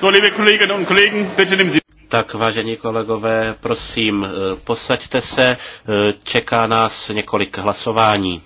So, liebe Kolleginnen und Kollegen, bitte nehmen Sie tak vážení kolegové, prosím, eh, posaďte se, eh, čeká nás několik hlasování.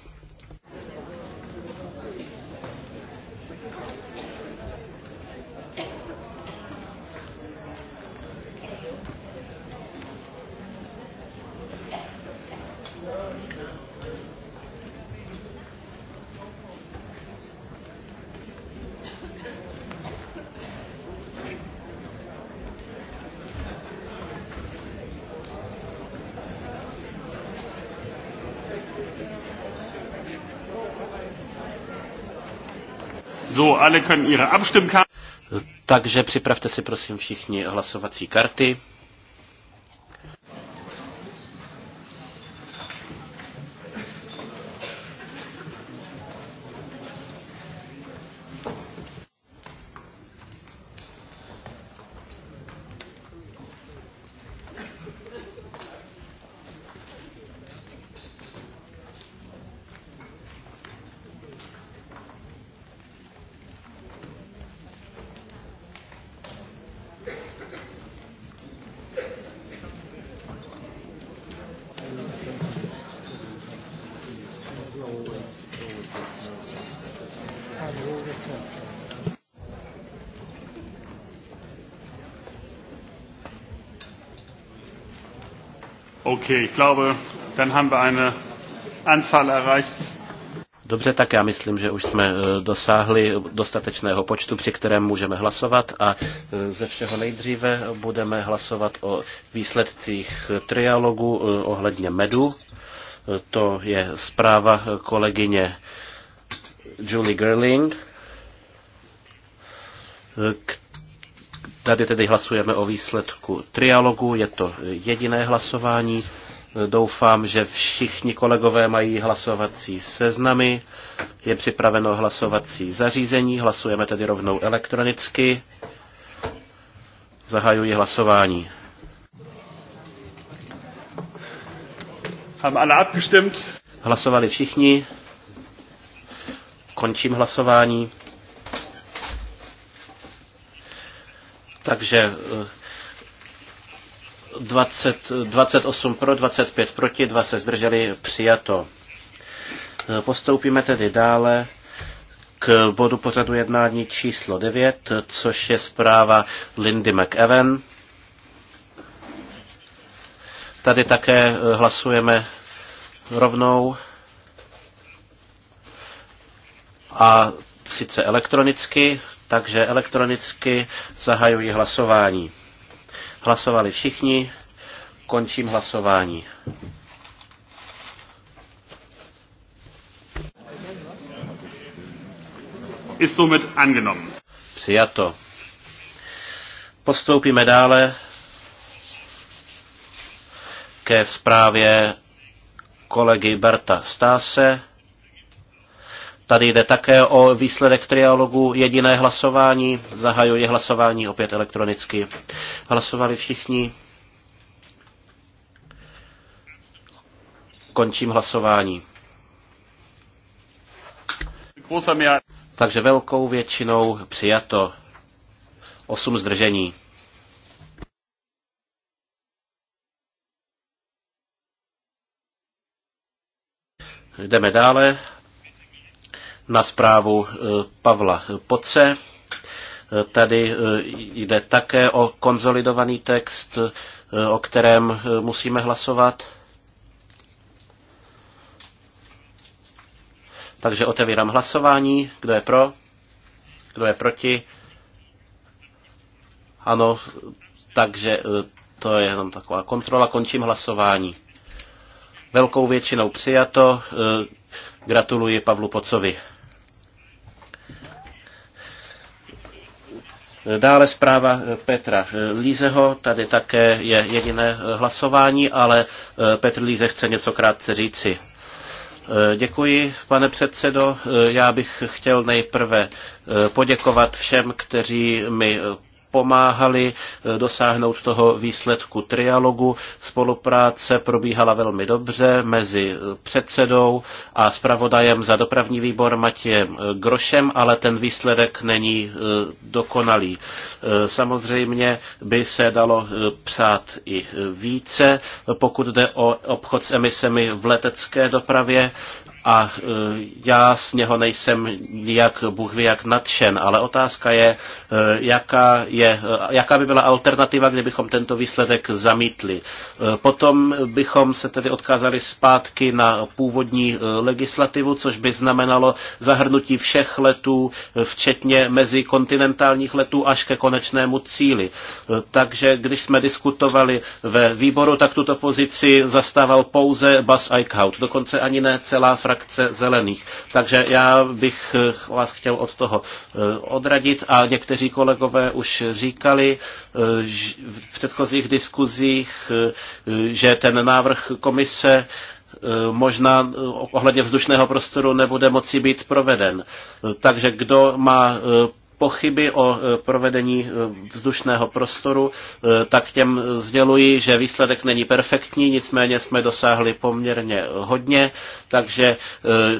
alle können ihre Abstimmkarten. Takže připravte si prosím všichni hlasovací karty. Okay, ich glaube, dann haben wir eine Anzahl erreicht. Dobře, tak já myslím, že už jsme eh, dosáhli dostatečného počtu, při kterém můžeme hlasovat a eh, ze všeho nejdříve budeme hlasovat o výsledcích trialogu eh, ohledně medu. To je zpráva kolegyně Julie Gerling, Tady tedy hlasujeme o výsledku trialogu, je to jediné hlasování. Doufám, že všichni kolegové mají hlasovací seznamy. Je připraveno hlasovací zařízení, hlasujeme tedy rovnou elektronicky. Zahajuji hlasování. Hlasovali všichni. Končím hlasování. Takže 20, eh, 28 pro, 25 proti, 2 se zdrželi, přijato. Eh, postoupíme tedy dále k bodu pořadu jednání číslo 9, což je zpráva Lindy McEwen. Tady také eh, hlasujeme rovnou a sice elektronicky takže elektronicky zahajuji hlasování. Hlasovali všichni, končím hlasování. Ist Přijato. Postoupíme dále ke zprávě kolegy Berta Stáse. Tady jde také o výsledek trialogu jediné hlasování. Zahajuji hlasování opět elektronicky. Hlasovali všichni. Končím hlasování. Takže velkou většinou přijato. osm zdržení. Jdeme dále na zprávu eh, Pavla Poce. Eh, tady eh, jde také o konzolidovaný text, o kterém musíme hlasovat. Takže otevírám hlasování. Kdo je pro? Kdo je proti? Ano, takže to je jenom taková kontrola. Končím hlasování. Velkou většinou přijato. Gratuluji Pavlu Pocovi. Dále zpráva eh, Petra Lízeho, tady také je jediné eh, hlasování, ale eh, Petr Líze chce něco krátce říci. Děkuji, pane předsedo. Já bych chtěl nejprve poděkovat všem, kteří mi pomáhali eh, dosáhnout toho výsledku trialogu. Spolupráce probíhala velmi dobře mezi eh, předsedou a zpravodajem za dopravní výbor Matějem eh, Grošem, ale ten výsledek není dokonalý. Samozřejmě by se dalo psát i více, pokud jde o obchod s emisemi v letecké dopravě, a e, já z něho nejsem nijak Bůh ví jak nadšen, ale otázka je, e, jaká, je, e, jaká by byla alternativa, kdybychom tento výsledek zamítli. Potom bychom se tedy odkázali zpátky na původní legislativu, což by znamenalo zahrnutí všech letů, včetně mezikontinentálních letů až ke konečnému cíli. Takže když jsme diskutovali ve výboru, tak tuto pozici zastával pouze Bas Eichhout, dokonce ani ne celá frakce frakce zelených. Takže já bych eh, vás chtěl od toho eh, odradit a někteří kolegové už říkali eh, v předchozích diskuzích, že ten návrh komise možná ohledně vzdušného prostoru nebude moci být proveden. Takže kdo má pochyby o e, provedení e, vzdušného prostoru, e, tak těm sděluji, že výsledek není perfektní, nicméně jsme dosáhli poměrně hodně, takže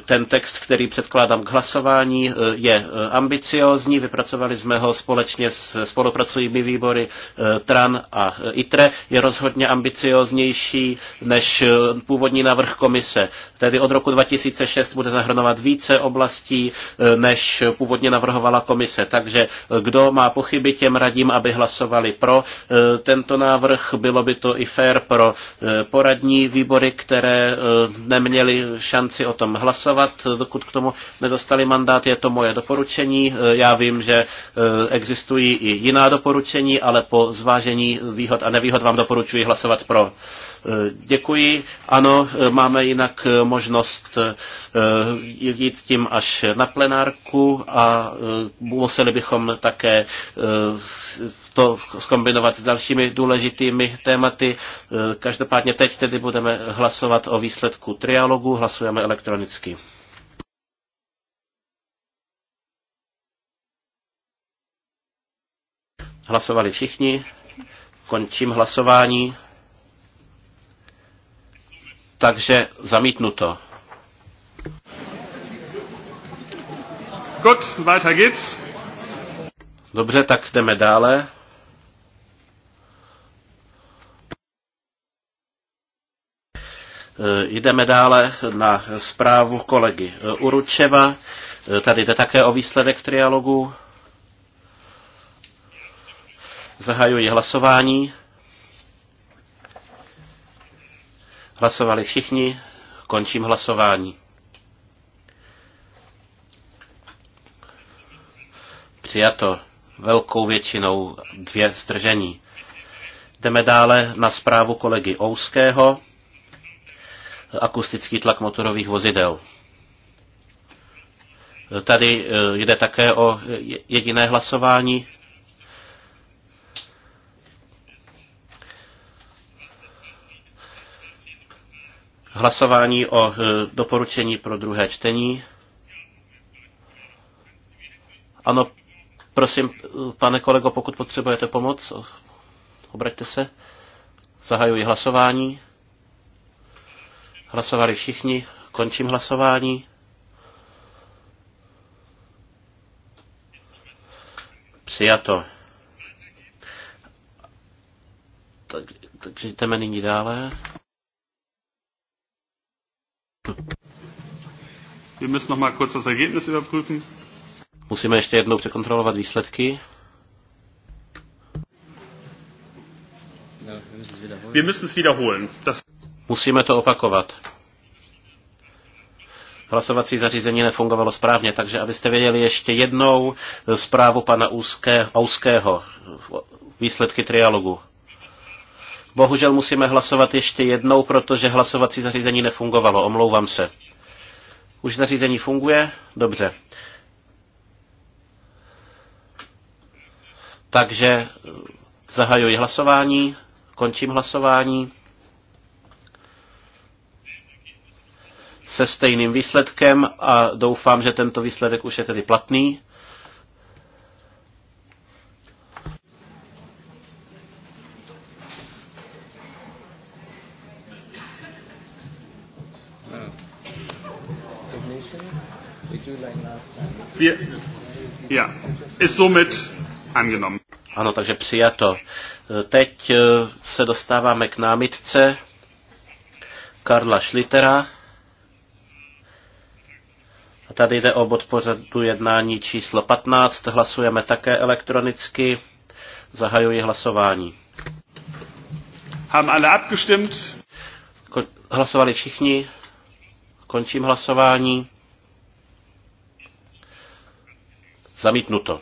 ten text, který předkládám k hlasování, je ambiciózní. Vypracovali jsme ho společně s spolupracujícími výbory TRAN a ITRE. Je rozhodně ambicióznější než původní návrh komise. Tedy od roku 2006 bude zahrnovat více oblastí, než původně navrhovala komise komise. Takže eh, kdo má pochyby, těm radím, aby hlasovali pro eh, tento návrh. Bylo by to i fair pro eh, poradní výbory, které neměly šanci o tom hlasovat, dokud k tomu nedostali mandát. Je to moje doporučení. Já vím, že existují i jiná doporučení, ale po zvážení výhod a nevýhod vám doporučuji hlasovat pro. Eh, děkuji. Ano, eh, máme jinak eh, možnost jít tím až na plenárku a museli bychom také to skombinovat s dalšími důležitými tématy. Každopádně teď tedy budeme hlasovat o výsledku trialogu, hlasujeme elektronicky. Hlasovali všichni. Končím hlasování. Takže zamítnuto. Gut, weiter geht's. Dobře, tak jdeme dále. E, jdeme dále na zprávu kolegy e, Uručeva. E, tady jde také o výsledek trialogu. Zahajuji hlasování. Hlasovali všichni, končím hlasování. Přijato velkou většinou dvě stržení. Jdeme dále na zprávu kolegy Ouského. Akustický tlak motorových vozidel. Tady eh, jde také o jediné hlasování. hlasování o e, doporučení pro druhé čtení. Ano, prosím, pane kolego, pokud potřebujete pomoc, obraťte se. Zahajuji hlasování. Hlasovali všichni. Končím hlasování. Přijato. Tak, takže jdeme nyní dále. Wir müssen noch mal kurz das Ergebnis überprüfen. Musíme ještě jednou překontrolovat výsledky. Wir müssen es wiederholen. Das Musíme to opakovat. Hlasovací zařízení nefungovalo správně, takže abyste věděli ještě jednou zprávu pana Úzké, Ouského, výsledky trialogu. Bohužel musíme hlasovat ještě jednou, protože hlasovací zařízení nefungovalo. Omlouvám se. Už zařízení funguje? Dobře. Takže zahajuji hlasování, končím hlasování. Se stejným výsledkem a doufám, že tento výsledek už je tedy platný. ja, ist somit angenommen. Ano, takže přijato. E, teď e, se dostáváme k námitce Karla Schlittera. A tady jde o bod pořadu jednání číslo 15. Hlasujeme také elektronicky. Zahajuji hlasování. Haben alle abgestimmt? Hlasovali všichni. Končím hlasování. Zamítnuto.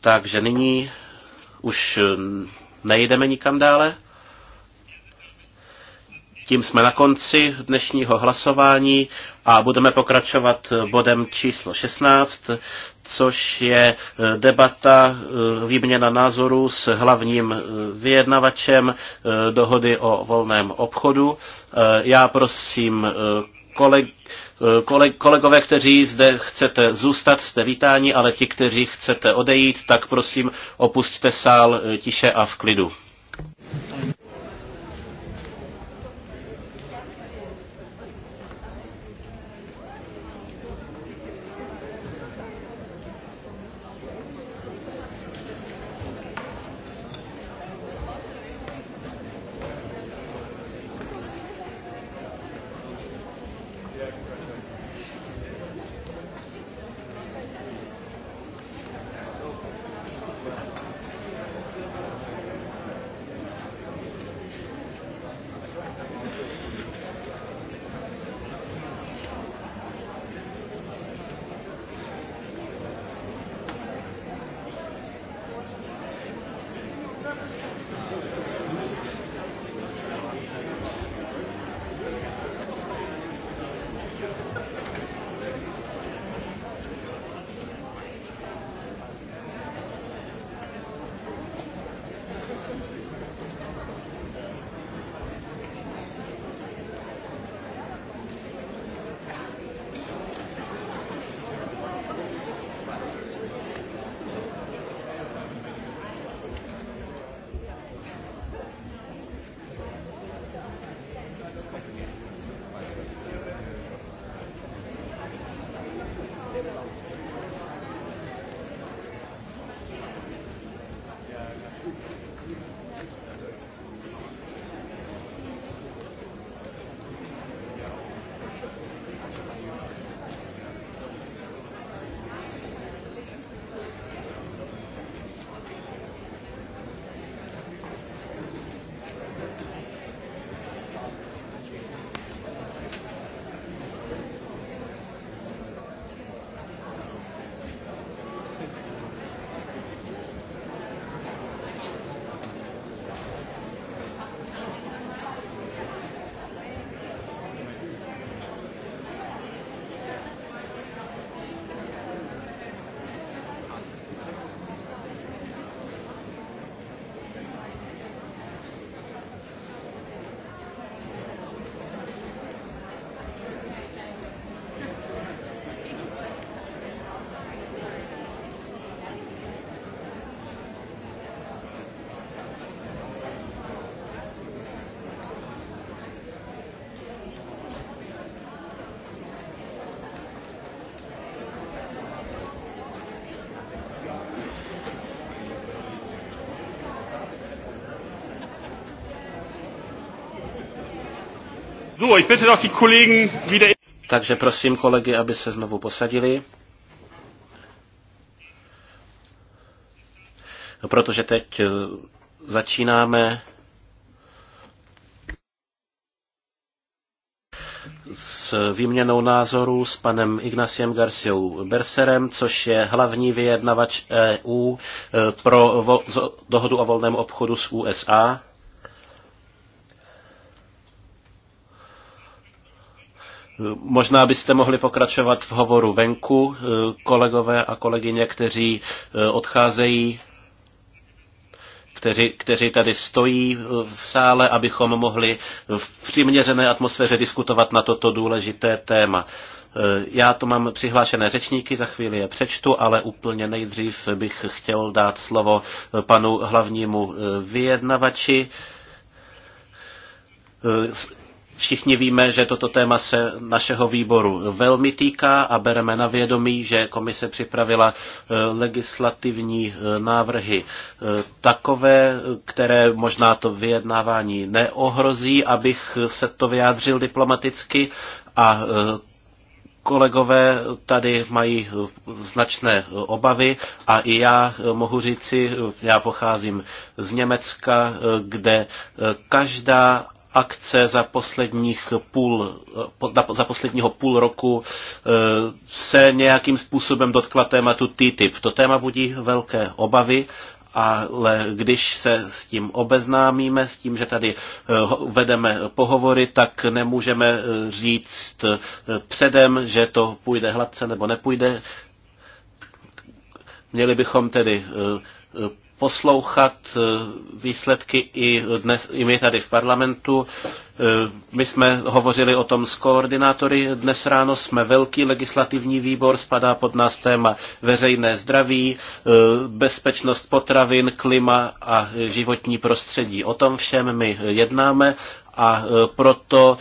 Takže nyní už eh, nejdeme nikam dále. Tím jsme na konci dnešního hlasování a budeme pokračovat eh, bodem číslo 16, což je eh, debata, výměna názorů s hlavním vyjednavačem dohody o volném obchodu. Já prosím koleg, Kolegové, kteří zde chcete zůstat, jste vítáni, ale ti, kteří chcete odejít, tak prosím opustte sál eh, tiše a v klidu. Takže prosím kolegy, aby se znovu posadili. No, protože teď eh, začínáme s výměnou názorů s panem Ignaciem Garciou Berserem, což je hlavní vyjednavač EU eh, pro dohodu o volném obchodu s USA. Možná byste mohli pokračovat v hovoru venku, eh, kolegové a kolegyně, kteří eh, odcházejí, kteří, kteří tady stojí eh, v sále, abychom mohli v přiměřené atmosféře diskutovat na toto důležité téma. Já to mám přihlášené řečníky, za chvíli je přečtu, ale úplně nejdřív bych chtěl dát slovo panu hlavnímu vyjednavači Všichni víme, že toto téma se našeho výboru velmi týká a bereme na vědomí, že komise připravila eh, legislativní eh, návrhy eh, takové, které možná to vyjednávání neohrozí, abych se to vyjádřil diplomaticky a kolegové tady mají značné obavy a i já mohu říci, já pocházím z Německa, kde každá akce za, posledních půl, za posledního půl roku e, se nějakým způsobem dotkla tématu TTIP. To téma budí velké obavy, ale když se s tím obeznámíme, s tím, že tady e, vedeme pohovory, tak nemůžeme e, říct předem, že to půjde hladce nebo nepůjde. Měli bychom tedy poslouchat eh, výsledky i dnes i my tady v parlamentu. Eh, my jsme hovořili o tom s koordinátory dnes ráno, jsme velký legislativní výbor, spadá pod nás téma veřejné zdraví, eh, bezpečnost potravin, klima a životní prostředí. O tom všem my jednáme a proto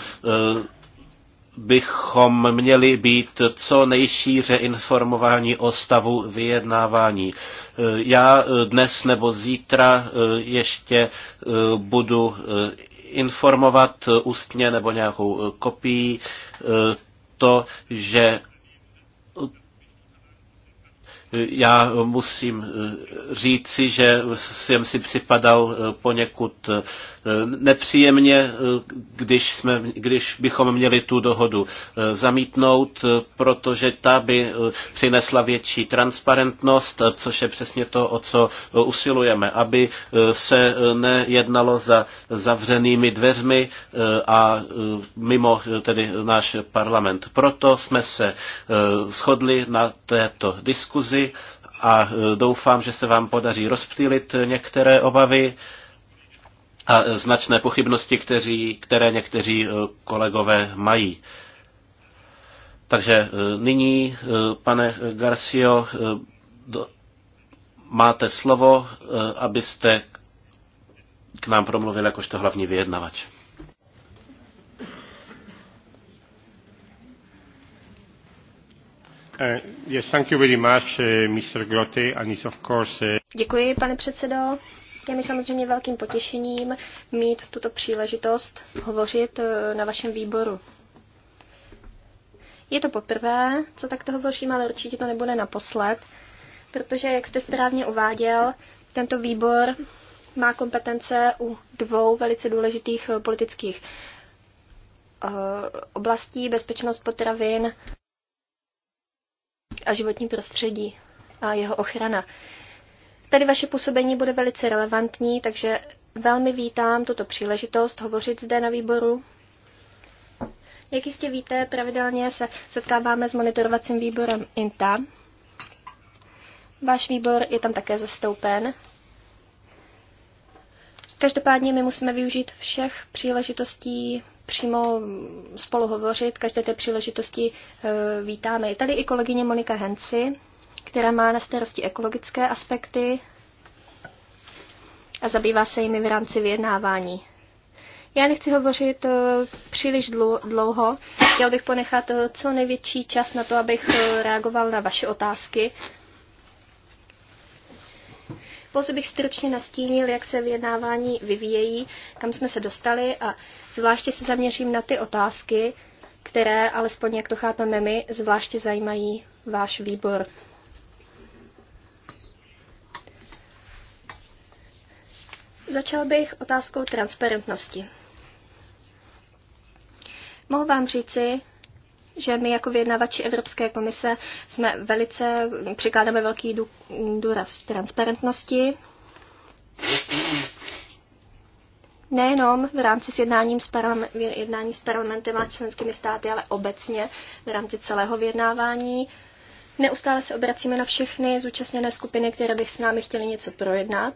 bychom měli být co nejšíře informováni o stavu vyjednávání. Eh, já eh, dnes nebo zítra eh, ještě budu informovat ústně nebo nějakou kopií to, že já musím říci, že jsem si připadal poněkud Eh, nepříjemně, eh, když, jsme, když bychom měli tu dohodu eh, zamítnout, protože ta by přinesla větší transparentnost, což je přesně to, o co usilujeme, aby se nejednalo za zavřenými dveřmi a mimo tedy náš parlament. Proto jsme se shodli na této diskuzi a doufám, že se vám podaří rozptýlit některé obavy a značné pochybnosti, kteří, které někteří eh, kolegové mají. Takže eh, nyní, eh, pane Garcio, máte slovo, abyste k nám promluvil jakožto hlavní vyjednavač. Uh, uh, uh, Děkuji, pane předsedo. Je mi samozřejmě velkým potěšením mít tuto příležitost hovořit eh, na vašem výboru. Je to poprvé, co takto hovořím, ale určitě to nebude naposled, protože, jak jste správně uváděl, tento výbor má kompetence u dvou velice důležitých eh, politických eh, oblastí bezpečnost potravin a životní prostředí a jeho ochrana. Tady vaše působení bude velice relevantní, takže velmi vítám tuto příležitost hovořit zde na výboru. Jak jistě víte, pravidelně se setkáváme s monitorovacím výborem INTA. Váš výbor je tam také zastoupen. Každopádně my musíme využít všech příležitostí přímo spolu hovořit. Každé té příležitosti eh, vítáme. Je tady i kolegyně Monika Henci, která má na starosti ekologické aspekty a zabývá se jimi v rámci vyjednávání. Já nechci hovořit eh, příliš dlouho, chtěl bych ponechat eh, co největší čas na to, abych eh, reagoval na vaše otázky. Pouze bych stručně nastínil, jak se vyjednávání vyvíjejí, kam jsme se dostali a zvláště se zaměřím na ty otázky, které, alespoň jak to chápeme my, zvláště zajímají váš výbor. Začal bych otázkou transparentnosti. Mohu vám říci, že my jako vyjednavači Evropské komise jsme velice, přikládáme velký důraz transparentnosti. Nejenom v rámci s jednáním s jednání s parlamentem a členskými státy, ale obecně v rámci celého vyjednávání. Neustále se obracíme na všechny zúčastněné skupiny, které by s námi chtěly něco projednat.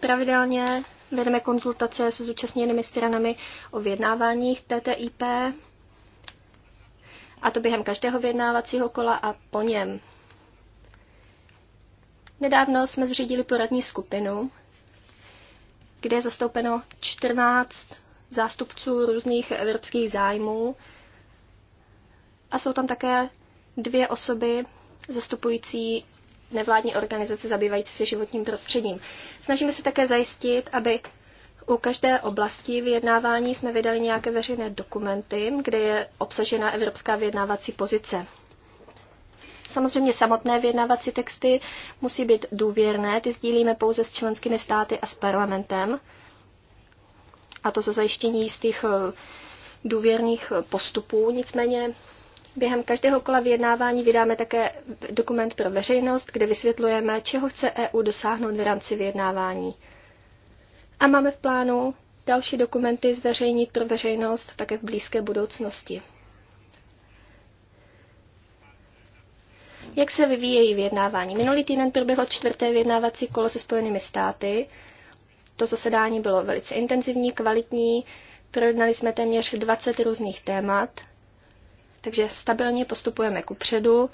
Pravidelně vedeme konzultace se zúčastněnými stranami o vyjednáváních TTIP, a to během každého vyjednávacího kola a po něm. Nedávno jsme zřídili poradní skupinu, kde je zastoupeno 14 zástupců různých evropských zájmů a jsou tam také dvě osoby zastupující nevládní organizace zabývající se životním prostředím. Snažíme se také zajistit, aby u každé oblasti vyjednávání jsme vydali nějaké veřejné dokumenty, kde je obsažena evropská vyjednávací pozice. Samozřejmě samotné vyjednávací texty musí být důvěrné, ty sdílíme pouze s členskými státy a s parlamentem. A to za zajištění jistých eh, důvěrných eh, postupů. Nicméně Během každého kola vyjednávání vydáme také dokument pro veřejnost, kde vysvětlujeme, čeho chce EU dosáhnout v rámci vyjednávání. A máme v plánu další dokumenty zveřejnit pro veřejnost také v blízké budoucnosti. Jak se vyvíjejí vyjednávání? Minulý týden proběhlo čtvrté vyjednávací kolo se Spojenými státy. To zasedání bylo velice intenzivní, kvalitní. Projednali jsme téměř 20 různých témat takže stabilně postupujeme kupředu.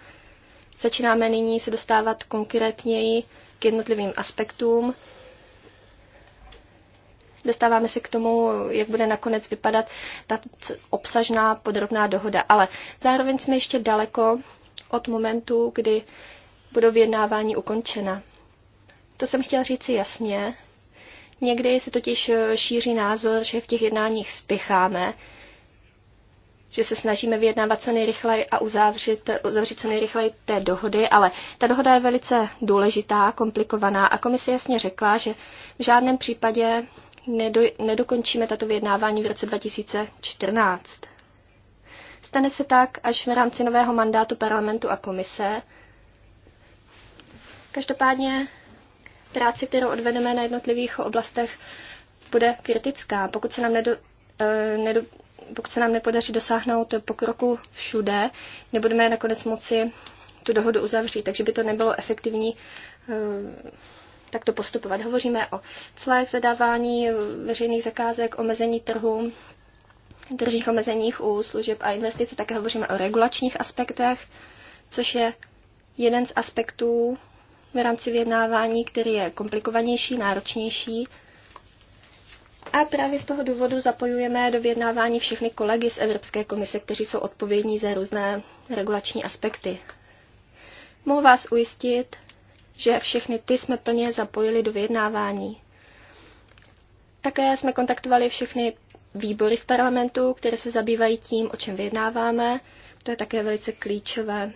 Začínáme nyní se dostávat konkrétněji k jednotlivým aspektům. Dostáváme se k tomu, jak bude nakonec vypadat ta obsažná podrobná dohoda. Ale zároveň jsme ještě daleko od momentu, kdy budou vyjednávání ukončena. To jsem chtěla říct si jasně. Někdy se totiž šíří názor, že v těch jednáních spěcháme, že se snažíme vyjednávat co nejrychleji a uzavřít, uzavřít co nejrychleji té dohody, ale ta dohoda je velice důležitá, komplikovaná a komise jasně řekla, že v žádném případě nedo, nedokončíme tato vyjednávání v roce 2014. Stane se tak až v rámci nového mandátu parlamentu a komise. Každopádně práci, kterou odvedeme na jednotlivých oblastech, bude kritická. Pokud se nám nedo, eh, nedo, pokud se nám nepodaří dosáhnout pokroku všude, nebudeme nakonec moci tu dohodu uzavřít, takže by to nebylo efektivní eh, takto postupovat. Hovoříme o celé zadávání eh, veřejných zakázek, omezení trhu, tržních omezeních u služeb a investice, také hovoříme o regulačních aspektech, což je jeden z aspektů v rámci vyjednávání, který je komplikovanější, náročnější a právě z toho důvodu zapojujeme do vyjednávání všechny kolegy z Evropské komise, kteří jsou odpovědní za různé regulační aspekty. Mohu vás ujistit, že všechny ty jsme plně zapojili do vyjednávání. Také jsme kontaktovali všechny výbory v parlamentu, které se zabývají tím, o čem vyjednáváme. To je také velice klíčové.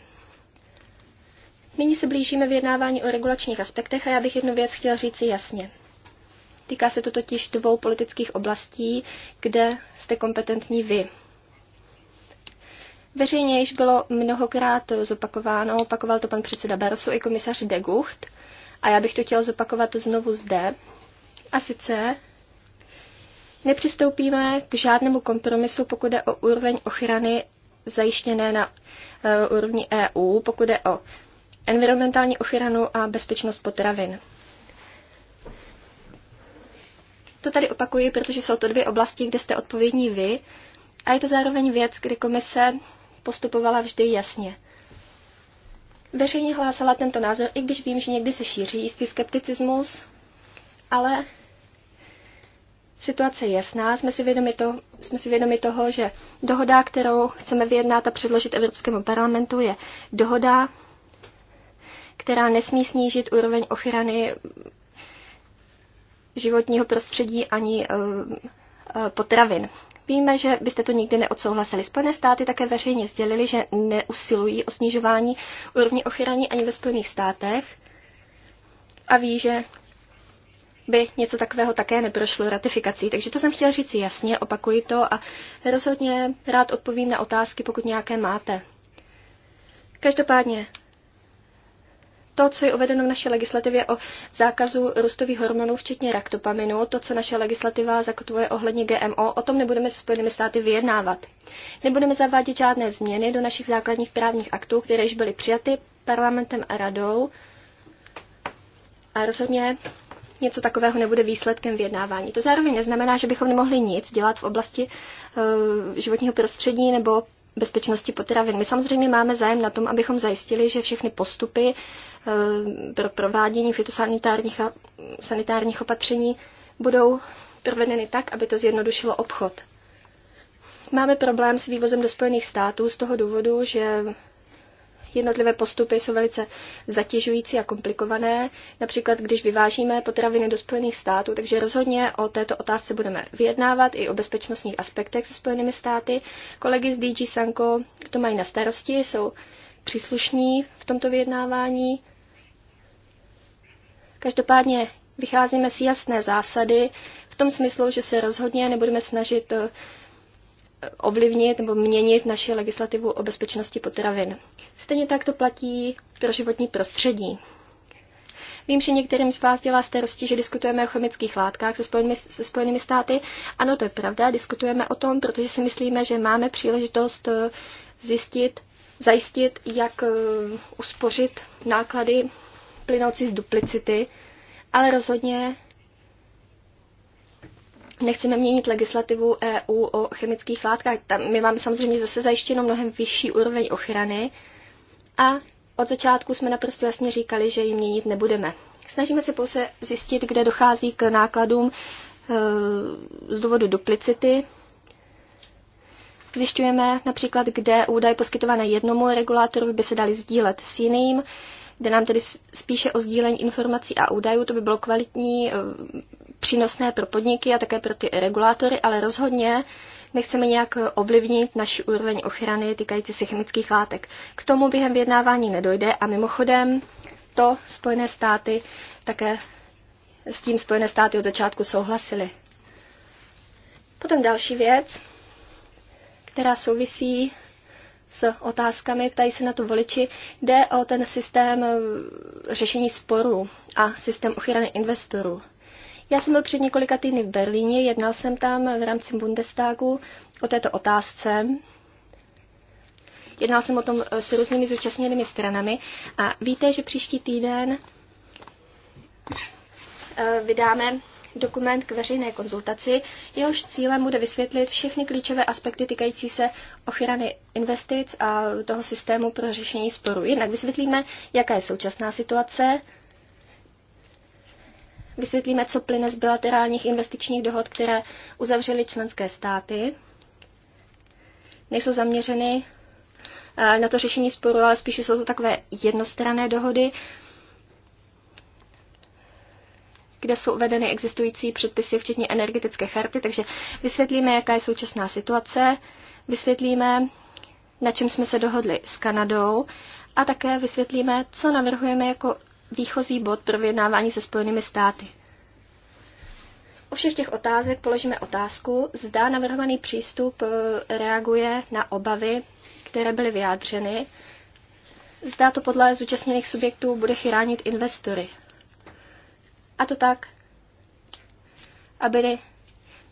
Nyní se blížíme vyjednávání o regulačních aspektech a já bych jednu věc chtěla říci jasně. Týká se to totiž dvou politických oblastí, kde jste kompetentní vy. Veřejně již bylo mnohokrát zopakováno, opakoval to pan předseda Barroso i komisař de Gucht, a já bych to chtěl zopakovat znovu zde. A sice nepřistoupíme k žádnému kompromisu, pokud je o úroveň ochrany zajištěné na uh, úrovni EU, pokud je o environmentální ochranu a bezpečnost potravin. To tady opakuji, protože jsou to dvě oblasti, kde jste odpovědní vy a je to zároveň věc, kdy komise postupovala vždy jasně. Veřejně hlásala tento názor, i když vím, že někdy se šíří jistý skepticismus, ale situace je jasná, jsme si, vědomi to, jsme si vědomi toho, že dohoda, kterou chceme vyjednat a předložit Evropskému parlamentu, je dohoda, která nesmí snížit úroveň ochrany životního prostředí ani eh, eh, potravin. Víme, že byste to nikdy neodsouhlasili. Spojené státy také veřejně sdělili, že neusilují o snižování úrovně ochrany ani ve Spojených státech a ví, že by něco takového také neprošlo ratifikací. Takže to jsem chtěl říct jasně, opakuji to a rozhodně rád odpovím na otázky, pokud nějaké máte. Každopádně to, co je uvedeno v naší legislativě o zákazu růstových hormonů, včetně raktopaminu, to, co naše legislativa zakotvuje ohledně GMO, o tom nebudeme se Spojenými státy vyjednávat. Nebudeme zavádět žádné změny do našich základních právních aktů, které již byly přijaty parlamentem a radou. A rozhodně něco takového nebude výsledkem vyjednávání. To zároveň neznamená, že bychom nemohli nic dělat v oblasti uh, životního prostředí nebo bezpečnosti potravin. My samozřejmě máme zájem na tom, abychom zajistili, že všechny postupy eh, pro provádění fitosanitárních a sanitárních opatření budou provedeny tak, aby to zjednodušilo obchod. Máme problém s vývozem do Spojených států z toho důvodu, že Jednotlivé postupy jsou velice zatěžující a komplikované, například když vyvážíme potraviny do Spojených států, takže rozhodně o této otázce budeme vyjednávat i o bezpečnostních aspektech se Spojenými státy. Kolegy z DG Sanko to mají na starosti, jsou příslušní v tomto vyjednávání. Každopádně vycházíme z jasné zásady v tom smyslu, že se rozhodně nebudeme snažit eh, ovlivnit nebo měnit naši legislativu o bezpečnosti potravin. Stejně tak to platí pro životní prostředí. Vím, že některým z vás dělá starosti, že diskutujeme o chemických látkách se spojenými, se spojenými státy. Ano, to je pravda, diskutujeme o tom, protože si myslíme, že máme příležitost eh, zjistit, zajistit, jak eh, uspořit náklady plynoucí z duplicity, ale rozhodně nechceme měnit legislativu EU o chemických látkách. Tam my máme samozřejmě zase zajištěno mnohem vyšší úroveň ochrany a od začátku jsme naprosto jasně říkali, že ji měnit nebudeme. Snažíme se pouze zjistit, kde dochází k nákladům e, z důvodu duplicity. Zjišťujeme například, kde údaje poskytované jednomu regulátorovi by se daly sdílet s jiným. Jde nám tedy spíše o sdílení informací a údajů, to by bylo kvalitní e, přínosné pro podniky a také pro ty regulátory, ale rozhodně nechceme nějak ovlivnit naši úroveň ochrany týkající se chemických látek. K tomu během vyjednávání nedojde a mimochodem to Spojené státy také s tím Spojené státy od začátku souhlasily. Potom další věc, která souvisí s otázkami, ptají se na to voliči, jde o ten systém řešení sporů a systém ochrany investorů. Já jsem byl před několika týdny v Berlíně, jednal jsem tam v rámci Bundestagu o této otázce. Jednal jsem o tom s různými zúčastněnými stranami a víte, že příští týden eh, vydáme dokument k veřejné konzultaci, jehož cílem bude vysvětlit všechny klíčové aspekty týkající se ochrany investic a toho systému pro řešení sporu. Jednak vysvětlíme, jaká je současná situace, Vysvětlíme, co plyne z bilaterálních investičních dohod, které uzavřely členské státy. Nejsou zaměřeny eh, na to řešení sporu, ale spíše jsou to takové jednostranné dohody, kde jsou uvedeny existující předpisy, včetně energetické charty, takže vysvětlíme, jaká je současná situace, vysvětlíme, na čem jsme se dohodli s Kanadou a také vysvětlíme, co navrhujeme jako výchozí bod pro vyjednávání se Spojenými státy. U všech těch otázek položíme otázku, zda navrhovaný přístup eh, reaguje na obavy, které byly vyjádřeny, zda to podle zúčastněných subjektů bude chránit investory. A to tak, aby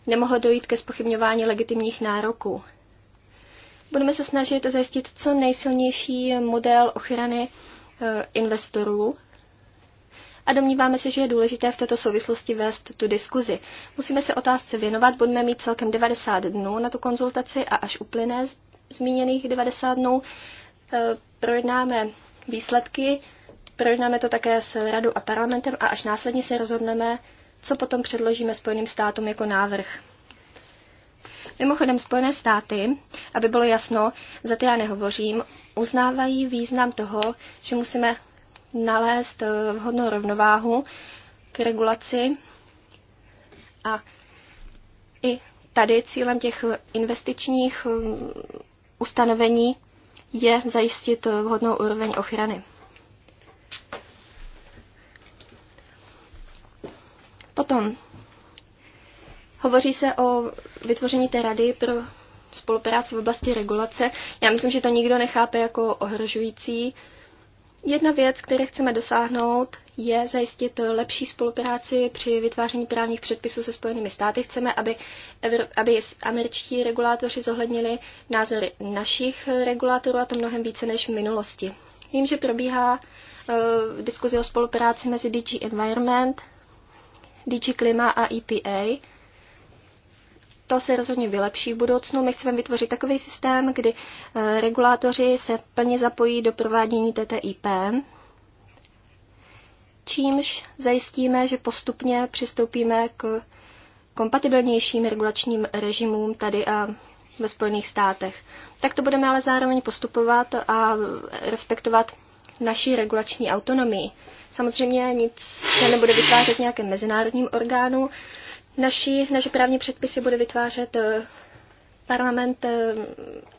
nemohlo dojít ke spochybňování legitimních nároků. Budeme se snažit zajistit co nejsilnější model ochrany eh, investorů a domníváme se, že je důležité v této souvislosti vést tu diskuzi. Musíme se otázce věnovat, budeme mít celkem 90 dnů na tu konzultaci a až uplyne zmíněných 90 dnů, eh, projednáme výsledky, projednáme to také s radou a parlamentem a až následně se rozhodneme, co potom předložíme Spojeným státům jako návrh. Mimochodem Spojené státy, aby bylo jasno, za ty já nehovořím, uznávají význam toho, že musíme nalézt eh, vhodnou rovnováhu k regulaci a i tady cílem těch investičních eh, ustanovení je zajistit eh, vhodnou úroveň ochrany. Potom hovoří se o vytvoření té rady pro spolupráci v oblasti regulace. Já myslím, že to nikdo nechápe jako ohrožující Jedna věc, které chceme dosáhnout, je zajistit lepší spolupráci při vytváření právních předpisů se Spojenými státy. Chceme, aby, Evro- aby američtí regulátoři zohlednili názory našich regulátorů a to mnohem více než v minulosti. Vím, že probíhá uh, eh, diskuzi o spolupráci mezi DG Environment, DG Klima a EPA to se rozhodně vylepší v budoucnu. My chceme vytvořit takový systém, kdy eh, regulátoři se plně zapojí do provádění TTIP, čímž zajistíme, že postupně přistoupíme k kompatibilnějším regulačním režimům tady a ve Spojených státech. Tak to budeme ale zároveň postupovat a respektovat naší regulační autonomii. Samozřejmě nic se nebude vytvářet nějakém mezinárodním orgánu, Naši, naše právní předpisy bude vytvářet eh, parlament eh,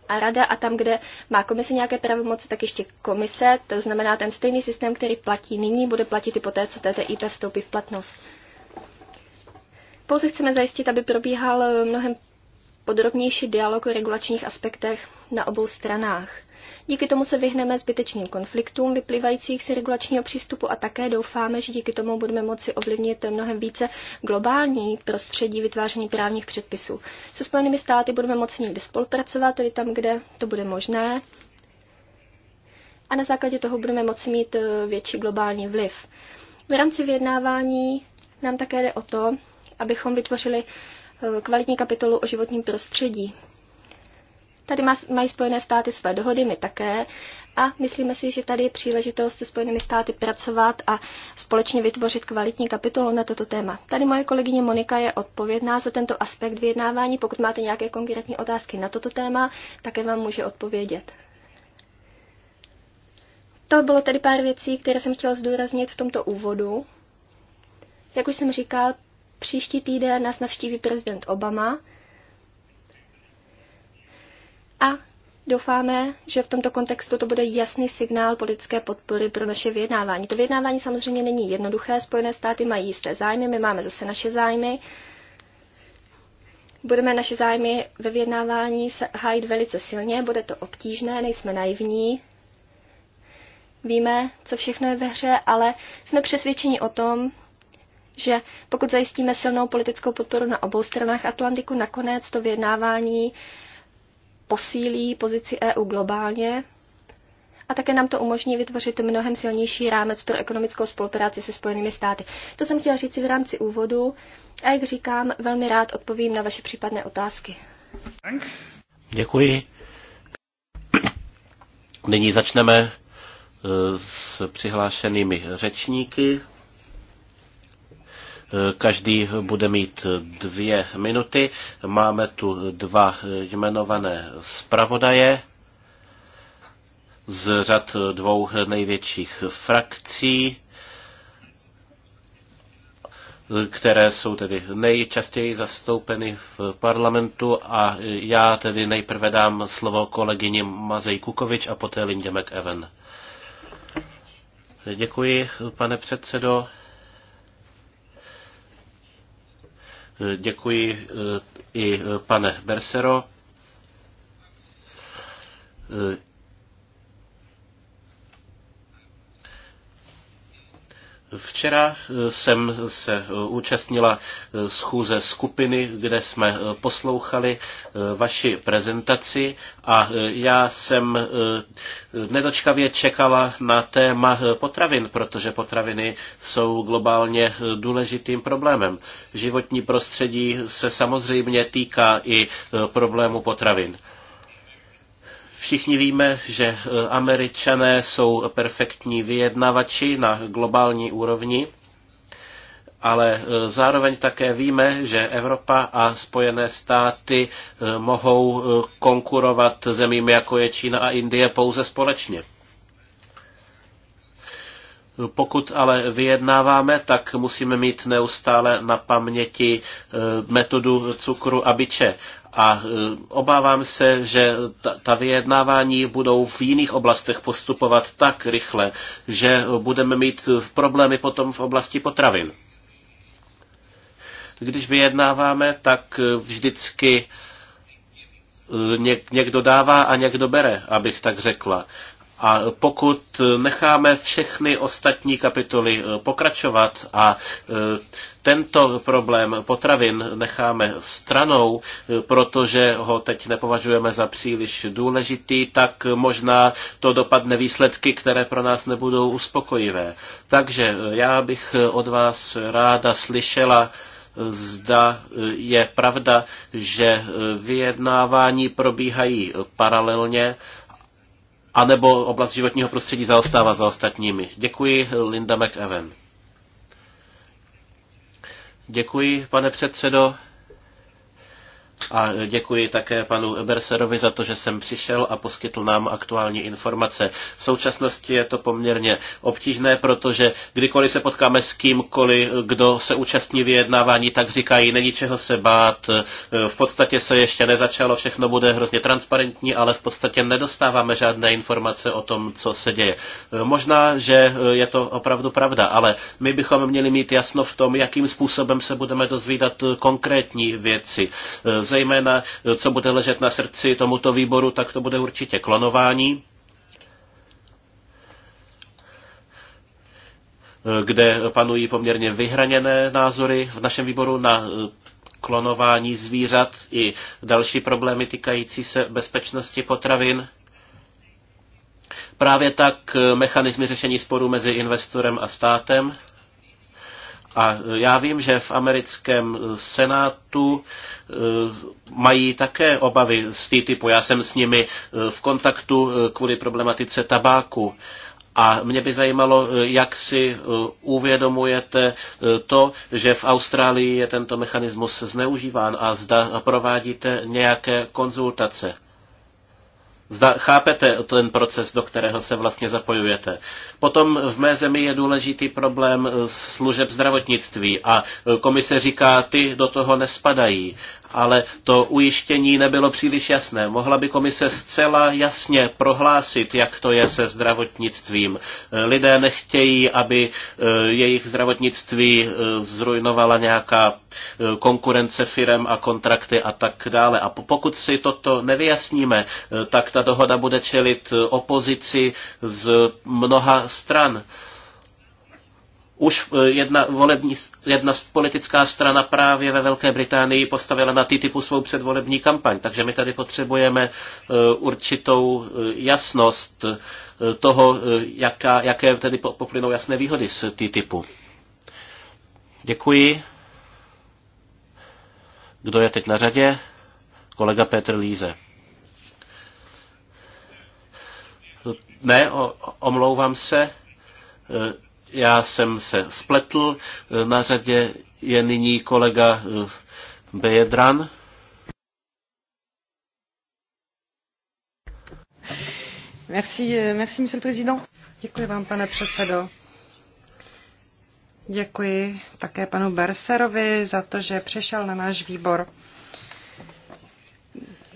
a rada a tam, kde má komise nějaké pravomoci, tak ještě komise. To znamená, ten stejný systém, který platí nyní, bude platit i poté, co TTIP vstoupí v platnost. Pouze chceme zajistit, aby probíhal eh, mnohem podrobnější dialog o regulačních aspektech na obou stranách. Díky tomu se vyhneme zbytečným konfliktům vyplývajících z regulačního přístupu a také doufáme, že díky tomu budeme moci ovlivnit mnohem více globální prostředí vytváření právních předpisů. Se Spojenými státy budeme moci někde spolupracovat, tedy tam, kde to bude možné. A na základě toho budeme moci mít eh, větší globální vliv. V rámci vyjednávání nám také jde o to, abychom vytvořili eh, kvalitní kapitolu o životním prostředí. Tady mají Spojené státy své dohody, my také. A myslíme si, že tady je příležitost se Spojenými státy pracovat a společně vytvořit kvalitní kapitolu na toto téma. Tady moje kolegyně Monika je odpovědná za tento aspekt vyjednávání. Pokud máte nějaké konkrétní otázky na toto téma, také vám může odpovědět. To bylo tedy pár věcí, které jsem chtěla zdůraznit v tomto úvodu. Jak už jsem říkal, příští týden nás navštíví prezident Obama a doufáme, že v tomto kontextu to bude jasný signál politické podpory pro naše vyjednávání. To vyjednávání samozřejmě není jednoduché, Spojené státy mají jisté zájmy, my máme zase naše zájmy. Budeme naše zájmy ve vyjednávání hájit velice silně, bude to obtížné, nejsme naivní, víme, co všechno je ve hře, ale jsme přesvědčeni o tom, že pokud zajistíme silnou politickou podporu na obou stranách Atlantiku, nakonec to vyjednávání posílí pozici EU globálně a také nám to umožní vytvořit mnohem silnější rámec pro ekonomickou spolupráci se Spojenými státy. To jsem chtěla říct v rámci úvodu a jak říkám, velmi rád odpovím na vaše případné otázky. Děkuji. Nyní začneme eh, s přihlášenými řečníky. Každý bude mít dvě minuty. Máme tu dva jmenované zpravodaje z řad dvou největších frakcí které jsou tedy nejčastěji zastoupeny v parlamentu a já tedy nejprve dám slovo kolegyni Mazej Kukovič a poté Lindě McEwen. Děkuji, pane předsedo. Děkuji eh, i eh, pane Bersero. Eh, Včera eh, jsem se eh, účastnila eh, schůze skupiny, kde jsme poslouchali vaši prezentaci a já jsem nedočkavě čekala na téma potravin, protože potraviny jsou globálně důležitým problémem. Životní prostředí se samozřejmě týká i problému potravin. Všichni víme, že e, američané jsou perfektní vyjednavači na globální úrovni, ale e, zároveň také víme, že Evropa a Spojené státy e, mohou konkurovat zemím, jako je Čína a Indie, pouze společně. Pokud ale vyjednáváme, tak musíme mít neustále na paměti e, metodu cukru a biče. A e, obávám se, že ta, ta vyjednávání budou v jiných oblastech postupovat tak rychle, že budeme mít problémy potom v oblasti potravin. Když vyjednáváme, tak e, vždycky někdo dává a někdo bere, abych tak řekla. A pokud eh, necháme všechny ostatní kapitoly eh, pokračovat a eh, tento problém potravin necháme stranou, protože ho teď nepovažujeme za příliš důležitý, tak možná to dopadne výsledky, které pro nás nebudou uspokojivé. Takže já bych od vás ráda slyšela, zda je pravda, že vyjednávání probíhají paralelně anebo oblast životního prostředí zaostává za ostatními. Děkuji, Linda McEwen. Děkuji, pane předsedo. A děkuji také panu Berserovi za to, že jsem přišel a poskytl nám aktuální informace. V současnosti je to poměrně obtížné, protože kdykoliv se potkáme s kýmkoliv, kdo se účastní vyjednávání, tak říkají, není čeho se bát, v podstatě se ještě nezačalo, všechno bude hrozně transparentní, ale v podstatě nedostáváme žádné informace o tom, co se děje. Možná, že je to opravdu pravda, ale my bychom měli mít jasno v tom, jakým způsobem se budeme dozvídat konkrétní věci zejména co bude ležet na srdci tomuto výboru, tak to bude určitě klonování. kde panují poměrně vyhraněné názory v našem výboru na eh, klonování zvířat i další problémy týkající se bezpečnosti potravin. Právě tak eh, mechanismy řešení sporů mezi investorem a státem. A e, já vím, že v americkém e, senátu e, mají také obavy z typu. Já jsem s nimi v kontaktu kvůli problematice tabáku. A mě by zajímalo, jak si uvědomujete to, že v Austrálii je tento mechanismus zneužíván a zda provádíte nějaké konzultace. Zda, chápete ten proces, do kterého se vlastně zapojujete. Potom v mé zemi je důležitý problém eh, služeb zdravotnictví a eh, komise říká, ty do toho nespadají ale to ujištění nebylo příliš jasné. Mohla by komise zcela jasně prohlásit, jak to je se zdravotnictvím. Lidé nechtějí, aby e, jejich zdravotnictví e, zrujnovala nějaká e, konkurence firem a kontrakty a tak dále. A pokud si toto nevyjasníme, tak ta dohoda bude čelit opozici z mnoha stran. Už eh, jedna, volební, jedna politická strana právě ve Velké Británii postavila na ty typu svou předvolební kampaň, takže my tady potřebujeme eh, určitou eh, jasnost toho, jaká, jaké tedy poplynou jasné výhody z typu. Děkuji. Kdo je teď na řadě? Kolega Petr Líze. Ne, o, omlouvám se já jsem se spletl, eh, na řadě je nyní kolega eh, Bejedran. Merci, eh, merci, monsieur le président. Děkuji vám, pane předsedo. Děkuji také panu Berserovi za to, že přišel na náš výbor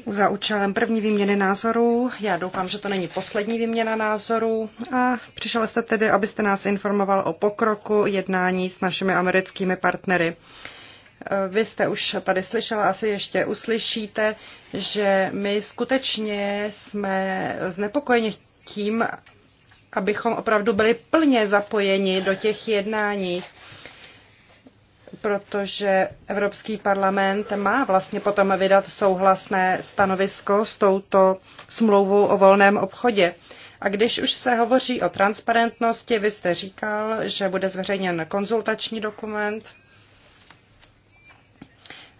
za účelem první výměny názorů. Já doufám, že to není poslední výměna názorů. A přišel jste tedy, abyste nás informoval o pokroku jednání s našimi americkými partnery. Eh, vy jste už tady slyšela, asi ještě uslyšíte, že my skutečně jsme znepokojeni tím, abychom opravdu byli plně zapojeni do těch jednání protože Evropský parlament má vlastně potom vydat souhlasné stanovisko s touto smlouvou o volném obchodě. A když už se hovoří o transparentnosti, vy jste říkal, že bude zveřejněn konzultační dokument.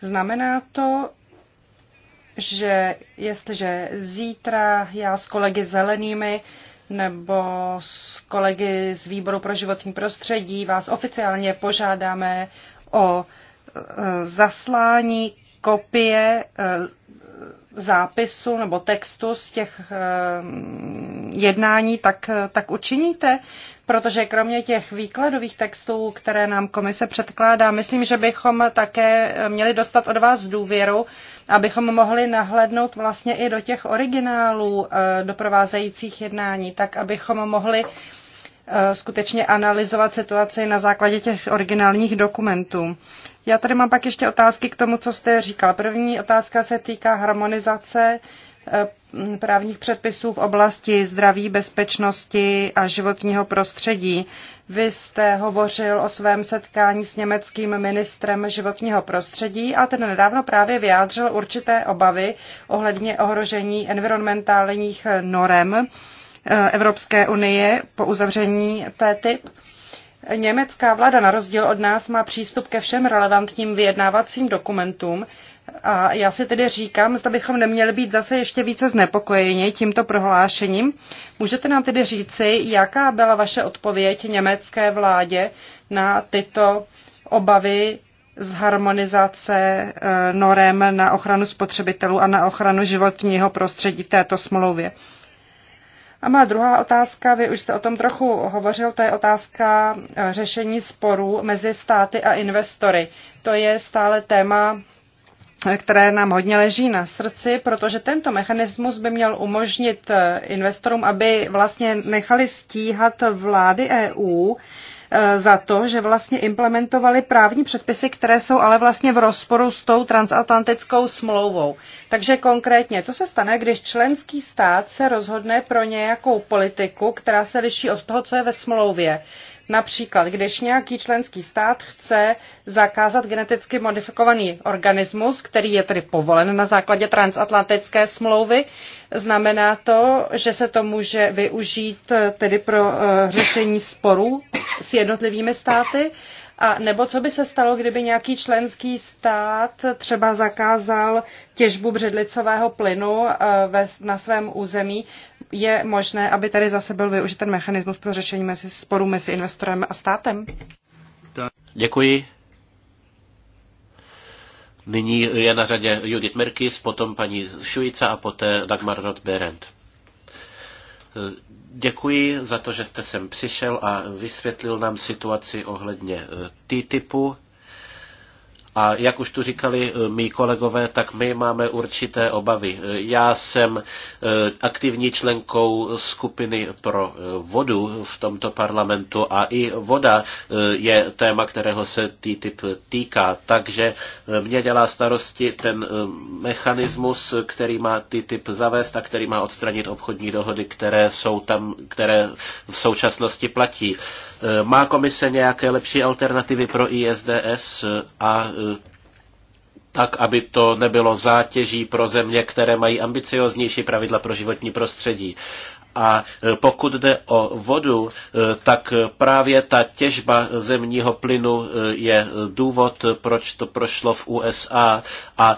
Znamená to, že jestliže zítra já s kolegy zelenými nebo s kolegy z výboru pro životní prostředí vás oficiálně požádáme o e, zaslání kopie e, zápisu nebo textu z těch e, jednání, tak, tak učiníte? Protože kromě těch výkladových textů, které nám komise předkládá, myslím, že bychom také měli dostat od vás důvěru, abychom mohli nahlednout vlastně i do těch originálů doprovázejících jednání, tak abychom mohli Eh, skutečně analyzovat situaci na základě těch originálních dokumentů. Já tady mám pak ještě otázky k tomu, co jste říkal. První otázka se týká harmonizace eh, právních předpisů v oblasti zdraví, bezpečnosti a životního prostředí. Vy jste hovořil o svém setkání s německým ministrem životního prostředí a ten nedávno právě vyjádřil určité obavy ohledně ohrožení environmentálních norem Eh, Evropské unie po uzavření TTIP. Německá vláda na rozdíl od nás má přístup ke všem relevantním vyjednávacím dokumentům a já si tedy říkám, zda bychom neměli být zase ještě více znepokojeni tímto prohlášením. Můžete nám tedy říci, jaká byla vaše odpověď německé vládě na tyto obavy z harmonizace eh, norem na ochranu spotřebitelů a na ochranu životního prostředí v této smlouvě. A má druhá otázka, vy už jste o tom trochu hovořil, to je otázka eh, řešení sporů mezi státy a investory. To je stále téma eh, které nám hodně leží na srdci, protože tento mechanismus by měl umožnit eh, investorům, aby vlastně nechali stíhat vlády EU Eh, za to, že vlastně implementovali právní předpisy, které jsou ale vlastně v rozporu s tou transatlantickou smlouvou. Takže konkrétně, co se stane, když členský stát se rozhodne pro nějakou politiku, která se liší od toho, co je ve smlouvě? Například, když nějaký členský stát chce zakázat geneticky modifikovaný organismus, který je tedy povolen na základě transatlantické smlouvy, znamená to, že se to může využít eh, tedy pro eh, řešení sporů s jednotlivými státy. A nebo co by se stalo, kdyby nějaký členský stát třeba zakázal těžbu břidlicového plynu eh, na svém území, je možné, aby tady zase byl využit ten mechanismus pro řešení mezi, sporů mezi investorem a státem? Děkuji. Nyní je na řadě Judith Merkis, potom paní Šujica a poté Dagmar Roth-Berendt. Děkuji za to, že jste sem přišel a vysvětlil nám situaci ohledně eh, T-typu. A jak už tu říkali eh, mý kolegové, tak my máme určité obavy. Eh, já jsem eh, aktivní členkou skupiny pro vodu v tomto parlamentu a i voda je téma, kterého se TTIP týká. Takže mě dělá starosti ten mechanismus, který má TTIP zavést a který má odstranit obchodní dohody, které jsou tam, které v současnosti platí. Má komise nějaké lepší alternativy pro ISDS a tak, aby to nebylo zátěží pro země, které mají ambicioznější pravidla pro životní prostředí. A e, pokud jde o vodu, e, tak právě ta těžba zemního plynu e, je důvod, proč to prošlo v USA. A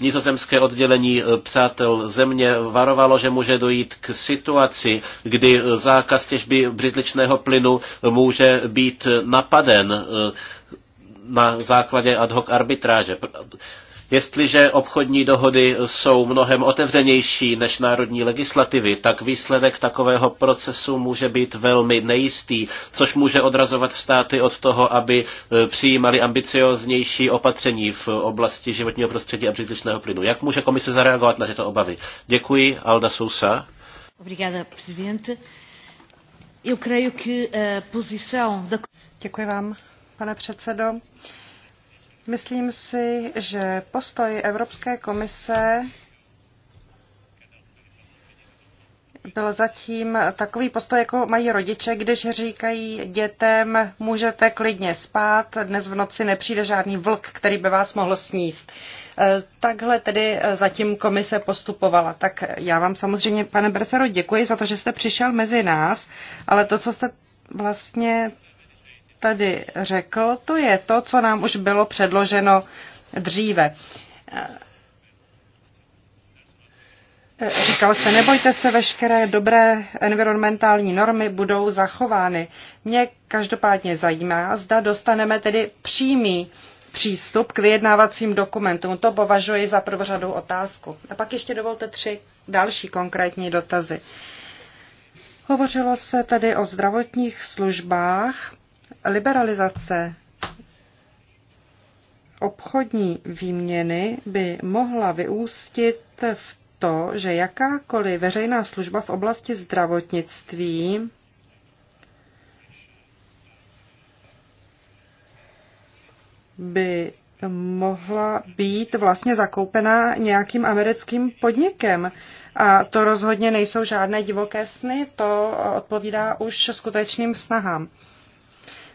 nizozemské oddělení přátel země varovalo, že může dojít k situaci, kdy zákaz těžby břidličného plynu může být napaden na základě ad hoc arbitráže. Jestliže obchodní dohody jsou mnohem otevřenější než národní legislativy, tak výsledek takového procesu může být velmi nejistý, což může odrazovat státy od toho, aby e, přijímali ambicioznější opatření v oblasti životního prostředí a břidličného plynu. Jak může komise zareagovat na tyto obavy? Děkuji, Alda Sousa. Obrigada, Eu creio que a eh, posição da... Děkuji vám, pane předsedo. Myslím si, že postoj Evropské komise byl zatím takový postoj, jako mají rodiče, když říkají dětem, můžete klidně spát, dnes v noci nepřijde žádný vlk, který by vás mohl sníst. E, takhle tedy e, zatím komise postupovala. Tak já vám samozřejmě, pane Bersero, děkuji za to, že jste přišel mezi nás, ale to, co jste vlastně tady řekl, to je to, co nám už bylo předloženo dříve. Říkal se, nebojte se, veškeré dobré environmentální normy budou zachovány. Mě každopádně zajímá, zda dostaneme tedy přímý přístup k vyjednávacím dokumentům. To považuji za prvořadou otázku. A pak ještě dovolte tři další konkrétní dotazy. Hovořilo se tedy o zdravotních službách Liberalizace obchodní výměny by mohla vyústit v to, že jakákoliv veřejná služba v oblasti zdravotnictví by mohla být vlastně zakoupená nějakým americkým podnikem. A to rozhodně nejsou žádné divoké sny, to odpovídá už skutečným snahám.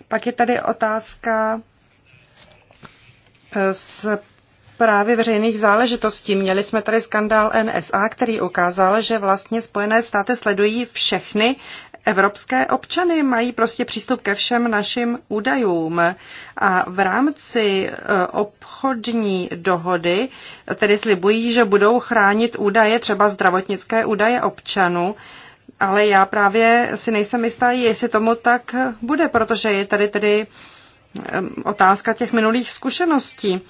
Pak je tady otázka eh, z právě veřejných záležitostí. Měli jsme tady skandál NSA, který ukázal, že vlastně Spojené státy sledují všechny evropské občany, mají prostě přístup ke všem našim údajům. A v rámci eh, obchodní dohody eh, tedy slibují, že budou chránit údaje, třeba zdravotnické údaje občanů, ale já právě si nejsem jistá, jestli tomu tak bude, protože je tady tedy otázka těch minulých zkušeností.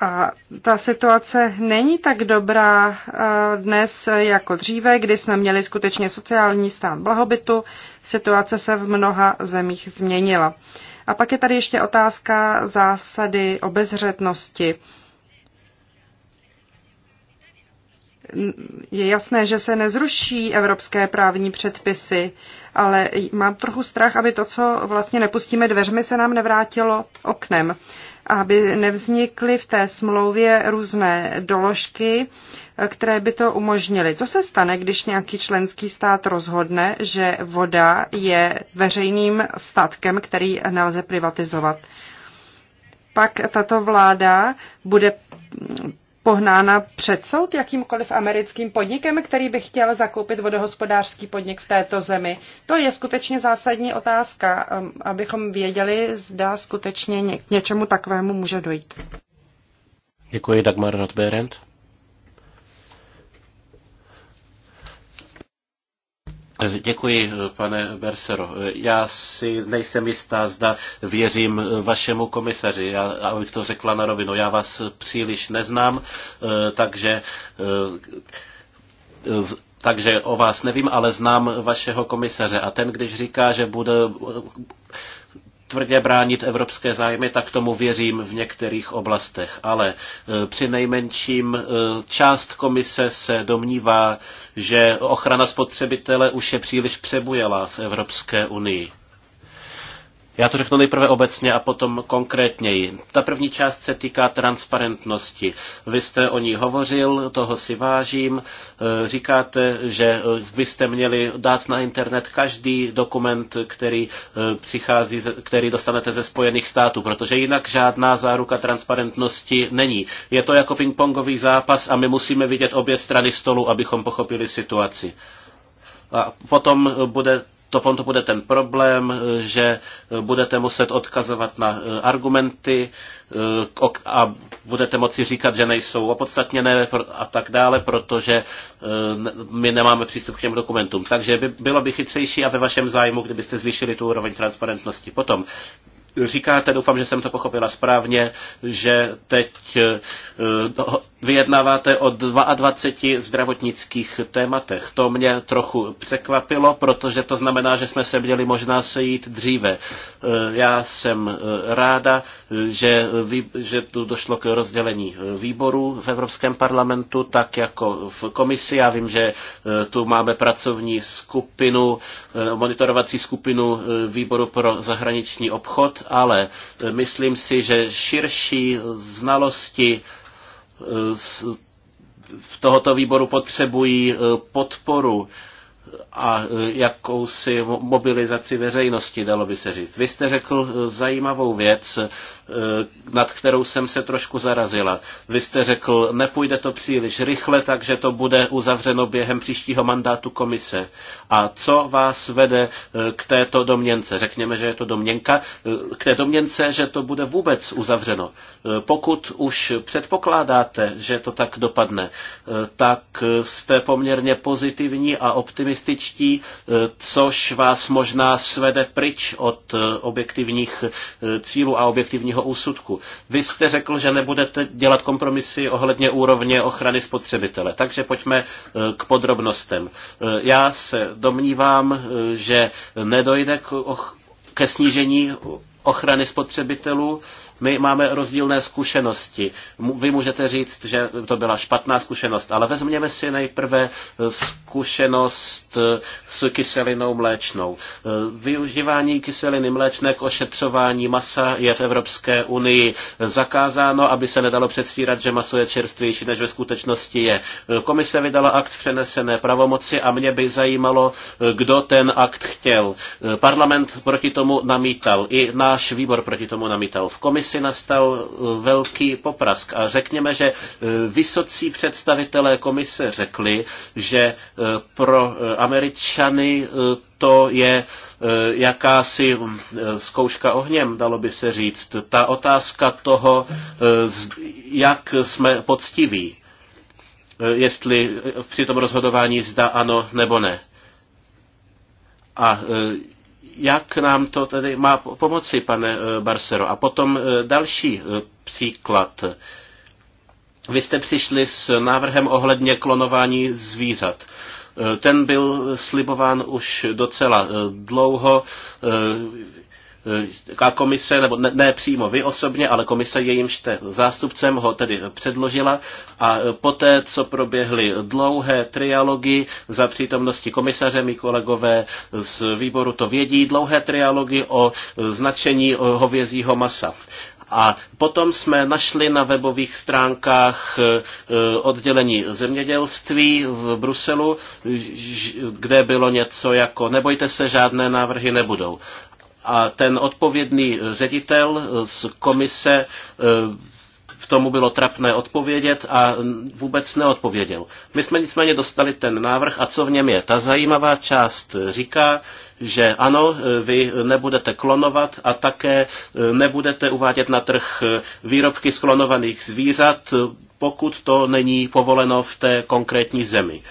A ta situace není tak dobrá eh, dnes jako dříve, kdy jsme měli skutečně sociální stát blahobytu. Situace se v mnoha zemích změnila. A pak je tady ještě otázka zásady obezřetnosti. je jasné, že se nezruší evropské právní předpisy, ale mám trochu strach, aby to, co vlastně nepustíme dveřmi, se nám nevrátilo oknem. Aby nevznikly v té smlouvě různé doložky, které by to umožnily. Co se stane, když nějaký členský stát rozhodne, že voda je veřejným statkem, který nelze privatizovat? Pak tato vláda bude pohnána před soud jakýmkoliv americkým podnikem, který by chtěl zakoupit vodohospodářský podnik v této zemi? To je skutečně zásadní otázka, um, abychom věděli, zda skutečně k něčemu takovému může dojít. Děkuji, Dagmar Rodberend. Děkuji, pane Bersero. Já si nejsem jistá, zda věřím vašemu komisaři. Já, abych to řekla na rovinu, já vás příliš neznám, eh, takže eh, takže o vás nevím, ale znám vašeho komisaře. A ten, když říká, že bude tvrdě bránit evropské zájmy, tak tomu věřím v některých oblastech. Ale e, při nejmenším e, část komise se domnívá, že ochrana spotřebitele už je příliš přebujela v Evropské unii. Já to řeknu nejprve obecně a potom konkrétněji. Ta první část se týká transparentnosti. Vy jste o ní hovořil, toho si vážím. E, říkáte, že e, byste měli dát na internet každý dokument, který e, přichází, který dostanete ze Spojených států, protože jinak žádná záruka transparentnosti není. Je to jako pingpongový zápas a my musíme vidět obě strany stolu, abychom pochopili situaci. A potom bude to potom bude ten problém, eh, že eh, budete muset odkazovat na eh, argumenty a budete moci říkat, že nejsou opodstatněné a tak dále, protože my nemáme přístup k těm dokumentům. Takže by, bylo by chytřejší a ve vašem zájmu, kdybyste zvýšili tu úroveň transparentnosti. Potom říkáte, doufám, že jsem to pochopila správně, že teď vyjednáváte o 22 zdravotnických tématech. To mě trochu překvapilo, protože to znamená, že jsme se měli možná sejít dříve. E, já jsem e, ráda, že, že tu došlo k rozdělení e, výborů v Evropském parlamentu, tak jako v komisi. Já vím, že tu máme pracovní skupinu, monitorovací skupinu výboru pro zahraniční obchod, ale myslím si, že širší znalosti z eh, tohoto výboru potřebují eh, podporu a e, jakousi mobilizaci veřejnosti, dalo by se říct. Vy jste řekl e, zajímavou věc, e, nad kterou jsem se trošku zarazila. Vy jste řekl, nepůjde to příliš rychle, takže to bude uzavřeno během příštího mandátu komise. A co vás vede k této domněnce? Řekněme, že je to domněnka, k té domněnce, že to bude vůbec uzavřeno. Pokud už předpokládáte, že to tak dopadne, tak jste poměrně pozitivní a optimistický optimističtí, eh, což vás možná svede pryč od eh, objektivních eh, cílů a objektivního úsudku. Vy jste řekl, že nebudete dělat kompromisy ohledně úrovně ochrany spotřebitele, takže pojďme k podrobnostem. Já se domnívám, že nedojde k, ke snížení ochrany spotřebitelů, my máme rozdílné zkušenosti. Vy můžete říct, že to byla špatná zkušenost, ale vezměme si nejprve eh, zkušenost eh, s kyselinou mléčnou. Eh, využívání kyseliny mléčné k ošetřování masa je v Evropské unii zakázáno, aby se nedalo předstírat, že maso je čerstvější, než ve skutečnosti je. Komise vydala akt přenesené pravomoci a mě by zajímalo, kdo ten akt chtěl. Parlament proti tomu namítal, i náš výbor proti tomu namítal. V komisi si nastal uh, velký poprask. A řekněme, že uh, vysocí představitelé komise řekli, že uh, pro Američany to je jakási zkouška ohněm, dalo by se říct. Ta otázka toho, jak jsme poctiví, jestli při tom rozhodování zda ano nebo ne. A jak nám to tedy má pomoci, pane eh, Barsero? A potom eh, další eh, příklad. Vy jste přišli s návrhem ohledně klonování zvířat. Ten byl slibován už docela dlouho. Eh, a komise, nebo ne, ne přímo vy osobně, ale komise jejímž jste zástupcem, ho tedy předložila a eh, poté, co proběhly dlouhé trialogy za přítomnosti komisaře, mý kolegové z výboru to vědí, dlouhé trialogy o eh, značení hovězího masa. A potom jsme našli na webových stránkách oddělení zemědělství v Bruselu, kde bylo něco jako nebojte se, žádné návrhy nebudou a ten odpovědný eh, ředitel eh, z komise eh, v tomu bylo trapné odpovědět a vůbec neodpověděl. My jsme nicméně dostali ten návrh a co v něm je. Ta zajímavá část říká, že ano, vy nebudete klonovat a také nebudete uvádět na trh výrobky z klonovaných zvířat, pokud to není povoleno v té konkrétní zemi.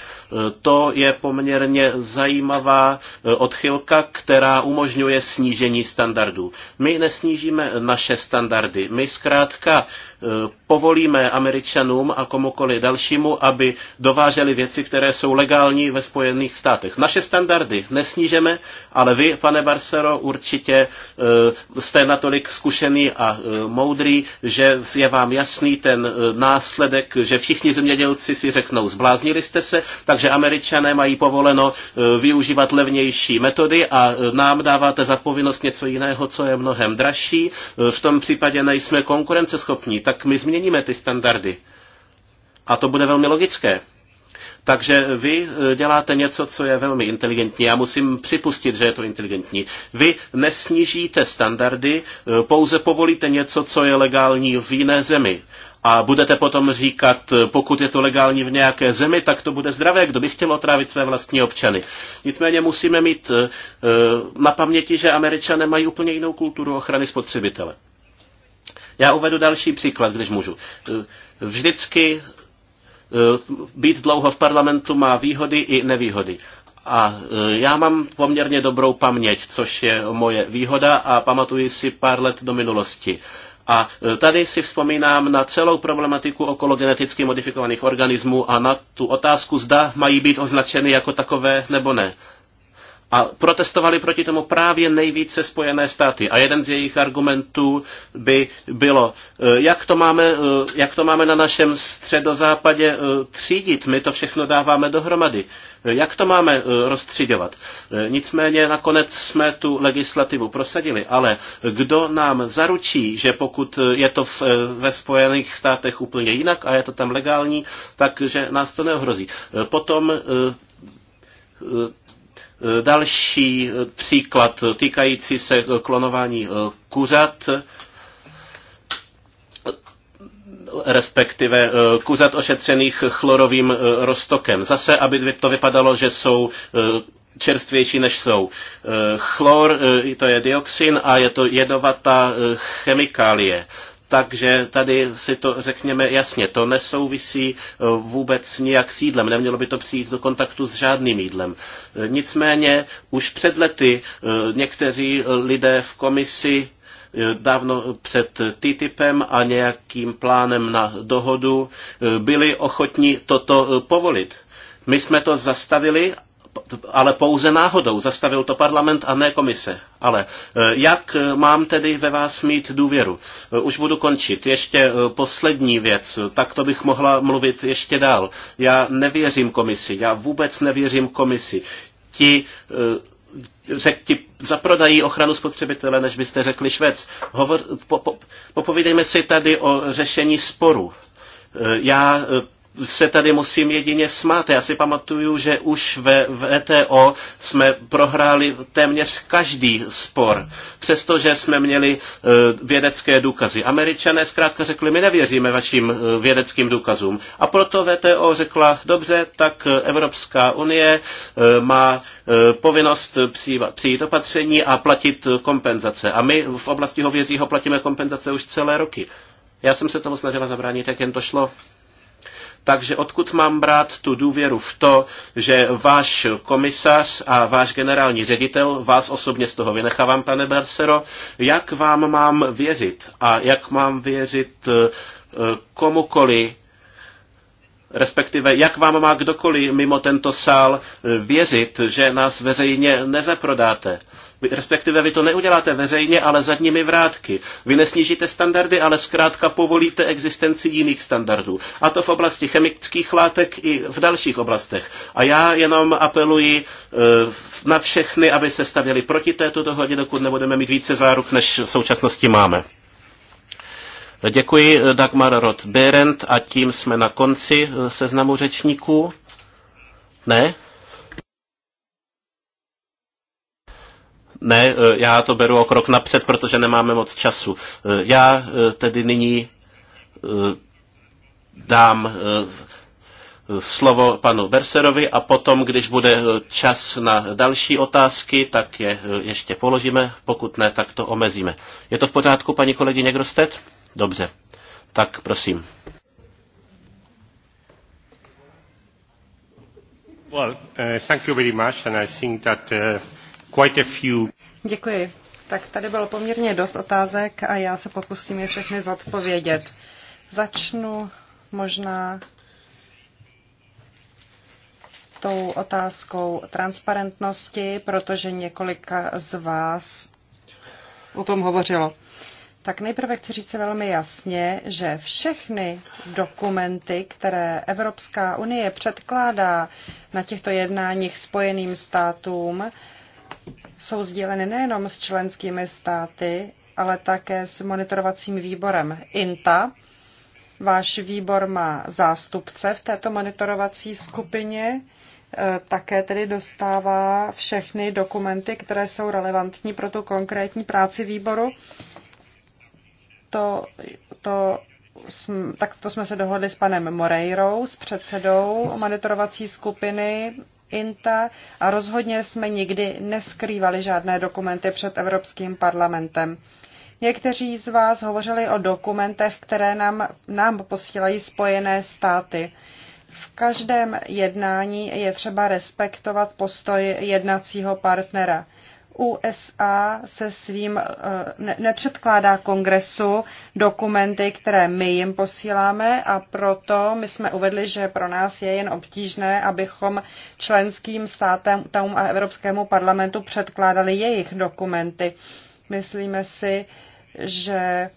To je poměrně zajímavá e, odchylka, která umožňuje snížení standardů. My nesnížíme naše standardy. My zkrátka e, povolíme Američanům a komukoli dalšímu, aby dováželi věci, které jsou legální ve Spojených státech. Naše standardy nesnížeme, ale vy, pane Barcero, určitě e, jste natolik zkušený a moudrý, že je vám jasný ten následek, že všichni zemědělci si řeknou, zbláznili jste se, tak že američané mají povoleno eh, využívat levnější metody a eh, nám dáváte za povinnost něco jiného, co je mnohem dražší. Eh, v tom případě nejsme konkurenceschopní, tak my změníme ty standardy. A to bude velmi logické. Takže vy děláte něco, co je velmi inteligentní. Já musím připustit, že je to inteligentní. Vy nesnížíte standardy, pouze povolíte něco, co je legální v jiné zemi a budete potom říkat, pokud je to legální v nějaké zemi, tak to bude zdravé, kdo by chtěl otrávit své vlastní občany. Nicméně musíme mít eh, eh, na paměti, že američané mají úplně jinou kulturu ochrany spotřebitele. Já uvedu další příklad, když můžu. Eh, vždycky být dlouho v parlamentu má výhody i nevýhody. A já mám poměrně dobrou paměť, což je moje výhoda a pamatuji si pár let do minulosti. A e, tady si vzpomínám na celou problematiku okolo geneticky modifikovaných organismů a na tu otázku, zda mají být označeny jako takové nebo ne. A protestovali proti tomu právě nejvíce Spojené státy. A jeden z jejich argumentů by bylo, eh, jak to máme, eh, jak to máme na našem středozápadě eh, třídit, my to všechno dáváme dohromady. Jak to máme rozstřídovat? Nicméně nakonec jsme tu legislativu prosadili, ale kdo nám zaručí, že pokud je to ve Spojených státech úplně jinak a je to tam legální, takže nás to neohrozí. Potom Další eh, příklad týkající se eh, klonování eh, kuřat, respektive kuřat ošetřených chlorovým roztokem. Zase, aby to vypadalo, že jsou čerstvější, než jsou. Chlor, to je dioxin a je to jedovatá chemikálie. Takže tady si to řekněme jasně, to nesouvisí eh, vůbec nijak s jídlem, nemělo by to přijít do kontaktu s žádným jídlem. Eh, nicméně už před lety eh, někteří lidé v komisi dávno před TTIPem a nějakým plánem na dohodu byli ochotni toto povolit. My jsme to zastavili ale pouze náhodou. Zastavil to parlament a ne komise. Ale eh, jak eh, mám tedy ve vás mít důvěru? Eh, už budu končit. Ještě poslední věc. Tak to bych mohla mluvit ještě dál. Já nevěřím komisi. Já vůbec nevěřím komisi. Ti řek, ti zaprodají ochranu spotřebitele, než byste řekli Švec. Hovor, po, po, popovídejme si tady o řešení sporu. Já se tady musím jedině smát. Já si pamatuju, že už ve VTO e jsme prohráli téměř každý spor, přestože jsme měli e, vědecké důkazy. Američané zkrátka řekli, my nevěříme vašim e, vědeckým důkazům. A proto VTO řekla, dobře, tak Evropská unie má povinnost přijít opatření a platit kompenzace. A my v oblasti hovězího platíme kompenzace už celé roky. Já jsem se tomu snažila zabránit, jak jen to šlo. Takže odkud mám brát tu důvěru v to, že váš komisař a váš generální ředitel, vás osobně z toho vynechávám, pane Bersero, jak vám mám věřit a jak mám věřit eh, komukoli, respektive jak vám má kdokoliv mimo tento sál eh, věřit, že nás veřejně nezaprodáte. Respektive vy to neuděláte veřejně, ale zadními vrátky. Vy nesnížíte standardy, ale zkrátka povolíte existenci jiných standardů. A to v oblasti chemických látek i v dalších oblastech. A já jenom apeluji eh, na všechny, aby se stavěli proti této dohodě, dokud nebudeme mít více záruk, než v současnosti máme. Děkuji eh, Dagmar Roth-Berendt a tím jsme na konci eh, seznamu řečníků. Ne? Ne, eh, já to beru o krok napřed, protože nemáme moc času. Eh, já eh, tedy nyní dám slovo panu Berserovi a potom, když bude čas na další otázky, tak je ještě položíme, pokud ne, tak to omezíme. Je to v pořádku, paní kolegyně Grostet? Dobře, tak prosím. Well, uh, thank you very much and I think that uh quite a few. Děkuji. Tak tady bylo poměrně dost otázek a já se pokusím je všechny zodpovědět. Začnu možná tou otázkou transparentnosti, protože několika z vás o tom hovořilo. Tak nejprve chci říct velmi jasně, že všechny dokumenty, které Evropská unie předkládá na těchto jednáních spojeným státům, jsou sdíleny nejenom s členskými státy, ale také s monitorovacím výborem INTA. Váš výbor má zástupce v této monitorovací skupině, e, také tedy dostává všechny dokumenty, které jsou relevantní pro tu konkrétní práci výboru. To, to tak to jsme se dohodli s panem Moreirou, s předsedou monitorovací skupiny INTA a rozhodně jsme nikdy neskrývali žádné dokumenty před Evropským parlamentem. Někteří z vás hovořili o dokumentech, které nám, nám posílají Spojené státy. V každém jednání je třeba respektovat postoj jednacího partnera. USA se svým eh, ne, nepředkládá kongresu dokumenty, které my jim posíláme a proto my jsme uvedli, že pro nás je jen obtížné, abychom členským státem a Evropskému parlamentu předkládali jejich dokumenty. Myslíme si, že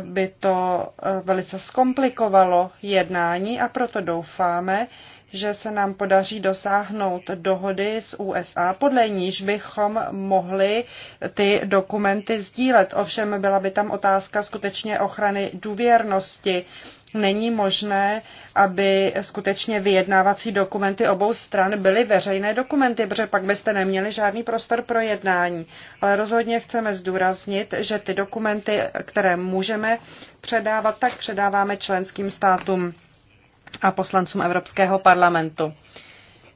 by to eh, velice zkomplikovalo jednání a proto doufáme, že se nám podaří dosáhnout dohody s USA, podle níž bychom mohli ty dokumenty sdílet. Ovšem byla by tam otázka skutečně ochrany důvěrnosti. Není možné, aby skutečně vyjednávací dokumenty obou stran byly veřejné dokumenty, protože pak byste neměli žádný prostor pro jednání. Ale rozhodně chceme zdůraznit, že ty dokumenty, které můžeme předávat, tak předáváme členským státům a poslancům Evropského parlamentu.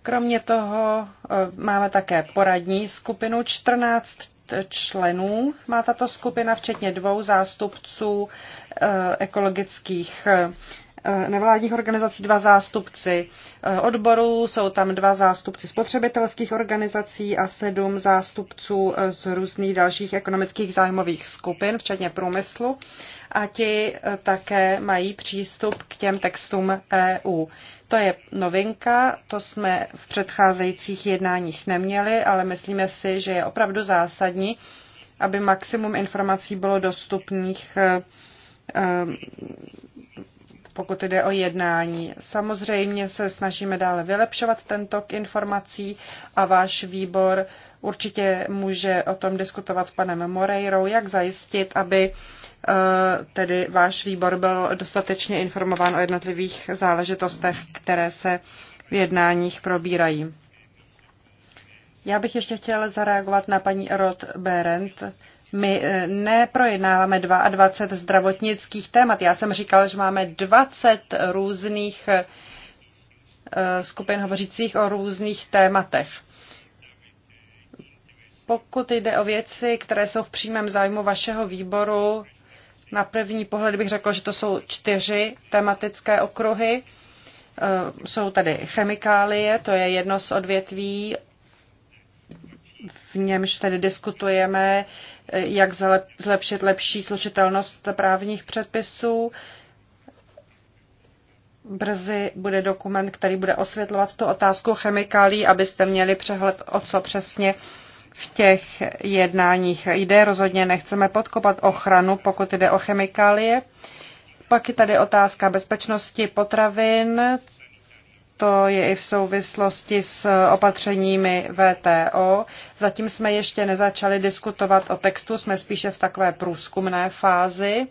Kromě toho e, máme také poradní skupinu 14 členů. Má tato skupina včetně dvou zástupců e, ekologických Eh, nevládních organizací dva zástupci eh, odborů, jsou tam dva zástupci spotřebitelských organizací a sedm zástupců eh, z různých dalších ekonomických zájmových skupin, včetně průmyslu. A ti také mají přístup k těm textům EU. To je novinka, to jsme v předcházejících jednáních neměli, ale myslíme si, že je opravdu zásadní, aby maximum informací bylo dostupných pokud jde o jednání. Samozřejmě se snažíme dále vylepšovat ten tok informací a váš výbor určitě může o tom diskutovat s panem Moreirou, jak zajistit, aby eh, tedy váš výbor byl dostatečně informován o jednotlivých záležitostech, které se v jednáních probírají. Já bych ještě chtěla zareagovat na paní Rod Berendt my eh, neprojednáváme 22 zdravotnických témat. Já jsem říkal, že máme 20 různých eh, skupin hovořících o různých tématech. Pokud jde o věci, které jsou v přímém zájmu vašeho výboru, na první pohled bych řekl, že to jsou čtyři tematické okruhy. Eh, jsou tady chemikálie, to je jedno z odvětví, v němž tedy diskutujeme Eh, jak zlepšit lepší slučitelnost právních předpisů. Brzy bude dokument, který bude osvětlovat tu otázku chemikálí, abyste měli přehled, o co přesně v těch jednáních jde. Rozhodně nechceme podkopat ochranu, pokud jde o chemikálie. Pak je tady otázka bezpečnosti potravin to je i v souvislosti s opatřeními VTO. Zatím jsme ještě nezačali diskutovat o textu, jsme spíše v takové průzkumné fázi,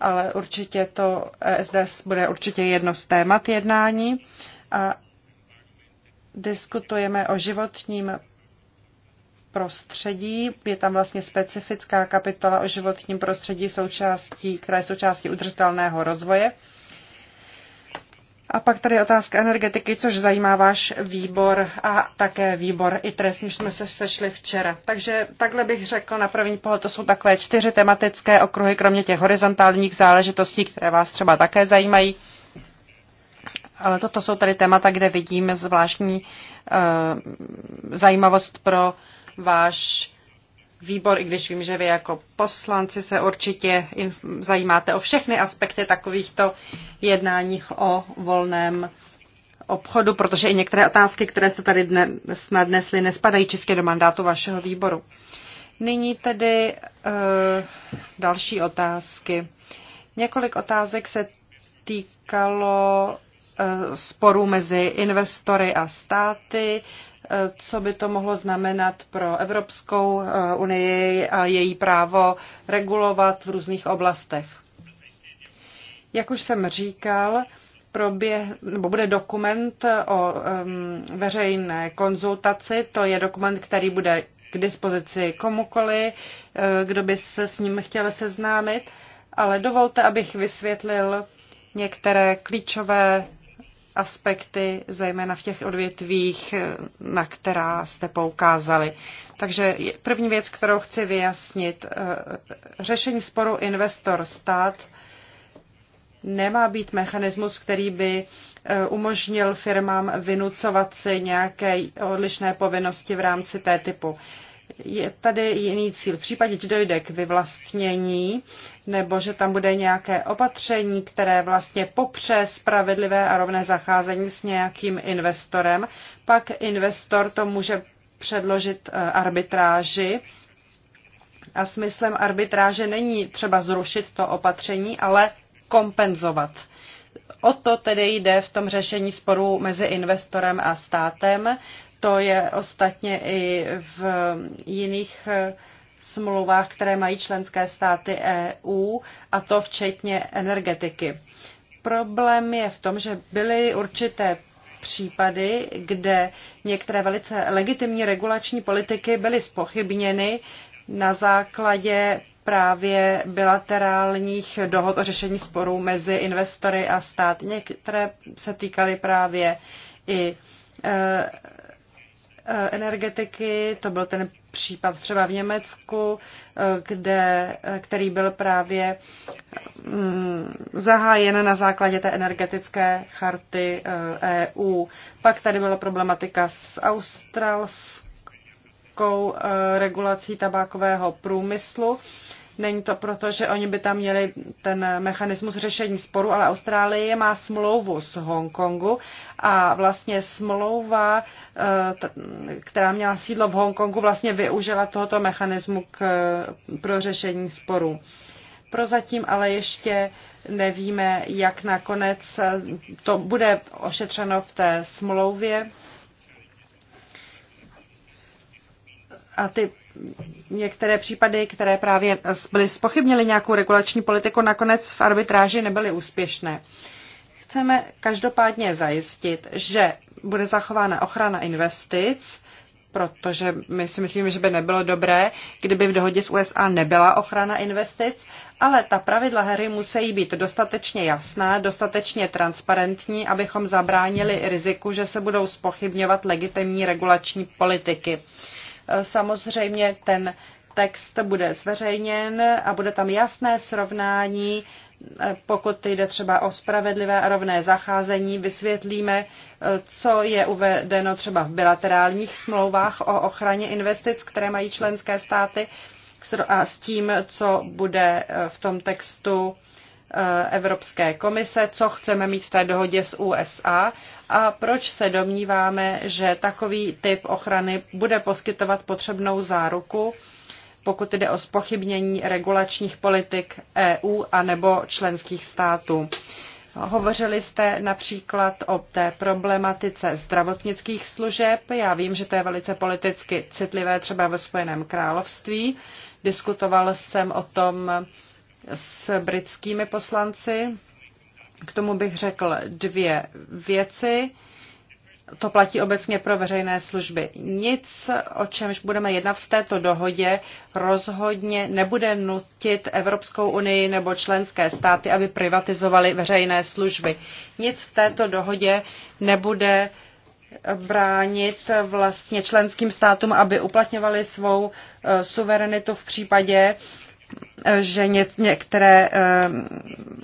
ale určitě to ESDS bude určitě jedno z témat jednání. A diskutujeme o životním prostředí. Je tam vlastně specifická kapitola o životním prostředí, součástí, která je součástí udržitelného rozvoje. A pak tady je otázka energetiky, což zajímá váš výbor a také výbor i s nímž jsme se sešli včera. Takže takhle bych řekl na první pohled, to jsou takové čtyři tematické okruhy, kromě těch horizontálních záležitostí, které vás třeba také zajímají. Ale toto jsou tady témata, kde vidíme zvláštní uh, zajímavost pro váš výbor, i když vím, že vy jako poslanci se určitě zajímáte o všechny aspekty takovýchto jednáních o volném obchodu, protože i některé otázky, které jste tady dnes nadnesli, nespadají čistě do mandátu vašeho výboru. Nyní tedy uh, další otázky. Několik otázek se týkalo eh, sporů mezi investory a státy co by to mohlo znamenat pro Evropskou eh, unii a její právo regulovat v různých oblastech. Jak už jsem říkal, proběh, nebo bude dokument o um, veřejné konzultaci. To je dokument, který bude k dispozici komukoli, eh, kdo by se s ním chtěl seznámit, ale dovolte, abych vysvětlil některé klíčové aspekty, zejména v těch odvětvích, na která jste poukázali. Takže první věc, kterou chci vyjasnit, eh, řešení sporu investor-stát nemá být mechanismus, který by eh, umožnil firmám vynucovat si nějaké odlišné povinnosti v rámci té typu je tady jiný cíl. V případě, že dojde k vyvlastnění, nebo že tam bude nějaké opatření, které vlastně popře spravedlivé a rovné zacházení s nějakým investorem, pak investor to může předložit eh, arbitráži. A smyslem arbitráže není třeba zrušit to opatření, ale kompenzovat. O to tedy jde v tom řešení sporu mezi investorem a státem. To je ostatně i v jiných eh, smlouvách, které mají členské státy EU, a to včetně energetiky. Problém je v tom, že byly určité případy, kde některé velice legitimní regulační politiky byly spochybněny na základě právě bilaterálních dohod o řešení sporů mezi investory a stát. Některé se týkaly právě i eh, Eh, energetiky. To byl ten případ třeba v Německu, eh, kde, eh, který byl právě mm, zahájen na základě té energetické charty EU. E Pak tady byla problematika s australskou regulací tabákového průmyslu Není to proto, že oni by tam měli ten mechanismus řešení sporu, ale Austrálie má smlouvu s Hongkongu a vlastně smlouva, eh, která měla sídlo v Hongkongu, vlastně využila tohoto mechanismu k, pro řešení sporu. Prozatím ale ještě nevíme, jak nakonec eh, to bude ošetřeno v té smlouvě. A ty některé případy, které právě byly spochybněly nějakou regulační politiku, nakonec v arbitráži nebyly úspěšné. Chceme každopádně zajistit, že bude zachována ochrana investic, protože my si myslíme, že by nebylo dobré, kdyby v dohodě s USA nebyla ochrana investic, ale ta pravidla hry musí být dostatečně jasná, dostatečně transparentní, abychom zabránili riziku, že se budou spochybňovat legitimní regulační politiky. Samozřejmě ten text bude zveřejněn a bude tam jasné srovnání, pokud jde třeba o spravedlivé a rovné zacházení, vysvětlíme, co je uvedeno třeba v bilaterálních smlouvách o ochraně investic, které mají členské státy a s tím, co bude v tom textu Eh, Evropské komise, co chceme mít v té dohodě s USA a proč se domníváme, že takový typ ochrany bude poskytovat potřebnou záruku, pokud jde o spochybnění regulačních politik EU a nebo členských států. Hovořili jste například o té problematice zdravotnických služeb. Já vím, že to je velice politicky citlivé třeba ve Spojeném království. Diskutoval jsem o tom s britskými poslanci. K tomu bych řekl dvě věci. To platí obecně pro veřejné služby. Nic, o čemž budeme jednat v této dohodě, rozhodně nebude nutit Evropskou unii nebo členské státy, aby privatizovaly veřejné služby. Nic v této dohodě nebude bránit vlastně členským státům, aby uplatňovali svou eh, suverenitu v případě, že některé ehm,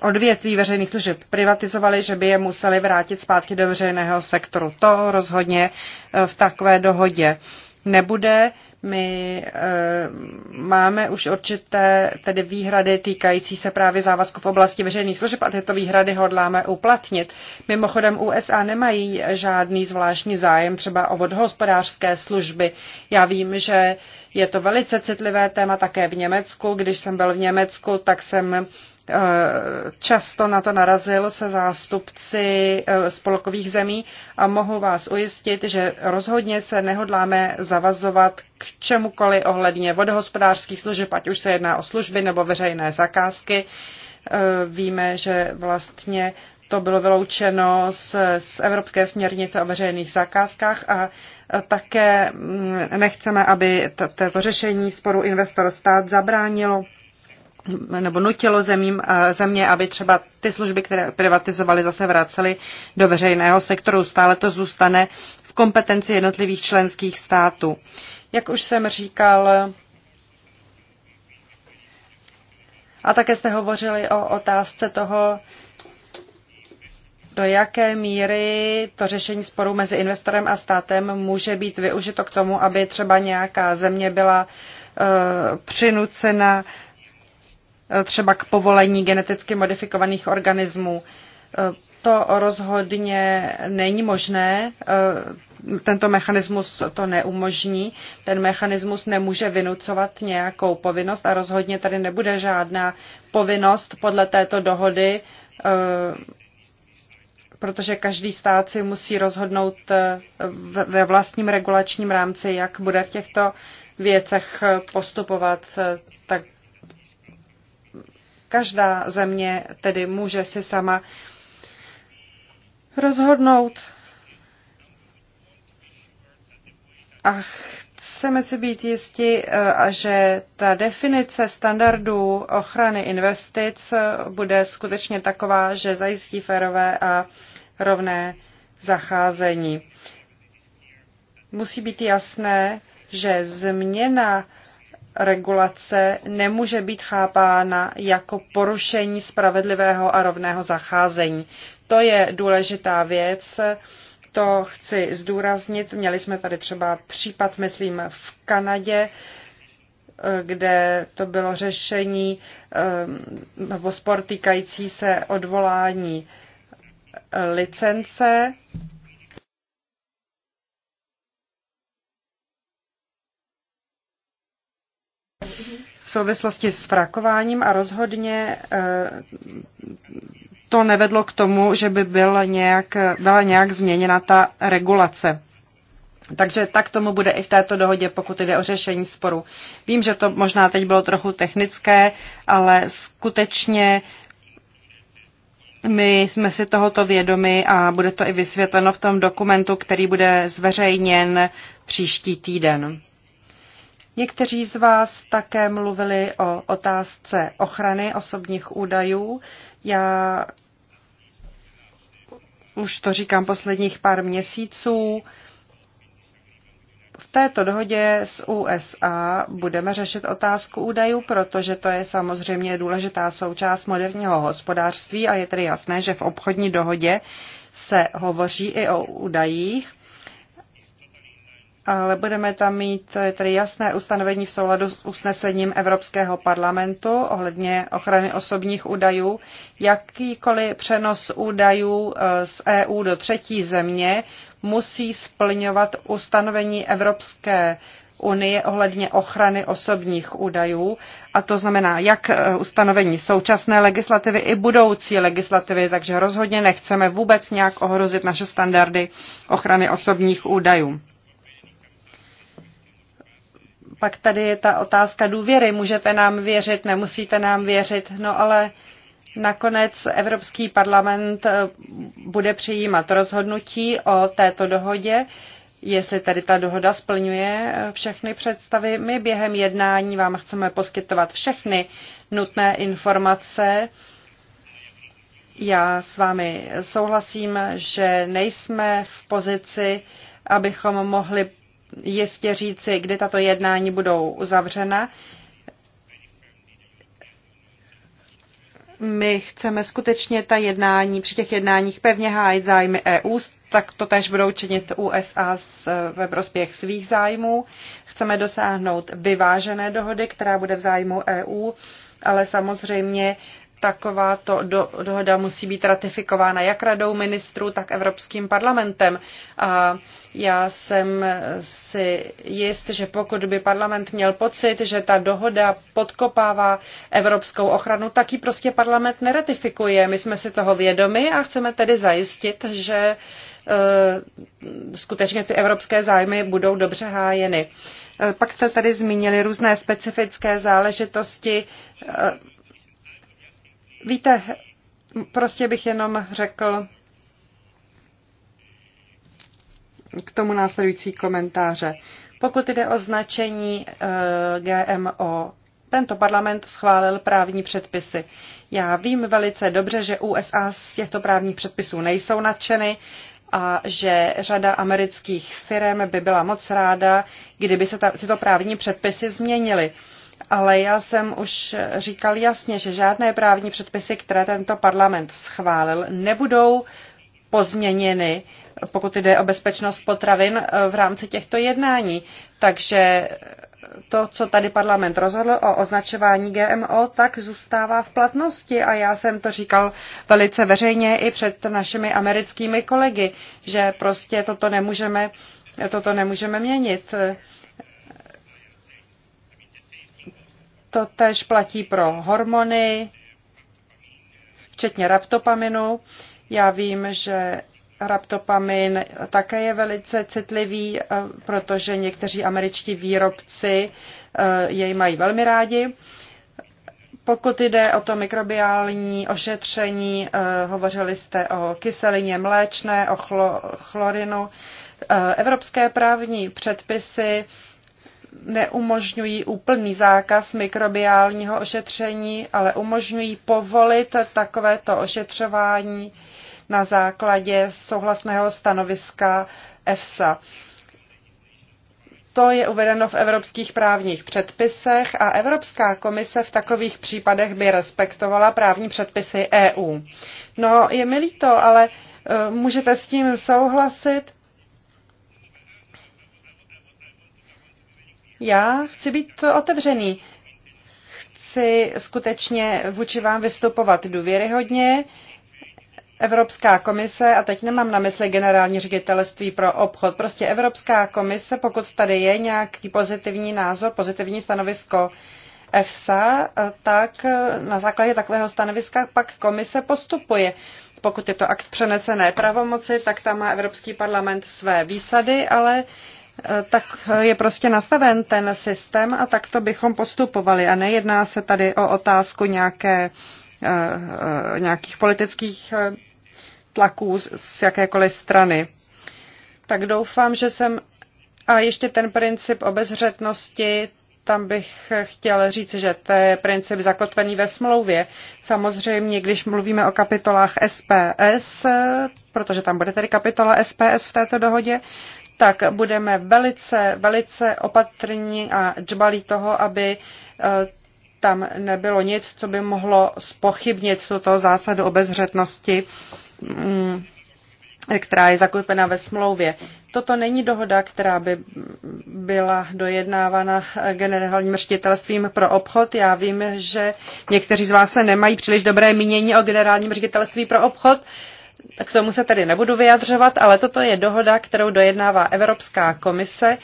odvětví veřejných služeb privatizovali, že by je museli vrátit zpátky do veřejného sektoru. To rozhodně eh, v takové dohodě nebude. My eh, máme už určité tedy výhrady týkající se právě závazku v oblasti veřejných služeb a tyto výhrady hodláme uplatnit. Mimochodem USA nemají žádný zvláštní zájem třeba o vodohospodářské služby. Já vím, že je to velice citlivé téma také v Německu. Když jsem byl v Německu, tak jsem často na to narazil se zástupci eh, spolkových zemí a mohu vás ujistit, že rozhodně se nehodláme zavazovat k čemukoliv ohledně vodohospodářských služeb, ať už se jedná o služby nebo veřejné zakázky. Eh, víme, že vlastně to bylo vyloučeno z, z Evropské směrnice o veřejných zakázkách a také mm, nechceme, aby toto řešení sporu investor-stát zabránilo nebo nutilo zemím, eh, země, aby třeba ty služby, které privatizovaly, zase vracely do veřejného sektoru. Stále to zůstane v kompetenci jednotlivých členských států. Jak už jsem říkal, a také jste hovořili o otázce toho, do jaké míry to řešení sporu mezi investorem a státem může být využito k tomu, aby třeba nějaká země byla eh, přinucena třeba k povolení geneticky modifikovaných organismů. To rozhodně není možné, tento mechanismus to neumožní, ten mechanismus nemůže vynucovat nějakou povinnost a rozhodně tady nebude žádná povinnost podle této dohody, protože každý stát si musí rozhodnout ve vlastním regulačním rámci, jak bude v těchto věcech postupovat, tak Každá země tedy může si sama rozhodnout a chceme si být jisti, eh, že ta definice standardů ochrany investic bude skutečně taková, že zajistí férové a rovné zacházení. Musí být jasné, že změna regulace nemůže být chápána jako porušení spravedlivého a rovného zacházení. To je důležitá věc, to chci zdůraznit. Měli jsme tady třeba případ, myslím, v Kanadě, kde to bylo řešení ehm, nebo spor týkající se odvolání licence souvislosti s frakováním a rozhodně eh, to nevedlo k tomu, že by byl nějak, byla nějak změněna ta regulace. Takže tak tomu bude i v této dohodě, pokud jde o řešení sporu. Vím, že to možná teď bylo trochu technické, ale skutečně my jsme si tohoto vědomi a bude to i vysvětleno v tom dokumentu, který bude zveřejněn příští týden. Někteří z vás také mluvili o otázce ochrany osobních údajů. Já už to říkám posledních pár měsíců. V této dohodě s USA budeme řešit otázku údajů, protože to je samozřejmě důležitá součást moderního hospodářství a je tedy jasné, že v obchodní dohodě se hovoří i o údajích ale budeme tam mít eh, tedy jasné ustanovení v souladu s usnesením Evropského parlamentu ohledně ochrany osobních údajů. Jakýkoliv přenos údajů eh, z EU do třetí země musí splňovat ustanovení Evropské unie ohledně ochrany osobních údajů, a to znamená jak eh, ustanovení současné legislativy i budoucí legislativy, takže rozhodně nechceme vůbec nějak ohrozit naše standardy ochrany osobních údajů pak tady je ta otázka důvěry. Můžete nám věřit, nemusíte nám věřit, no ale nakonec Evropský parlament eh, bude přijímat rozhodnutí o této dohodě, jestli tady ta dohoda splňuje eh, všechny představy. My během jednání vám chceme poskytovat všechny nutné informace. Já s vámi souhlasím, že nejsme v pozici, abychom mohli jistě říci, kdy tato jednání budou uzavřena. My chceme skutečně ta jednání, při těch jednáních pevně hájit zájmy EU, tak to tež budou činit USA ve prospěch svých zájmů. Chceme dosáhnout vyvážené dohody, která bude v zájmu EU, ale samozřejmě takováto do, dohoda musí být ratifikována jak radou ministrů, tak Evropským parlamentem. A já jsem si jist, že pokud by parlament měl pocit, že ta dohoda podkopává evropskou ochranu, tak ji prostě parlament neratifikuje. My jsme si toho vědomi a chceme tedy zajistit, že e, skutečně ty evropské zájmy budou dobře hájeny. E, pak jste tady zmínili různé specifické záležitosti e, Víte, prostě bych jenom řekl k tomu následující komentáře. Pokud jde o značení eh, GMO, tento parlament schválil právní předpisy. Já vím velice dobře, že USA z těchto právních předpisů nejsou nadšeny a že řada amerických firm by byla moc ráda, kdyby se ta, tyto právní předpisy změnily ale já jsem už říkal jasně, že žádné právní předpisy, které tento parlament schválil, nebudou pozměněny, pokud jde o bezpečnost potravin eh, v rámci těchto jednání. Takže to, co tady parlament rozhodl o označování GMO, tak zůstává v platnosti a já jsem to říkal velice veřejně i před našimi americkými kolegy, že prostě toto nemůžeme, toto nemůžeme měnit. To tež platí pro hormony, včetně raptopaminu. Já vím, že raptopamin také je velice citlivý, eh, protože někteří američtí výrobci eh, jej mají velmi rádi. Pokud jde o to mikrobiální ošetření, eh, hovořili jste o kyselině mléčné, o chlorinu. Evropské právní předpisy neumožňují úplný zákaz mikrobiálního ošetření, ale umožňují povolit takovéto ošetřování na základě souhlasného stanoviska EFSA. To je uvedeno v evropských právních předpisech a Evropská komise v takových případech by respektovala právní předpisy EU. No, je mi líto, ale eh, můžete s tím souhlasit? Já chci být otevřený. Chci skutečně vůči vám vystupovat důvěryhodně. Evropská komise, a teď nemám na mysli generální ředitelství pro obchod, prostě Evropská komise, pokud tady je nějaký pozitivní názor, pozitivní stanovisko EFSA, tak na základě takového stanoviska pak komise postupuje. Pokud je to akt přenesené pravomoci, tak tam má Evropský parlament své výsady, ale Eh, tak eh, je prostě nastaven ten systém a tak to bychom postupovali. A nejedná se tady o otázku nějaké, eh, nějakých politických tlaků z jakékoliv strany. Tak doufám, že jsem. A ještě ten princip obezřetnosti, tam bych chtěl říct, že to je princip zakotvený ve smlouvě. Samozřejmě, když mluvíme o kapitolách SPS, protože tam bude tedy kapitola SPS v této dohodě, tak budeme velice, velice opatrní a džbalí toho, aby eh, tam nebylo nic, co by mohlo spochybnit tuto zásadu obezřetnosti, mm, která je zakotvena ve smlouvě. Toto není dohoda, která by byla dojednávána generálním ředitelstvím pro obchod. Já vím, že někteří z vás se nemají příliš dobré mínění o generálním ředitelství pro obchod, k tomu se tedy nebudu vyjadřovat, ale toto je dohoda, kterou dojednává Evropská komise.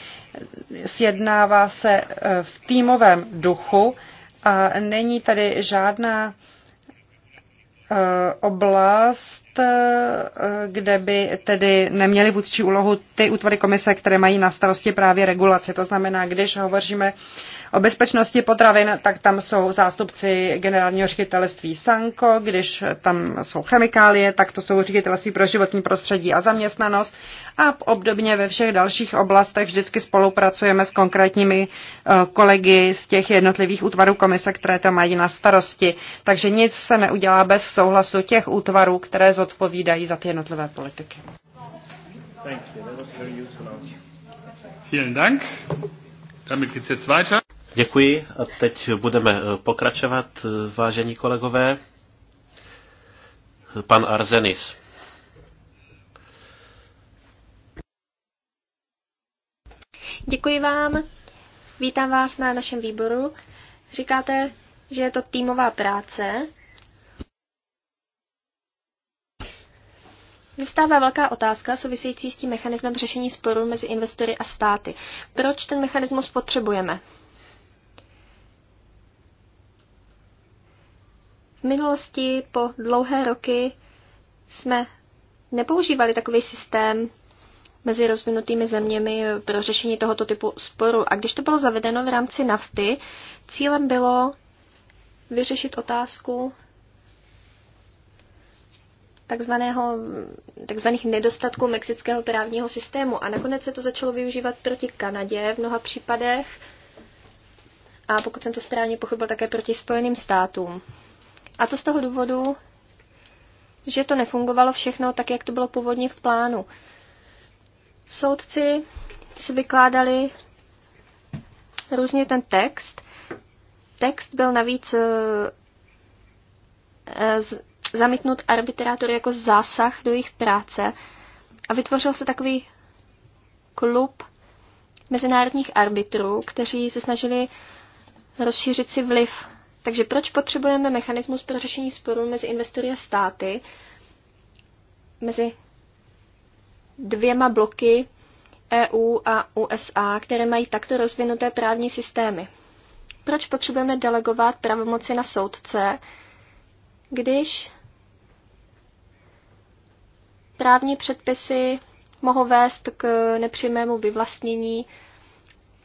Sjednává se e, v týmovém duchu a není tady žádná e, oblast, e, kde by tedy neměly vůdčí úlohu ty útvary komise, které mají na starosti právě regulaci. To znamená, když hovoříme o bezpečnosti potravin, tak tam jsou zástupci generálního ředitelství Sanko, když tam jsou chemikálie, tak to jsou ředitelství pro životní prostředí a zaměstnanost a obdobně ve všech dalších oblastech vždycky spolupracujeme s konkrétními eh, kolegy z těch jednotlivých útvarů komise, které to mají na starosti. Takže nic se neudělá bez souhlasu těch útvarů, které zodpovídají za ty jednotlivé politiky. Vielen Dank. Damit geht's jetzt weiter. Děkuji a teď budeme eh, pokračovat, eh, vážení kolegové. Pan Arzenis. Děkuji vám. Vítám vás na našem výboru. Říkáte, že je to týmová práce. Vystává velká otázka související s tím mechanismem řešení sporů mezi investory a státy. Proč ten mechanismus potřebujeme? minulosti po dlouhé roky jsme nepoužívali takový systém mezi rozvinutými zeměmi pro řešení tohoto typu sporu. A když to bylo zavedeno v rámci nafty, cílem bylo vyřešit otázku takzvaných nedostatků mexického právního systému. A nakonec se to začalo využívat proti Kanadě v mnoha případech a pokud jsem to správně pochopil, také proti Spojeným státům. A to z toho důvodu, že to nefungovalo všechno tak, jak to bylo původně v plánu. Soudci si vykládali různě ten text. Text byl navíc eh, eh, zamítnut arbitrátor jako zásah do jejich práce a vytvořil se takový klub mezinárodních arbitrů, kteří se snažili rozšířit si vliv takže proč potřebujeme mechanismus pro řešení sporů mezi investory a státy, mezi dvěma bloky EU a USA, které mají takto rozvinuté právní systémy? Proč potřebujeme delegovat pravomoci na soudce, když právní předpisy mohou vést k nepřímému vyvlastnění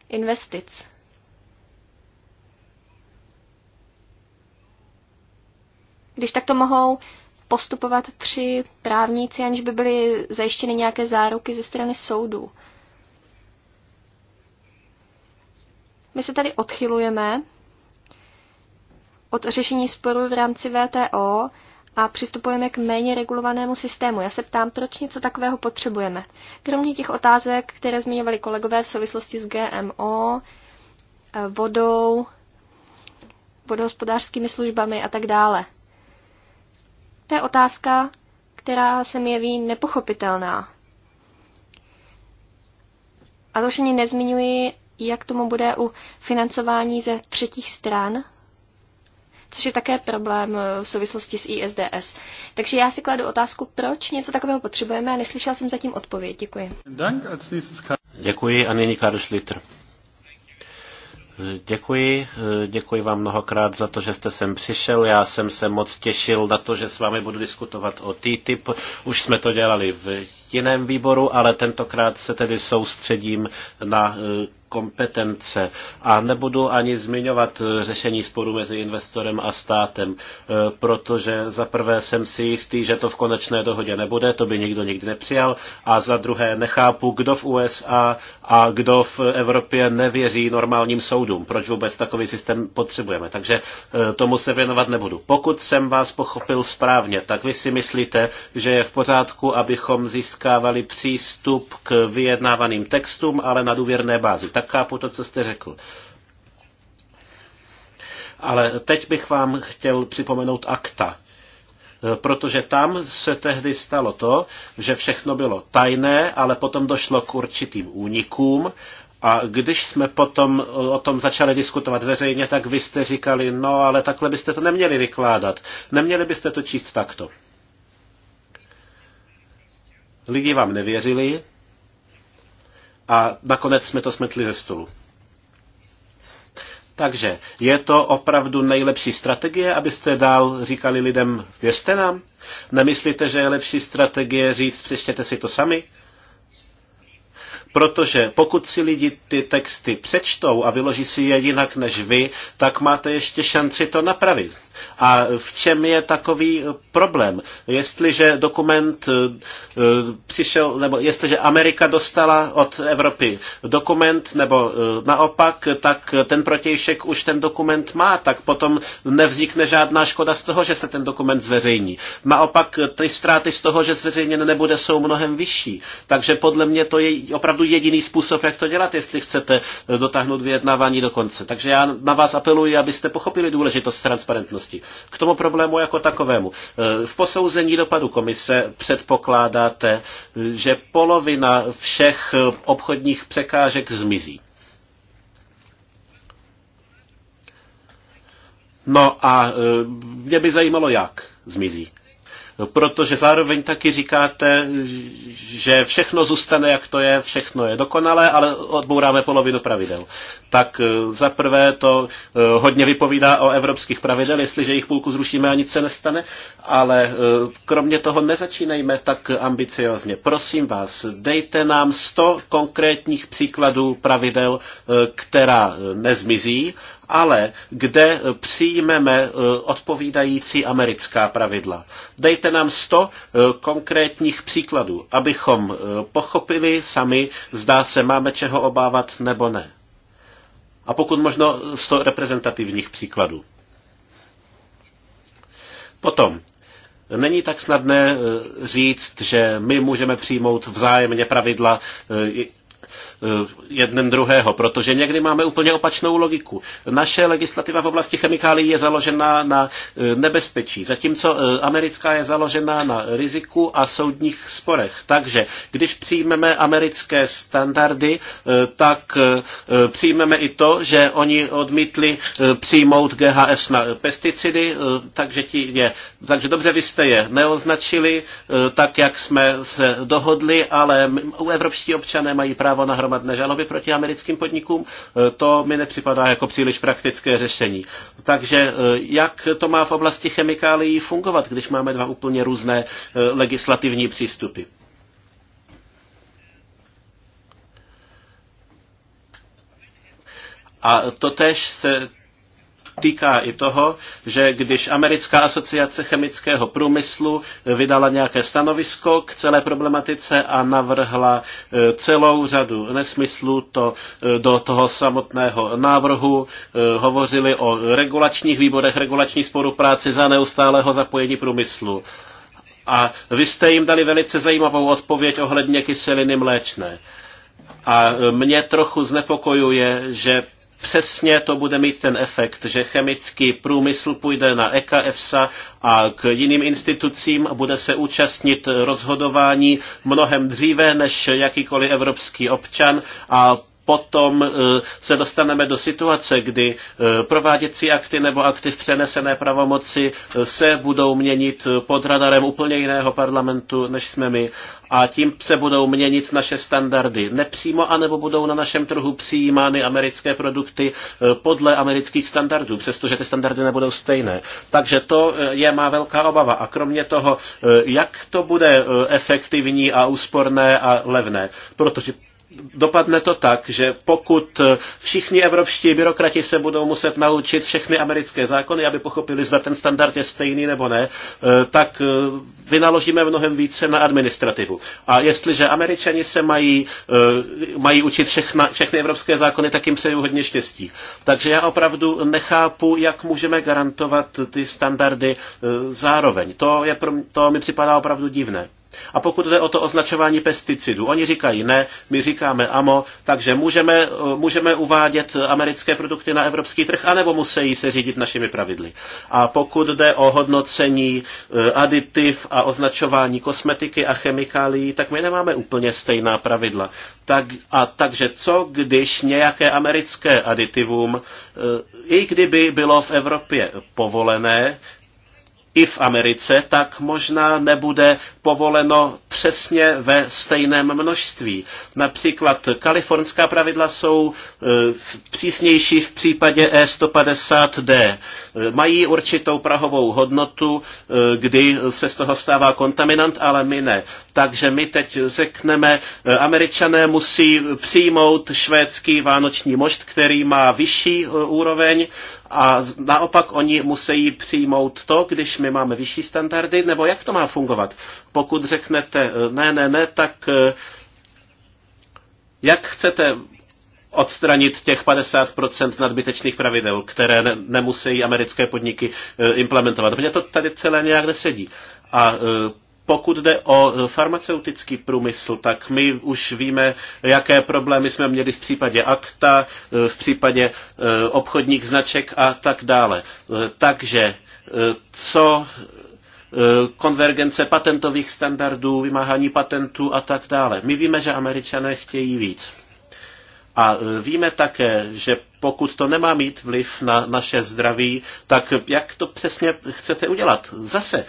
investic? když takto mohou postupovat tři právníci, aniž by byly zajištěny nějaké záruky ze strany soudu. My se tady odchylujeme od řešení sporu v rámci VTO a přistupujeme k méně regulovanému systému. Já se ptám, proč něco takového potřebujeme. Kromě těch otázek, které zmiňovali kolegové v souvislosti s GMO, eh, vodou, vodohospodářskými službami a tak dále. To je otázka, která se mi jeví nepochopitelná. A to už ani nezmiňuji, jak tomu bude u financování ze třetích stran, což je také problém e, v souvislosti s ISDS. Takže já si kladu otázku, proč něco takového potřebujeme a neslyšel jsem zatím odpověď. Děkuji. Děkuji a nyní Karl Schlitter. Děkuji, děkuji vám mnohokrát za to, že jste sem přišel. Já jsem se moc těšil na to, že s vámi budu diskutovat o TTIP. Už jsme to dělali v jiném výboru, ale tentokrát se tedy soustředím na eh, kompetence a nebudu ani zmiňovat eh, řešení sporu mezi investorem a státem, eh, protože za prvé jsem si jistý, že to v konečné dohodě nebude, to by nikdo nikdy nepřijal a za druhé nechápu, kdo v USA a kdo v Evropě nevěří normálním soudům, proč vůbec takový systém potřebujeme, takže eh, tomu se věnovat nebudu. Pokud jsem vás pochopil správně, tak vy si myslíte, že je v pořádku, abychom získávali přístup k vyjednávaným textům, ale na důvěrné bázi tak chápu to, co jste řekl. Ale teď bych vám chtěl připomenout akta, protože tam se tehdy stalo to, že všechno bylo tajné, ale potom došlo k určitým únikům a když jsme potom o tom začali diskutovat veřejně, tak vy jste říkali, no ale takhle byste to neměli vykládat. Neměli byste to číst takto. Lidi vám nevěřili, a nakonec jsme to smetli ze stolu. Takže je to opravdu nejlepší strategie, abyste dál říkali lidem, věřte nám? Nemyslíte, že je lepší strategie říct, přečtěte si to sami? Protože pokud si lidi ty texty přečtou a vyloží si je jinak než vy, tak máte ještě šanci to napravit. A v čem je takový eh, problém? Jestliže dokument eh, eh, přišel, nebo jestliže Amerika dostala od Evropy dokument, nebo naopak, tak ten protějšek už ten dokument má, tak potom nevznikne žádná škoda z toho, že se ten dokument zveřejní. Naopak ty ztráty z toho, že zveřejněn nebude, jsou mnohem vyšší. Takže podle mě to je opravdu jediný způsob, jak to dělat, jestli chcete dotáhnout vyjednávání do konce. Takže já na vás apeluji, abyste pochopili důležitost transparentnosti společnosti. K tomu problému jako takovému. Eh, v posouzení dopadu komise předpokládáte, eh, že polovina všech eh, obchodních překážek zmizí. No a mě by zajímalo, jak zmizí. No, protože zároveň taky říkáte, že všechno zůstane, jak to je, všechno je dokonalé, ale odbouráme polovinu pravidel. Tak eh, za prvé to eh, hodně vypovídá o evropských pravidel, jestliže jich půlku zrušíme a nic se nestane, ale eh, kromě toho nezačínejme tak ambiciozně. Prosím vás, dejte nám 100 konkrétních příkladů pravidel, která nezmizí, ale kde eh, přijmeme eh, odpovídající americká pravidla. Dejte nám 100 eh, konkrétních příkladů, abychom pochopili sami, zdá se, máme čeho obávat nebo ne. A pokud možno 100 reprezentativních příkladů. Potom, není tak snadné říct, že my můžeme přijmout vzájemně pravidla Eh, jeden druhého, protože někdy máme úplně opačnou logiku. Naše legislativa v oblasti chemikálií je založena na eh, nebezpečí, zatímco eh, americká je založena na riziku a soudních sporech. Takže když přijmeme americké standardy, tak přijmeme i to, že oni odmítli přijmout GHS na pesticidy, takže, ti je, takže dobře vy jste je neoznačili tak, jak jsme se dohodli, ale u evropští občané mají právo na hromadné žaloby proti americkým podnikům, e, to mi nepřipadá jako příliš praktické řešení. Takže e, jak to má v oblasti chemikálií fungovat, když máme dva úplně různé e, legislativní přístupy? A totež se týká i toho, že když Americká asociace chemického průmyslu vydala nějaké stanovisko k celé problematice a navrhla e, celou řadu nesmyslů to e, do toho samotného návrhu, e, hovořili o regulačních výborech, regulační spolupráci za neustálého zapojení průmyslu. A vy jste jim dali velice zajímavou odpověď ohledně kyseliny mléčné. A mě trochu znepokojuje, že přesně to bude mít ten efekt, že chemický průmysl půjde na EKFSA a k jiným institucím bude se účastnit rozhodování mnohem dříve než jakýkoliv evropský občan a potom eh, se dostaneme do situace, kdy eh, prováděcí akty nebo akty v přenesené pravomoci eh, se budou měnit pod radarem úplně jiného parlamentu, než jsme my a tím se budou měnit naše standardy. Nepřímo, anebo budou na našem trhu přijímány americké produkty podle amerických standardů, přestože ty standardy nebudou stejné. Takže to je má velká obava. A kromě toho, jak to bude efektivní a úsporné a levné, protože dopadne to tak, že pokud všichni evropští byrokrati se budou muset naučit všechny americké zákony, aby pochopili, zda ten standard je stejný nebo ne, eh, tak eh, vynaložíme mnohem více na administrativu. A jestliže američani se mají, eh, mají učit všechna, všechny evropské zákony, tak jim přeju hodně štěstí. Takže já opravdu nechápu, jak můžeme garantovat ty standardy zároveň. To, je, to mi připadá opravdu divné. A pokud jde o to označování pesticidů, oni říkají ne, my říkáme AMO, takže můžeme, můžeme uvádět americké produkty na evropský trh, anebo musí se řídit našimi pravidly. A pokud jde o hodnocení eh, aditiv a označování kosmetiky a chemikálií, tak my nemáme úplně stejná pravidla. Tak, a takže co, když nějaké americké aditivum, eh, i kdyby bylo v Evropě povolené, i v Americe, tak možná nebude povoleno přesně ve stejném množství. Například kalifornská pravidla jsou e, přísnější v případě E150D. E, mají určitou prahovou hodnotu, e, kdy se z toho stává kontaminant, ale my ne. Takže my teď řekneme, američané musí přijmout švédský vánoční mošt, který má vyšší úroveň a naopak oni musí přijmout to, když my máme vyšší standardy, nebo jak to má fungovat? pokud řeknete eh, ne, ne, ne, tak eh, jak chcete odstranit těch 50% nadbytečných pravidel, které ne, nemusí americké podniky eh, implementovat. Mně to tady celé nějak nesedí. A pokud jde o farmaceutický průmysl, tak my už víme, jaké problémy jsme měli v případě akta, v případě obchodních značek a tak dále. Takže co Eh, konvergence patentových standardů, vymáhání patentů a tak dále. My víme, že američané chtějí víc. A eh, víme také, že pokud to nemá mít vliv na naše zdraví, tak jak to přesně chcete udělat? Zase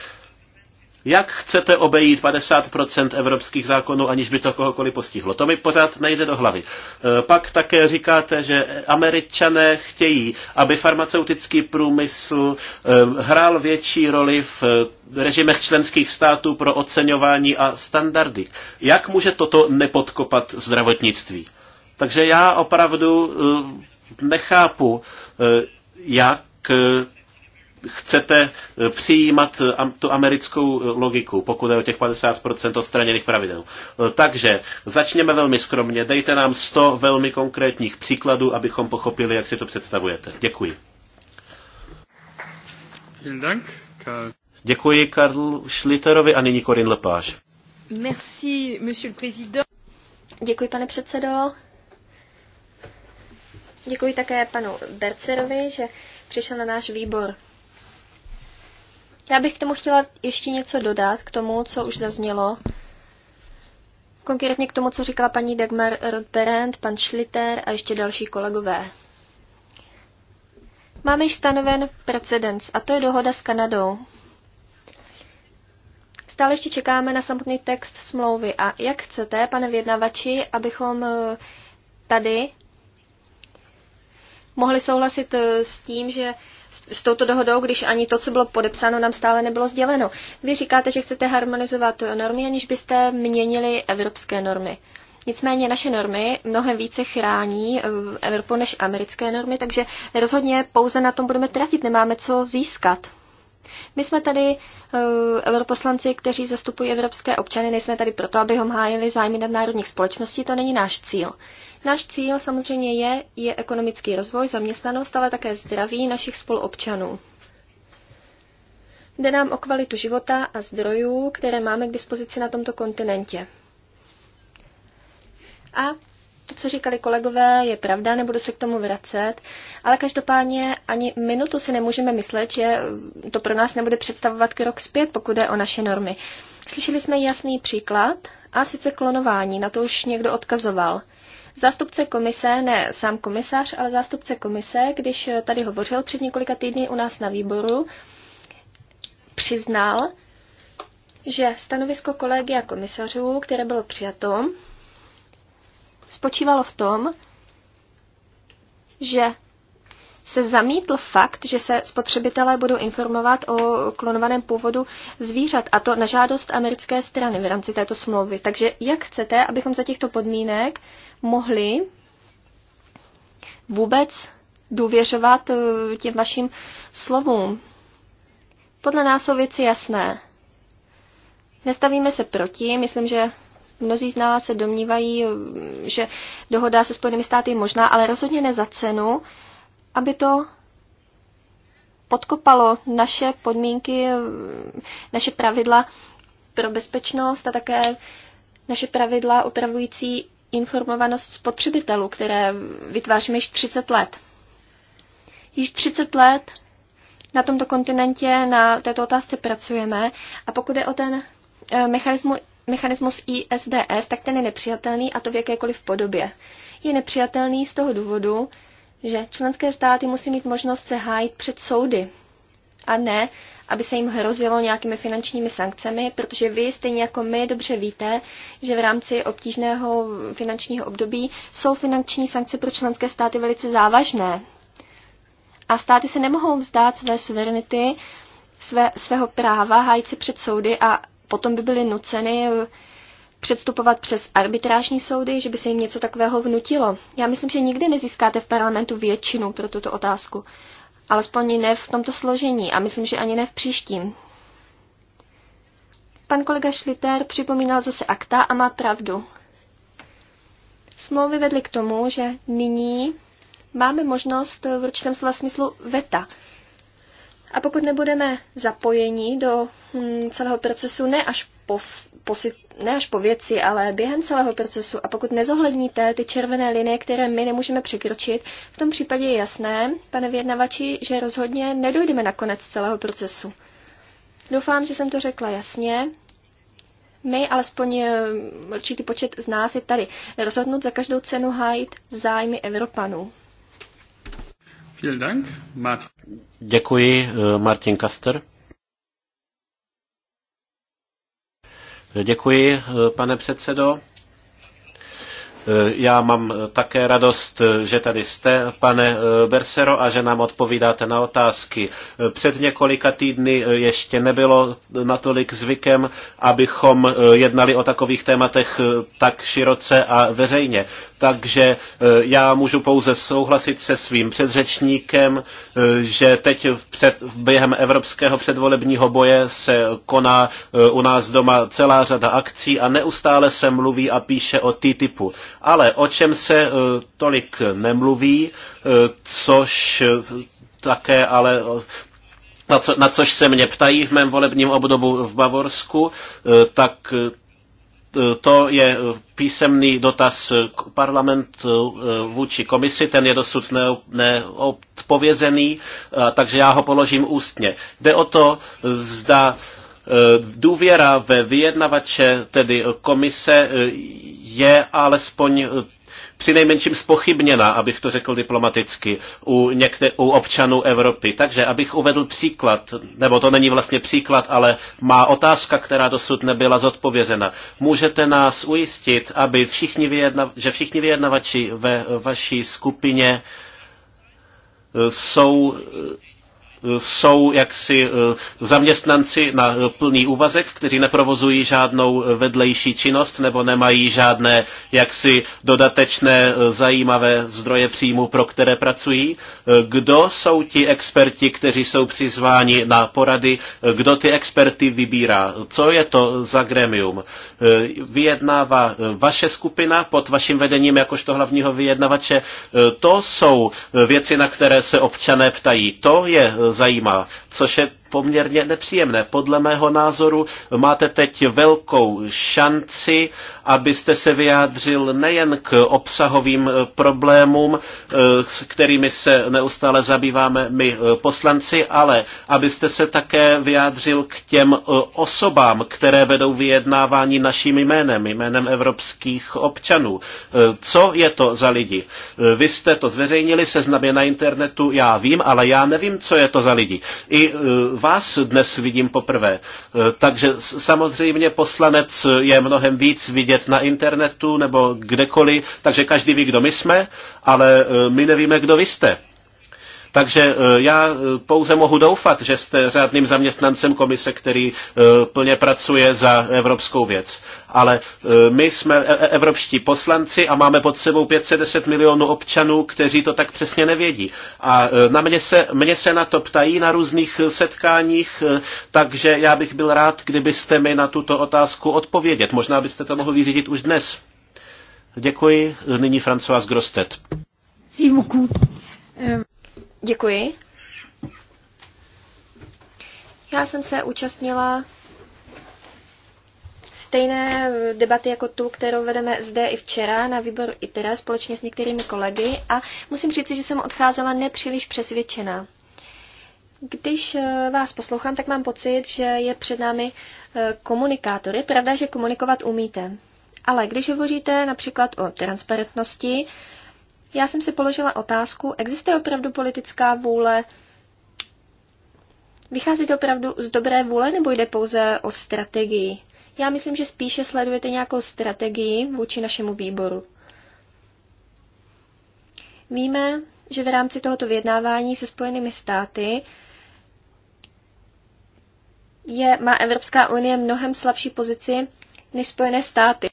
jak chcete obejít 50% evropských zákonů, aniž by to kohokoliv postihlo? To mi pořád nejde do hlavy. E, pak také říkáte, že američané chtějí, aby farmaceutický průmysl e, hrál větší roli v e, režimech členských států pro oceňování a standardy. Jak může toto nepodkopat zdravotnictví? Takže já opravdu nechápu, jak chcete eh, přijímat eh, tu americkou eh, logiku, pokud je o těch 50% odstraněných pravidel. Takže začněme velmi skromně. Dejte nám 100 velmi konkrétních příkladů, abychom pochopili, jak si to představujete. Děkuji. Děkuji Karl Schlitterovi a nyní Corinne Lepage. Merci, monsieur le président. Děkuji, pane předsedo. Děkuji také panu Bercerovi, že přišel na náš výbor. Já bych k tomu chtěla ještě něco dodat, k tomu, co už zaznělo. Konkrétně k tomu, co říkala paní Dagmar Rodberend, pan Schlitter a ještě další kolegové. Máme již stanoven precedens, a to je dohoda s Kanadou. Stále ještě čekáme na samotný text smlouvy a jak chcete, pane vědnavači, abychom eh, tady mohli souhlasit eh, s tím, že s, s touto dohodou, když ani to, co bylo podepsáno, nám stále nebylo sděleno. Vy říkáte, že chcete harmonizovat normy, aniž byste měnili evropské normy. Nicméně naše normy mnohem více chrání eh, Evropu než americké normy, takže rozhodně pouze na tom budeme tratit, nemáme co získat. My jsme tady uh, europoslanci, kteří zastupují evropské občany, nejsme tady proto, abychom hájili zájmy nadnárodních společností, to není náš cíl. Uh, Náš cíl samozřejmě je, je ekonomický rozvoj, zaměstnanost, ale také zdraví našich spoluobčanů. Jde nám o kvalitu života a zdrojů, které máme k dispozici na tomto kontinentě. A to, co říkali kolegové, je pravda, nebudu se k tomu vracet, ale každopádně ani minutu si nemůžeme myslet, že to pro nás nebude představovat krok zpět, pokud je o naše normy. Slyšeli jsme jasný příklad, a sice klonování, na to už někdo odkazoval. Zástupce komise, ne sám komisař, ale zástupce komise, když tady hovořil před několika týdny u nás na výboru, přiznal, že stanovisko a komisařů, které bylo přijato, spočívalo v tom, že se zamítl fakt, že se spotřebitelé budou informovat o klonovaném původu zvířat, a to na žádost americké strany v rámci této smlouvy. Takže jak chcete, abychom za těchto podmínek mohli vůbec důvěřovat eh, těm vašim slovům. Podle nás jsou věci jasné. Nestavíme se proti, myslím, že mnozí z nás se domnívají, eh, že dohoda se Spojenými státy je možná, ale rozhodně ne za cenu, aby to podkopalo naše podmínky, eh, naše pravidla pro bezpečnost a také naše pravidla upravující informovanost spotřebitelů, které vytváříme již 30 let. Již 30 let na tomto kontinentě na této otázce pracujeme a pokud je o ten eh, mechanismus, mechanismus ISDS, tak ten je nepřijatelný a to v jakékoliv podobě. Je nepřijatelný z toho důvodu, že členské státy musí mít možnost se hájit před soudy a ne, aby se jim hrozilo nějakými finančními sankcemi, protože vy stejně jako my dobře víte, že v rámci obtížného finančního období jsou finanční sankce pro členské státy velice závažné. A státy se nemohou vzdát své suverenity, své, svého práva hájit se před soudy a potom by byly nuceny předstupovat přes arbitrážní soudy, že by se jim něco takového vnutilo. Já myslím, že nikdy nezískáte v parlamentu většinu pro tuto otázku. Alespoň ne v tomto složení a myslím, že ani ne v příštím. Pan kolega Schlitter připomínal zase akta a má pravdu. Smlouvy vedly k tomu, že nyní máme možnost v určitém slova smyslu veta. A pokud nebudeme zapojeni do hm, celého procesu, ne až pos, posi, ne až po věci, ale během celého procesu. A pokud nezohledníte ty červené linie, které my nemůžeme překročit, v tom případě je jasné, pane vědnavači, že rozhodně nedojdeme na konec celého procesu. Doufám, že jsem to řekla jasně. My, alespoň eh, určitý počet z nás, je tady rozhodnout za každou cenu hájit zájmy Evropanů. Děkuji, eh, Martin Kaster. Děkuji, eh, pane předsedo. Eh, já mám eh, také radost, že tady jste, pane Bersero, a že nám odpovídáte na otázky. Před několika týdny ještě nebylo natolik zvykem, abychom jednali o takových tématech tak široce a veřejně. Takže e, já můžu pouze souhlasit se svým předřečníkem, e, že teď před, během evropského předvolebního boje se koná e, u nás doma celá řada akcí a neustále se mluví a píše o TTIPu. Ale o čem se tolik nemluví, což také ale na, co, na což se mě ptají v mém volebním obdobu v Bavorsku, tak to je písemný dotaz k parlamentu eh, vůči komisi, ten je dosud neodpovězený, eh, takže já ho položím ústně. Jde o to, zda eh, důvěra ve vyjednavače, tedy komise, je alespoň přinejmenším spochybněna, abych to řekl diplomaticky, u, někde, u občanů Evropy. Takže abych uvedl příklad, nebo to není vlastně příklad, ale má otázka, která dosud nebyla zodpovězena. Můžete nás ujistit, aby všichni vyjedna, že všichni vyjednavači ve vaší skupině e, jsou e, jsou jaksi eh, zaměstnanci na eh, plný úvazek, kteří neprovozují žádnou eh, vedlejší činnost nebo nemají žádné jaksi dodatečné zajímavé zdroje příjmu, pro které pracují. Kdo jsou ti experti, kteří jsou přizváni na porady, kdo ty experty vybírá? Co je to za gremium? Vyjednává vaše skupina pod vaším vedením jakožto hlavního vyjednavače. To jsou věci, na které se občané ptají. To je zajímá, což je poměrně nepříjemné. Podle mého názoru máte teď velkou šanci, abyste se vyjádřil nejen k obsahovým eh, problémům, eh, s kterými se neustále zabýváme my eh, poslanci, ale abyste se také vyjádřil k těm osobám, které vedou vyjednávání naším jménem, jménem evropských občanů. Co je to za lidi? Vy jste to zveřejnili, seznam je na internetu, já vím, ale já nevím, co je to za lidi. I vás dnes vidím poprvé. E, takže samozřejmě poslanec je mnohem víc vidět na internetu nebo kdekoliv, takže každý ví, kdo my jsme, ale e, my nevíme, kdo vy jste. Takže e, já e, pouze mohu doufat, že jste řádným zaměstnancem komise, který e, plně pracuje za evropskou věc. Ale my jsme evropští poslanci a máme pod sebou 510 milionů občanů, kteří to tak přesně nevědí. A na mě se, mě se na to ptají na různých setkáních, takže já bych byl rád, kdybyste mi na tuto otázku odpovědět. Možná byste to mohl vyřídit už dnes. Děkuji. Nyní François Grostet. Merci beaucoup. Euh, Děkuji. Já jsem se účastnila stejné debaty jako tu, kterou vedeme zde i včera na výboru ITERA společně s některými kolegy a musím říct, že jsem odcházela nepříliš přesvědčená. Když eh, vás poslouchám, tak mám pocit, že je před námi eh, komunikátor. Je pravda, že komunikovat umíte. Ale když hovoříte například o transparentnosti, já jsem si položila otázku, existuje opravdu politická vůle? Vychází to opravdu z dobré vůle nebo jde pouze o strategii? Já myslím, že spíše sledujete nějakou strategii vůči našemu výboru. Víme, že v rámci tohoto vyjednávání se Spojenými státy je, má Evropská unie mnohem slabší pozici než Spojené státy.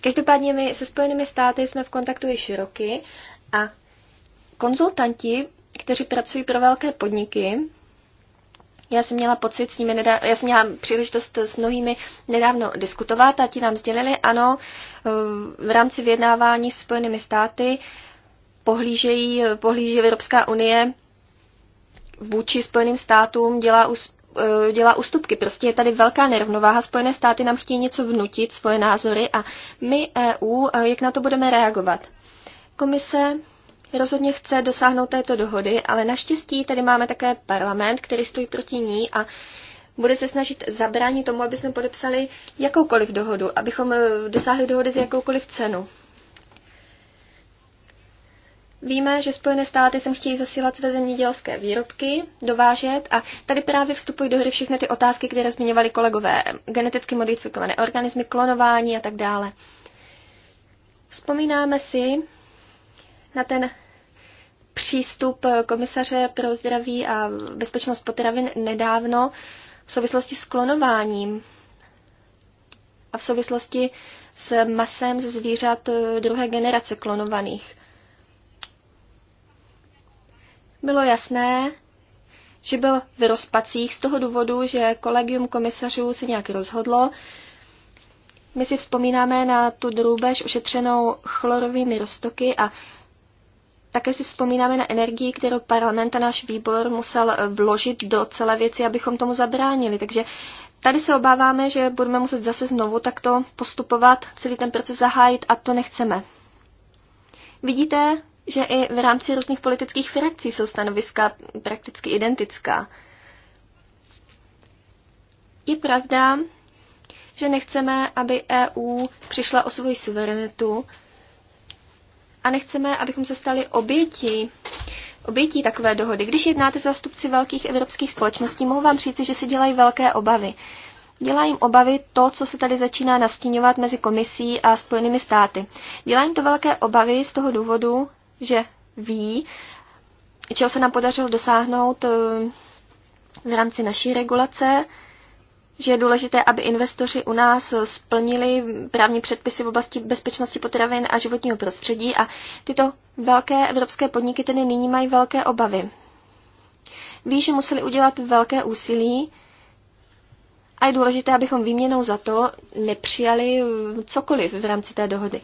Každopádně my se Spojenými státy jsme v kontaktu již roky a konzultanti, kteří pracují pro velké podniky, já jsem měla pocit s nimi, nedá, já jsem měla příležitost s mnohými nedávno diskutovat a ti nám sdělili, ano, v rámci vyjednávání s Spojenými státy pohlížejí, pohlíží Evropská unie vůči Spojeným státům, dělá E, dělá ústupky. Prostě je tady velká nerovnováha. Spojené státy nám chtějí něco vnutit, svoje názory a my EU, e, jak na to budeme reagovat? Komise rozhodně chce dosáhnout této dohody, ale naštěstí tady máme také parlament, který stojí proti ní a bude se snažit zabránit tomu, aby jsme podepsali jakoukoliv dohodu, abychom e, dosáhli dohody za jakoukoliv cenu. Víme, že Spojené státy sem chtějí zasílat své zemědělské výrobky, dovážet a tady právě vstupují do hry všechny ty otázky, které zmiňovali kolegové, geneticky modifikované organismy, klonování a tak dále. Vzpomínáme si na ten přístup komisaře pro zdraví a bezpečnost potravin nedávno v souvislosti s klonováním a v souvislosti s masem ze zvířat druhé generace klonovaných bylo jasné, že byl v rozpacích z toho důvodu, že kolegium komisařů se nějak rozhodlo. My si vzpomínáme na tu drůbež ošetřenou chlorovými roztoky a také si vzpomínáme na energii, kterou parlament a náš výbor musel vložit do celé věci, abychom tomu zabránili. Takže tady se obáváme, že budeme muset zase znovu takto postupovat, celý ten proces zahájit a to nechceme. Vidíte, že i v rámci různých politických frakcí jsou stanoviska prakticky identická. Je pravda, že nechceme, aby EU přišla o svoji suverenitu a nechceme, abychom se stali oběti obětí takové dohody. Když jednáte zástupci velkých evropských společností, mohu vám říct, že si dělají velké obavy. Dělá jim obavy to, co se tady začíná nastíňovat mezi komisí a Spojenými státy. Dělá jim to velké obavy z toho důvodu, že ví, čeho se nám podařilo dosáhnout eh, v rámci naší regulace, že je důležité, aby investoři u nás splnili právní předpisy v oblasti bezpečnosti potravin a životního prostředí a tyto velké evropské podniky tedy nyní mají velké obavy. Ví, že museli udělat velké úsilí, a je důležité, abychom výměnou za to nepřijali mm, cokoliv v rámci té dohody.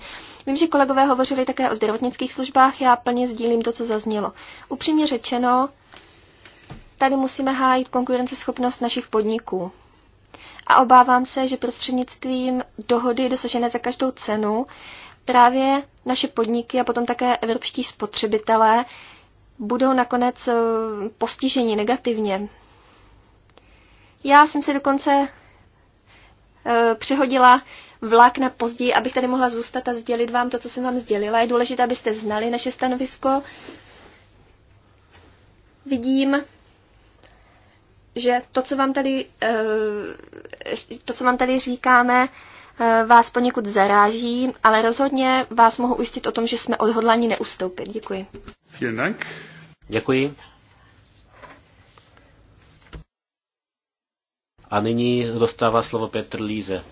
Vím, že kolegové hovořili také o zdravotnických službách, já plně sdílím to, co zaznělo. Upřímně řečeno, tady musíme hájit konkurenceschopnost našich podniků. A obávám se, že prostřednictvím dohody dosažené za každou cenu právě naše podniky a potom také evropští spotřebitelé budou nakonec eh, postiženi negativně. Já jsem si dokonce e, přehodila vlak na později, abych tady mohla zůstat a sdělit vám to, co jsem vám sdělila. Je důležité, abyste znali naše stanovisko. Vidím, že to, co vám tady, e, to, co vám tady říkáme, e, vás poněkud zaráží, ale rozhodně vás mohu ujistit o tom, že jsme odhodlani neustoupit. Děkuji. Vielen Dank. Děkuji. A nyní dostává slovo Petr Líze.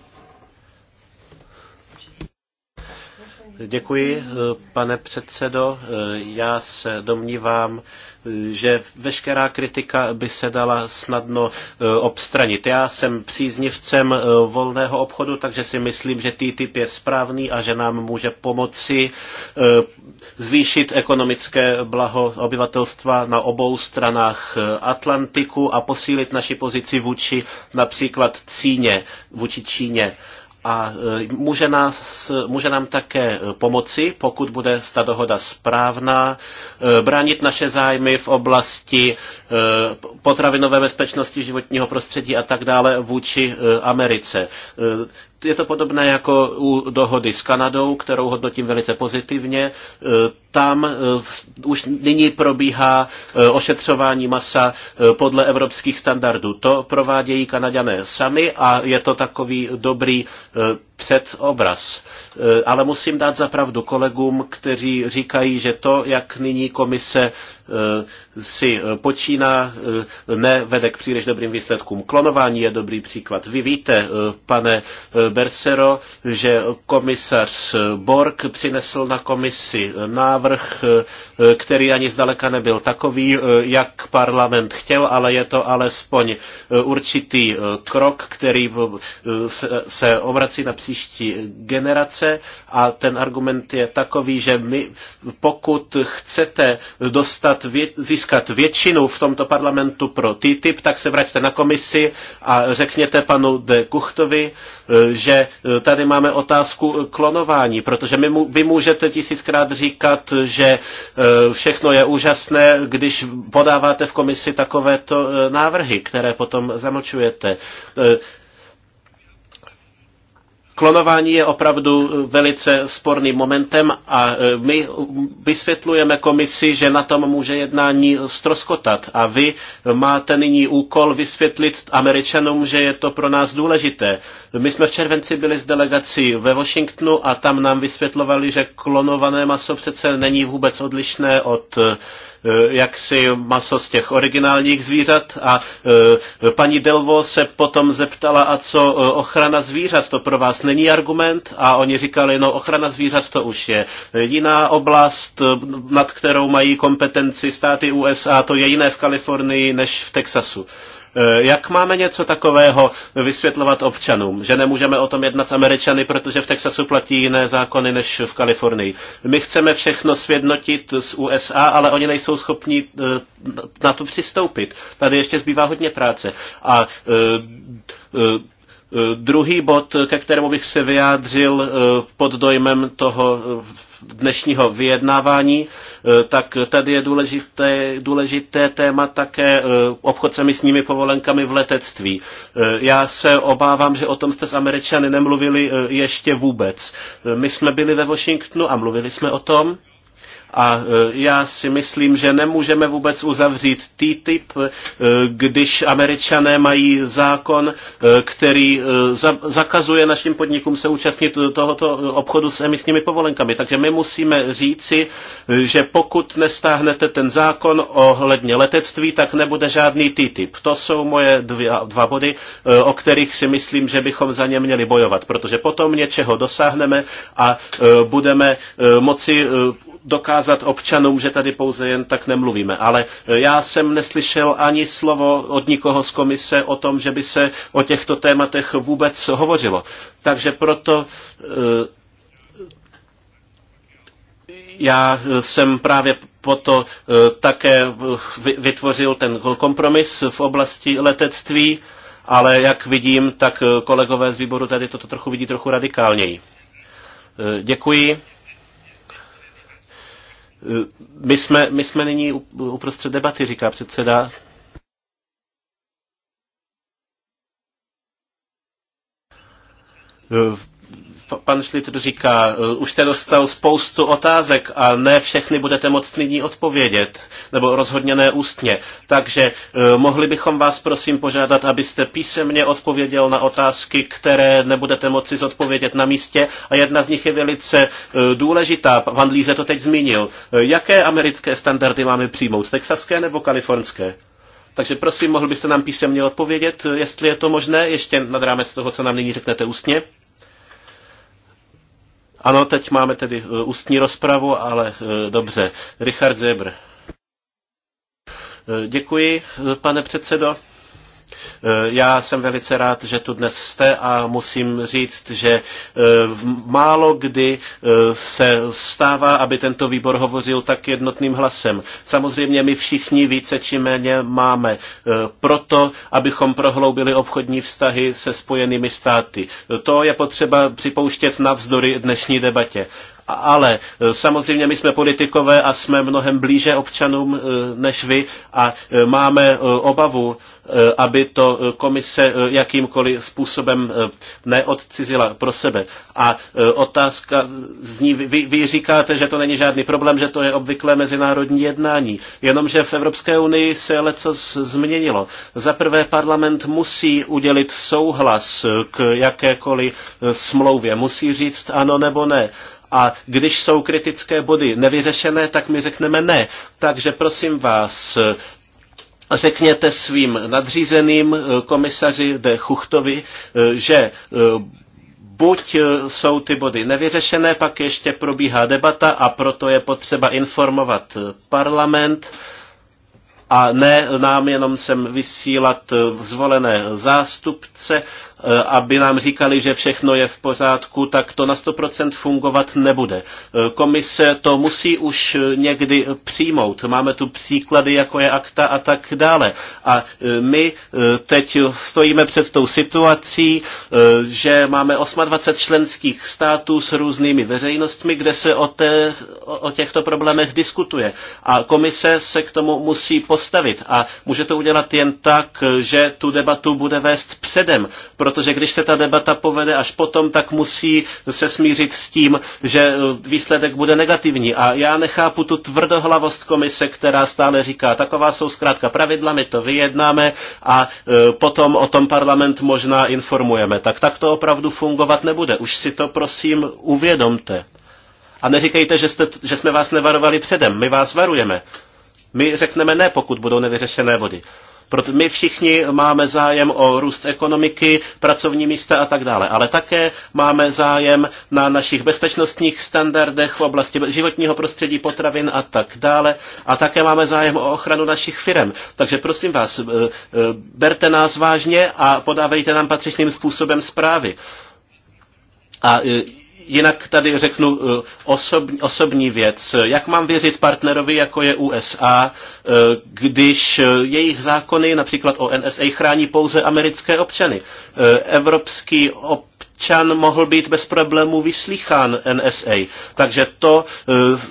Děkuji, eh, pane předsedo. Eh, já se domnívám, eh, že veškerá kritika by se dala snadno obstranit. Já jsem příznivcem volného obchodu, takže si myslím, že TTIP je správný a že nám může pomoci zvýšit ekonomické blaho obyvatelstva na obou stranách Atlantiku a posílit naši pozici vůči například Cíně, vůči Číně a e, může, nás, může nám také e, pomoci, pokud bude ta dohoda správná, e, bránit naše zájmy v oblasti potravinové bezpečnosti, životního prostředí a tak dále vůči Americe je to podobné jako u dohody s Kanadou, kterou hodnotím velice pozitivně. E, tam e, už nyní probíhá e, ošetřování masa podle evropských standardů. To provádějí Kanaďané sami a je to takový dobrý před obraz. Eh, ale musím dát zapravdu kolegům, kteří říkají, že to, jak nyní komise eh, si eh, počíná, nevede k příliš dobrým výsledkům. Klonování je dobrý příklad. Vy víte, pane Bersero, že komisař Borg přinesl na komisi návrh, který ani zdaleka nebyl takový, jak parlament chtěl, ale je to alespoň určitý krok, který se obrací na příští příští generace a ten argument je takový, že my, pokud chcete dostat, vě, získat většinu v tomto parlamentu pro TTIP, tak se vraťte na komisi a řekněte panu de Kuchtovi, eh, že eh, tady máme otázku klonování, protože my, vy můžete tisíckrát říkat, že eh, všechno je úžasné, když podáváte v komisi takovéto návrhy, které potom zamlčujete. Klonování je opravdu eh, velice sporným momentem a eh, my vysvětlujeme komisi, že na tom může jednání stroskotat. A vy máte nyní úkol vysvětlit američanům, že je to pro nás důležité. My jsme v červenci byli s delegací ve Washingtonu a tam nám vysvětlovali, že klonované maso přece není vůbec odlišné od eh, Eh, jaksi maso z těch originálních zvířat a eh, paní Delvo se potom zeptala, a co eh, ochrana zvířat, to pro vás není argument? A oni říkali, no ochrana zvířat to už je jiná oblast, nad kterou mají kompetenci státy USA, to je jiné v Kalifornii než v Texasu. Eh, jak máme něco takového vysvětlovat občanům, že nemůžeme o tom jednat s Američany, protože v Texasu platí jiné zákony než v Kalifornii. My chceme všechno svědnotit z USA, ale oni nejsou schopni eh, na to přistoupit. Tady ještě zbývá hodně práce. A eh, Druhý bod, ke kterému bych se vyjádřil pod dojmem toho dnešního vyjednávání, eh, tak tady je důležité, důležité téma také eh, obchod s emisními povolenkami v letectví. Eh, já se obávám, že o tom jste s Američany nemluvili ještě vůbec. My jsme byli ve Washingtonu a mluvili jsme o tom. A e, já si myslím, že nemůžeme vůbec uzavřít TTIP, e, když američané mají zákon, e, který zakazuje našim podnikům se účastnit tohoto obchodu s emisními povolenkami. Takže my musíme říci, že pokud nestáhnete ten zákon ohledně letectví, tak nebude žádný TTIP. To jsou moje dvě, dva body, o kterých si myslím, že bychom za ně měli bojovat, protože potom něčeho dosáhneme a budeme moci dokázat občanům, že tady pouze jen tak nemluvíme. Ale e, já jsem neslyšel ani slovo od nikoho z komise o tom, že by se o těchto tématech vůbec hovořilo. Takže proto e, já jsem právě proto e, také vytvořil ten kompromis v oblasti letectví, ale jak vidím, tak kolegové z výboru tady toto trochu vidí trochu radikálněji. Děkuji. Eh, my jsme, my jsme nyní uprostřed debaty, říká předseda. Eh, pan Šlitr říká, eh, už jste dostal spoustu otázek a ne všechny budete moct nyní odpovědět, nebo rozhodně ne ústně. Takže eh, mohli bychom vás prosím požádat, abyste písemně odpověděl na otázky, které nebudete moci zodpovědět na místě a jedna z nich je velice eh, důležitá. Van Líze to teď zmínil. Jaké americké standardy máme přijmout? Texaské nebo kalifornské? Takže prosím, mohl byste nám písemně odpovědět, jestli je to možné, ještě nad rámec toho, co nám nyní řeknete ústně. Ano, teď máme tedy eh, ústní rozpravu, ale eh, dobře. Richard Zebr. Eh, děkuji, pane předsedo. Eh, já jsem velice rád, že tu dnes jste a musím říct, že eh, málo kdy eh, se stává, aby tento výbor hovořil tak jednotným hlasem. Samozřejmě my všichni více či méně máme proto, abychom prohloubili obchodní vztahy se spojenými státy. To je potřeba připouštět navzdory dnešní debatě. Ale e, samozřejmě my jsme politikové a jsme mnohem blíže občanům e, než vy a e, máme obavu, aby to komise jakýmkoliv způsobem neodcizila pro sebe. A otázka zní, vy, vy říkáte, že to není žádný problém, že to je obvyklé mezinárodní jednání. Jenomže v Evropské unii se leco změnilo. Za prvé parlament musí udělit souhlas k jakékoliv smlouvě. Musí říct ano nebo ne a když jsou kritické body nevyřešené, tak my řekneme ne. Takže prosím vás, řekněte svým nadřízeným eh, komisaři de Chuchtovi, eh, že eh, buď jsou ty body nevyřešené, pak ještě probíhá debata a proto je potřeba informovat parlament a ne nám jenom sem vysílat zvolené zástupce, Eh, aby nám říkali, že všechno je v pořádku, tak to na 100% fungovat nebude. Eh, komise to musí už eh, někdy přijmout. Máme tu příklady, jako je akta a tak dále. A my teď stojíme před tou situací, že máme 28 členských států s různými veřejnostmi, kde se o, té, o těchto problémech diskutuje. A komise se k tomu musí postavit. A může to udělat jen tak, že tu debatu bude vést předem, proto protože když se ta debata povede až potom, tak musí se smířit s tím, že eh, výsledek bude negativní. A já nechápu tu tvrdohlavost komise, která stále říká, taková jsou zkrátka pravidla, my to vyjednáme a eh, potom o tom parlament možná informujeme. Tak tak to opravdu fungovat nebude. Už si to prosím uvědomte. A neříkejte, že, jste, že jsme vás nevarovali předem. My vás varujeme. My řekneme ne, pokud budou nevyřešené vody. Protože my všichni máme zájem o růst ekonomiky, pracovní místa a tak dále, ale také máme zájem na našich bezpečnostních standardech v oblasti životního prostředí, potravin a tak dále a také máme zájem o ochranu našich firm. Takže prosím vás, eh, eh, berte nás vážně a podávejte nám patřičným způsobem zprávy. A eh, Jinak tady řeknu eh, osobní, osobní věc. Jak mám věřit partnerovi, jako je USA, eh, když eh, jejich zákony, například o NSA, chrání pouze americké občany? Evropský občan mohl být bez problémů vyslýchán NSA. Takže to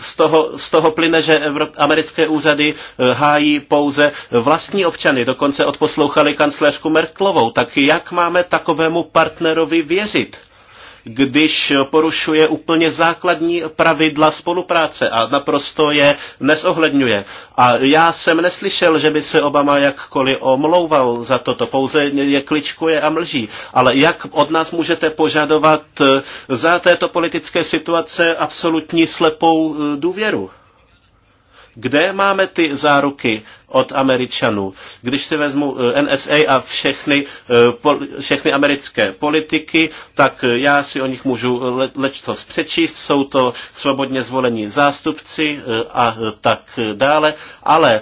z toho, z toho plyne, že Evrop, americké úřady hájí pouze vlastní občany. Dokonce odposlouchali kancléřku Merklovou. Tak jak máme takovému partnerovi věřit? když porušuje úplně základní pravidla spolupráce a naprosto je nesohledňuje. A já jsem neslyšel, že by se Obama jakkoliv omlouval za toto, pouze je kličkuje a mlží. Ale jak od nás můžete požadovat eh, za této politické situace absolutní slepou eh, důvěru? Kde máme ty záruky? od Američanů. Když si vezmu eh, NSA a všechny, eh, všechny americké politiky, tak eh, já si o nich můžu lečcos přečíst. Jsou to svobodně zvolení zástupci a tak dále. Ale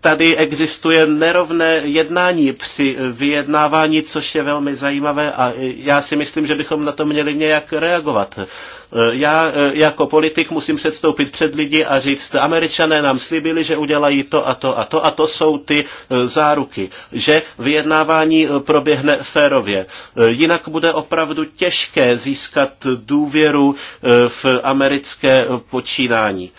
tady existuje nerovné jednání při vyjednávání, což je velmi zajímavé a já si myslím, že bychom na to měli nějak reagovat. Já jako politik musím předstoupit před lidi a říct, američané nám slíbili, že udělají to a to a to a to jsou ty e, záruky, že vyjednávání e, proběhne férově. E, jinak bude opravdu těžké získat důvěru v americké počínání.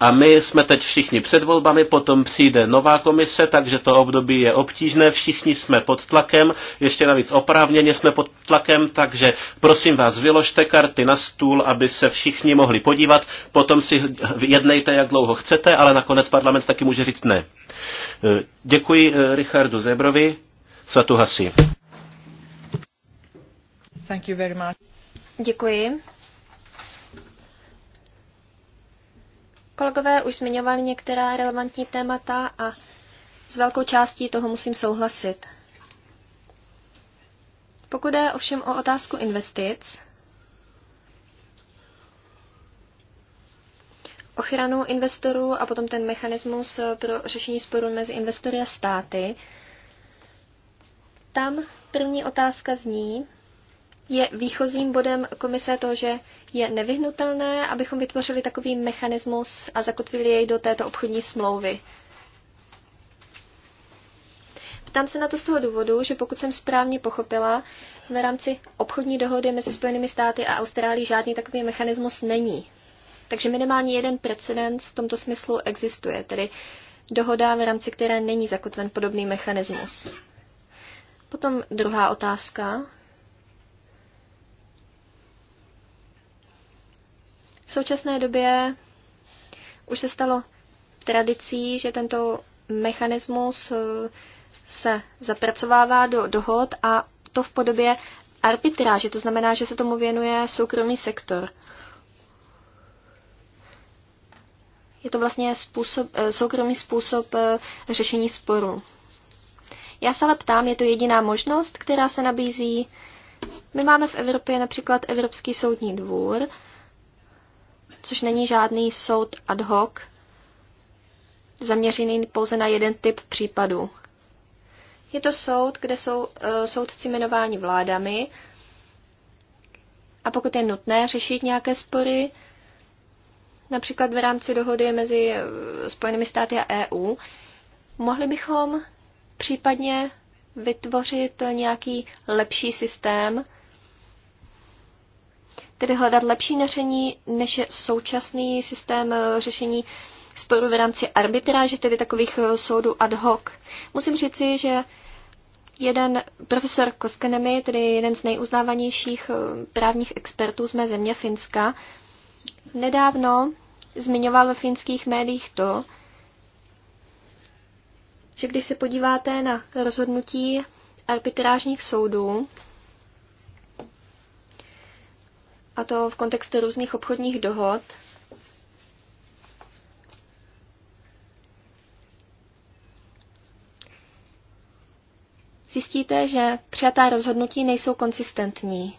A my jsme teď všichni před volbami, potom přijde nová komise, takže to období je obtížné, všichni jsme pod tlakem, ještě navíc oprávněně jsme pod tlakem, takže prosím vás, vyložte karty na stůl, aby se všichni mohli podívat, potom si jednejte, jak dlouho chcete, ale nakonec parlament taky může říct ne. Eh, děkuji eh, Richardu Zebrovi, Satu Hasi. Thank you very much. Děkuji. Kolegové už zmiňovali některá relevantní témata a s velkou částí toho musím souhlasit. Pokud je ovšem o otázku investic, ochranu investorů a potom ten mechanismus pro řešení sporů mezi investory a státy, tam první otázka zní, je výchozím bodem komise to, že je nevyhnutelné, abychom vytvořili takový mechanismus a zakotvili jej do této obchodní smlouvy. Ptám se na to z toho důvodu, že pokud jsem správně pochopila, v rámci obchodní dohody mezi Spojenými státy a Austrálií žádný takový mechanismus není. Takže minimálně jeden precedens v tomto smyslu existuje, tedy dohoda, v rámci které není zakotven podobný mechanismus. Potom druhá otázka, V současné době už se stalo tradicí, že tento mechanismus eh, se zapracovává do dohod a to v podobě arbitráže, to znamená, že se tomu věnuje soukromý sektor. Je to vlastně způsob, eh, soukromý způsob eh, řešení sporu. Já se ale ptám, je to jediná možnost, která se nabízí? My máme v Evropě například Evropský soudní dvůr, což není žádný soud ad hoc, zaměřený pouze na jeden typ případů. Je to soud, kde jsou uh, soudci jmenováni vládami a pokud je nutné řešit nějaké spory, například v rámci dohody mezi e, Spojenými státy a EU, mohli bychom případně vytvořit nějaký lepší systém, tedy hledat lepší řešení, než je současný systém eh, řešení sporu v rámci arbitráže, tedy takových eh, soudů ad hoc. Musím říci, že jeden profesor Koskenemi, tedy jeden z nejuznávanějších eh, právních expertů z mé země Finska, nedávno zmiňoval ve finských médiích to, že když se podíváte na rozhodnutí arbitrážních soudů, a to v kontextu různých obchodních dohod. Zjistíte, že přijatá rozhodnutí nejsou konsistentní.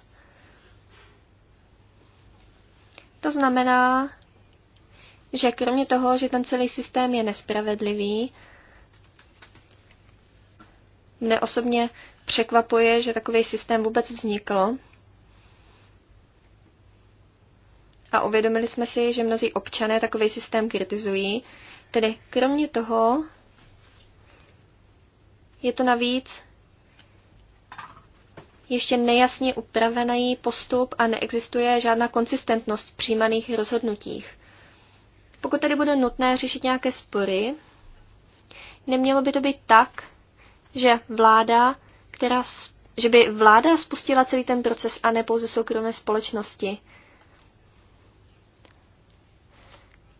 To znamená, že kromě toho, že ten celý systém je nespravedlivý, mne osobně překvapuje, že takový systém vůbec vznikl. a uvědomili jsme si, že mnozí občané takový systém kritizují. Tedy kromě toho je to navíc ještě nejasně upravený postup a neexistuje žádná konsistentnost v přijímaných rozhodnutích. Pokud tedy bude nutné řešit nějaké spory, nemělo by to být tak, že vláda, která, že by vláda spustila celý ten proces a ne pouze soukromé společnosti.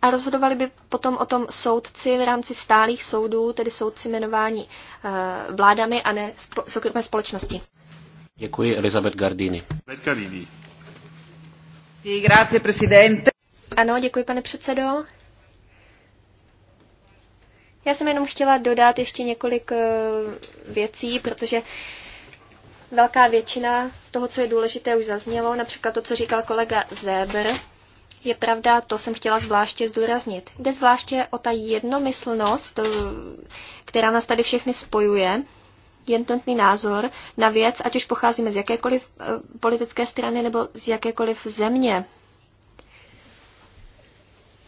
a rozhodovali by potom o tom soudci v rámci stálých soudů, tedy soudci jmenování eh, vládami a ne soukromé společnosti. Děkuji Elizabeth Gardini. Ano, děkuji, pane předsedo. Já jsem jenom chtěla dodat ještě několik eh, věcí, protože velká většina toho, co je důležité, už zaznělo. Například to, co říkal kolega Zebr je pravda, to jsem chtěla zvláště zdůraznit. Jde zvláště o ta jednomyslnost, eh, která nás tady všechny spojuje, jednotný názor na věc, ať už pocházíme z jakékoliv eh, politické strany nebo z jakékoliv země.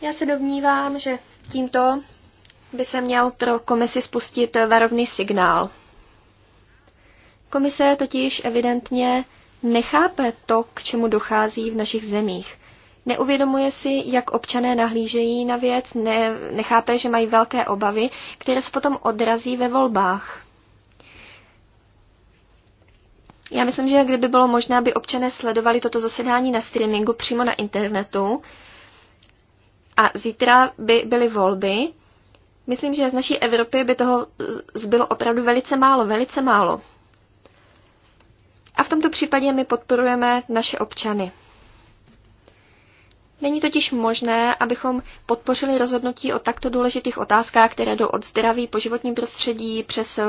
Já se domnívám, že tímto by se měl pro komisi spustit varovný signál. Komise totiž evidentně nechápe to, k čemu dochází v našich zemích. Neuvědomuje si, jak občané nahlížejí na věc, ne, nechápe, že mají velké obavy, které se potom odrazí ve volbách. Já myslím, že kdyby bylo možné, aby občané sledovali toto zasedání na streamingu přímo na internetu a zítra by byly volby, myslím, že z naší Evropy by toho zbylo opravdu velice málo, velice málo. A v tomto případě my podporujeme naše občany. Není totiž možné, abychom podpořili rozhodnutí o takto důležitých otázkách, které jdou od zdraví po životním prostředí přes eh,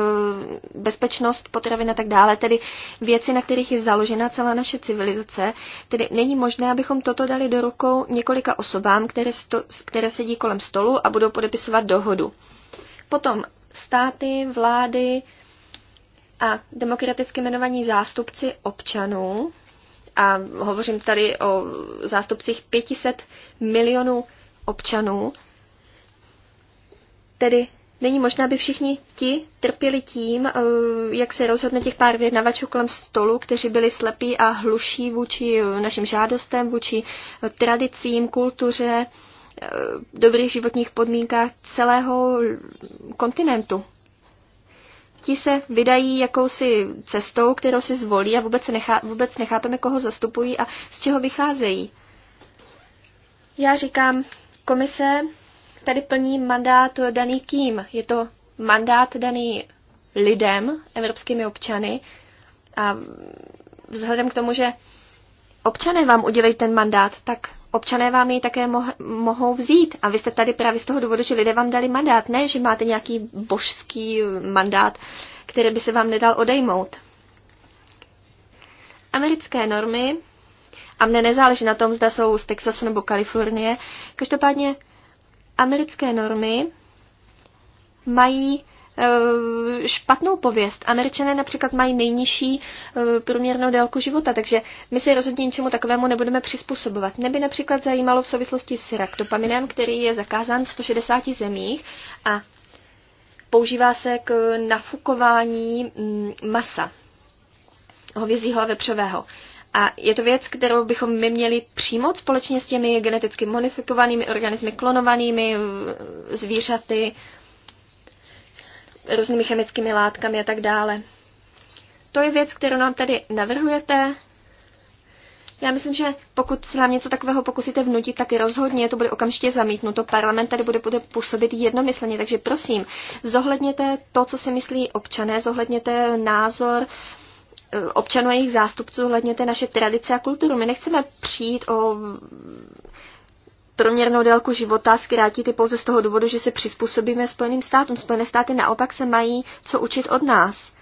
bezpečnost potravin a tak dále, tedy věci, na kterých je založena celá naše civilizace. Tedy není možné, abychom toto dali do rukou několika osobám, které, sto, které sedí kolem stolu a budou podepisovat dohodu. Potom státy, vlády a demokraticky jmenovaní zástupci občanů a hovořím tady o zástupcích 500 milionů občanů, tedy není možné, aby všichni ti trpěli tím, eh, jak se rozhodne těch pár vyjednavačů kolem stolu, kteří byli slepí a hluší vůči eh, našim žádostem, vůči eh, tradicím, kultuře, dobrých životních podmínkách celého kontinentu ti se vydají jakousi cestou, kterou si zvolí a vůbec, nechá, vůbec nechápeme, koho zastupují a z čeho vycházejí. Já říkám, komise tady plní mandát daný kým? Je to mandát daný lidem, evropskými občany a vzhledem k tomu, že občané vám udělají ten mandát, tak občané vám ji také moh- mohou vzít. A vy jste tady právě z toho důvodu, že lidé vám dali mandát, ne, že máte nějaký božský mandát, který by se vám nedal odejmout. Americké normy, a mne nezáleží na tom, zda jsou z Texasu nebo Kalifornie, každopádně americké normy mají Eh, špatnou pověst. Američané například mají nejnižší eh, průměrnou délku života, takže my se rozhodně ničemu takovému nebudeme přizpůsobovat. Mě by například zajímalo v souvislosti s dopaminem, který je zakázán v 160 zemích a používá se k nafukování mm, masa hovězího a vepřového. A je to věc, kterou bychom my měli přijmout společně s těmi geneticky modifikovanými organismy, klonovanými eh, zvířaty, různými chemickými látkami a tak dále. To je věc, kterou nám tady navrhujete. Já myslím, že pokud se nám něco takového pokusíte vnutit, tak rozhodně to bude okamžitě zamítnuto. Parlament tady bude, bude působit jednomyslně, takže prosím, zohledněte to, co si myslí občané, zohledněte názor eh, občanů a jejich zástupců, zohledněte naše tradice a kulturu. My nechceme přijít o průměrnou délku života zkrátít pouze z toho důvodu, že se přizpůsobíme Spojeným státům. Spojené státy naopak se mají co učit od nás.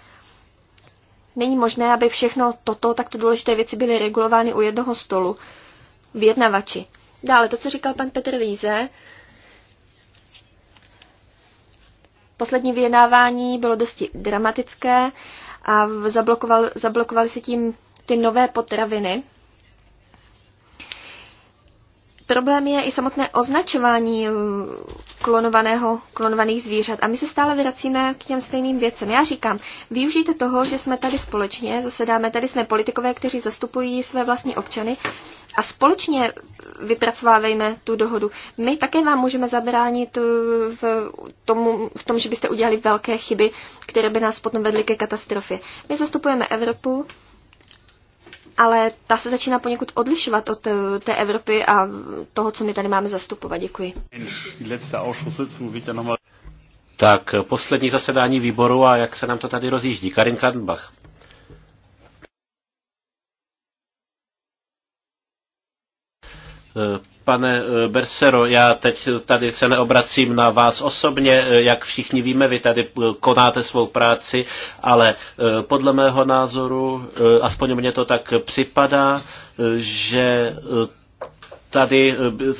Není možné, aby všechno toto, takto důležité věci byly regulovány u jednoho stolu. Vyjednavači. Dále to, co říkal pan Petr Víze. Poslední vyjednávání bylo dosti dramatické a zablokoval, zablokovali se tím ty nové potraviny, Problém je i samotné označování eh, klonovaného, klonovaných zvířat. A my se stále vracíme k těm stejným věcem. Já říkám, využijte toho, že jsme tady společně, zasedáme, tady jsme politikové, kteří zastupují své vlastní občany a společně vypracovávejme tu dohodu. My také vám můžeme zabránit eh, v, tomu, v tom, že byste udělali velké chyby, které by nás potom vedly ke katastrofě. My zastupujeme Evropu, ale ta se začíná poněkud odlišovat od eh, té Evropy a toho, co my tady máme zastupovat. Děkuji. Tak, eh, poslední zasedání výboru a jak se nám to tady rozjíždí. Karin Kandbach. Eh, pane eh, Bersero, já teď tady se neobracím na vás osobně, eh, jak všichni víme, vy tady konáte svou práci, ale podle mého názoru, aspoň mně to tak připadá, že Tady eh,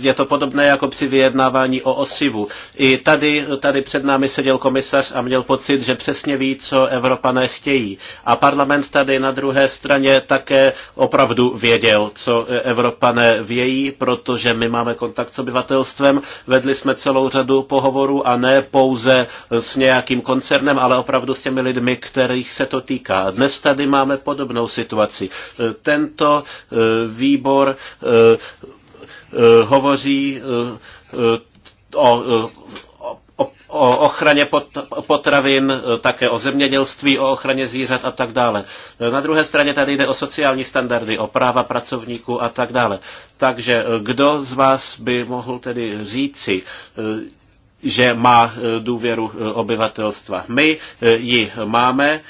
je to podobné jako při vyjednávání o osivu. I tady, tady před námi seděl komisař a měl pocit, že přesně ví, co Evropané chtějí. A parlament tady na druhé straně také opravdu věděl, co Evropané vějí, protože my máme kontakt s obyvatelstvem, vedli jsme celou řadu pohovorů a ne pouze s nějakým koncernem, ale opravdu s těmi lidmi, kterých se to týká. Dnes tady máme podobnou situaci. Eh, tento eh, výbor Eh, hovoří eh, eh, o, o, o ochraně potravin, také o zemědělství, o ochraně zvířat a tak dále. Na druhé straně tady jde o sociální standardy, o práva pracovníků a tak dále. Takže kdo z vás by mohl tedy říci, že má důvěru obyvatelstva. My ji máme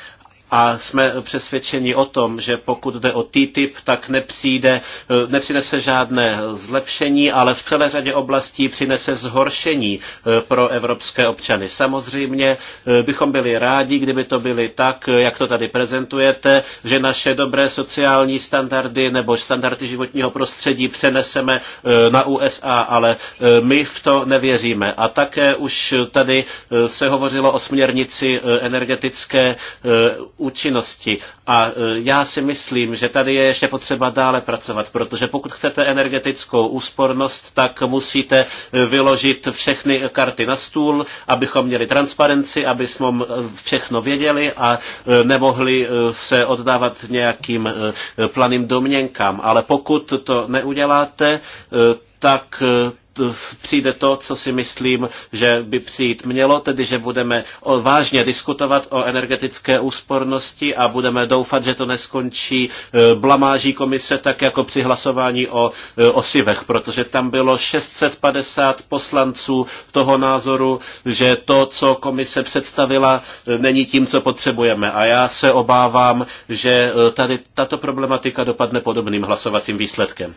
a jsme přesvědčeni o tom, že pokud jde o TTIP, tak nepřijde, eh, nepřinese žádné zlepšení, ale v celé řadě oblastí přinese zhoršení eh, pro evropské občany. Samozřejmě eh, bychom byli rádi, kdyby to byly tak, jak to tady prezentujete, že naše dobré sociální standardy nebo standardy životního prostředí přeneseme na USA, ale my v to nevěříme. A také už tady se hovořilo o směrnici energetické účinnosti. A e, já si myslím, že tady je ještě potřeba dále pracovat, protože pokud chcete energetickou úspornost, tak musíte e, vyložit všechny karty na stůl, abychom měli transparenci, aby jsme všechno věděli a e, nemohli se oddávat nějakým planým domněnkám. Ale pokud to neuděláte, tak přijde to, co si myslím, že by přijít mělo, tedy že budeme vážně diskutovat o energetické úspornosti a budeme doufat, že to neskončí e, blamáží komise tak jako při hlasování o e, osivech, protože tam bylo 650 poslanců toho názoru, že to, co komise představila, e, není tím, co potřebujeme. A já se obávám, že tady tato problematika dopadne podobným hlasovacím výsledkem.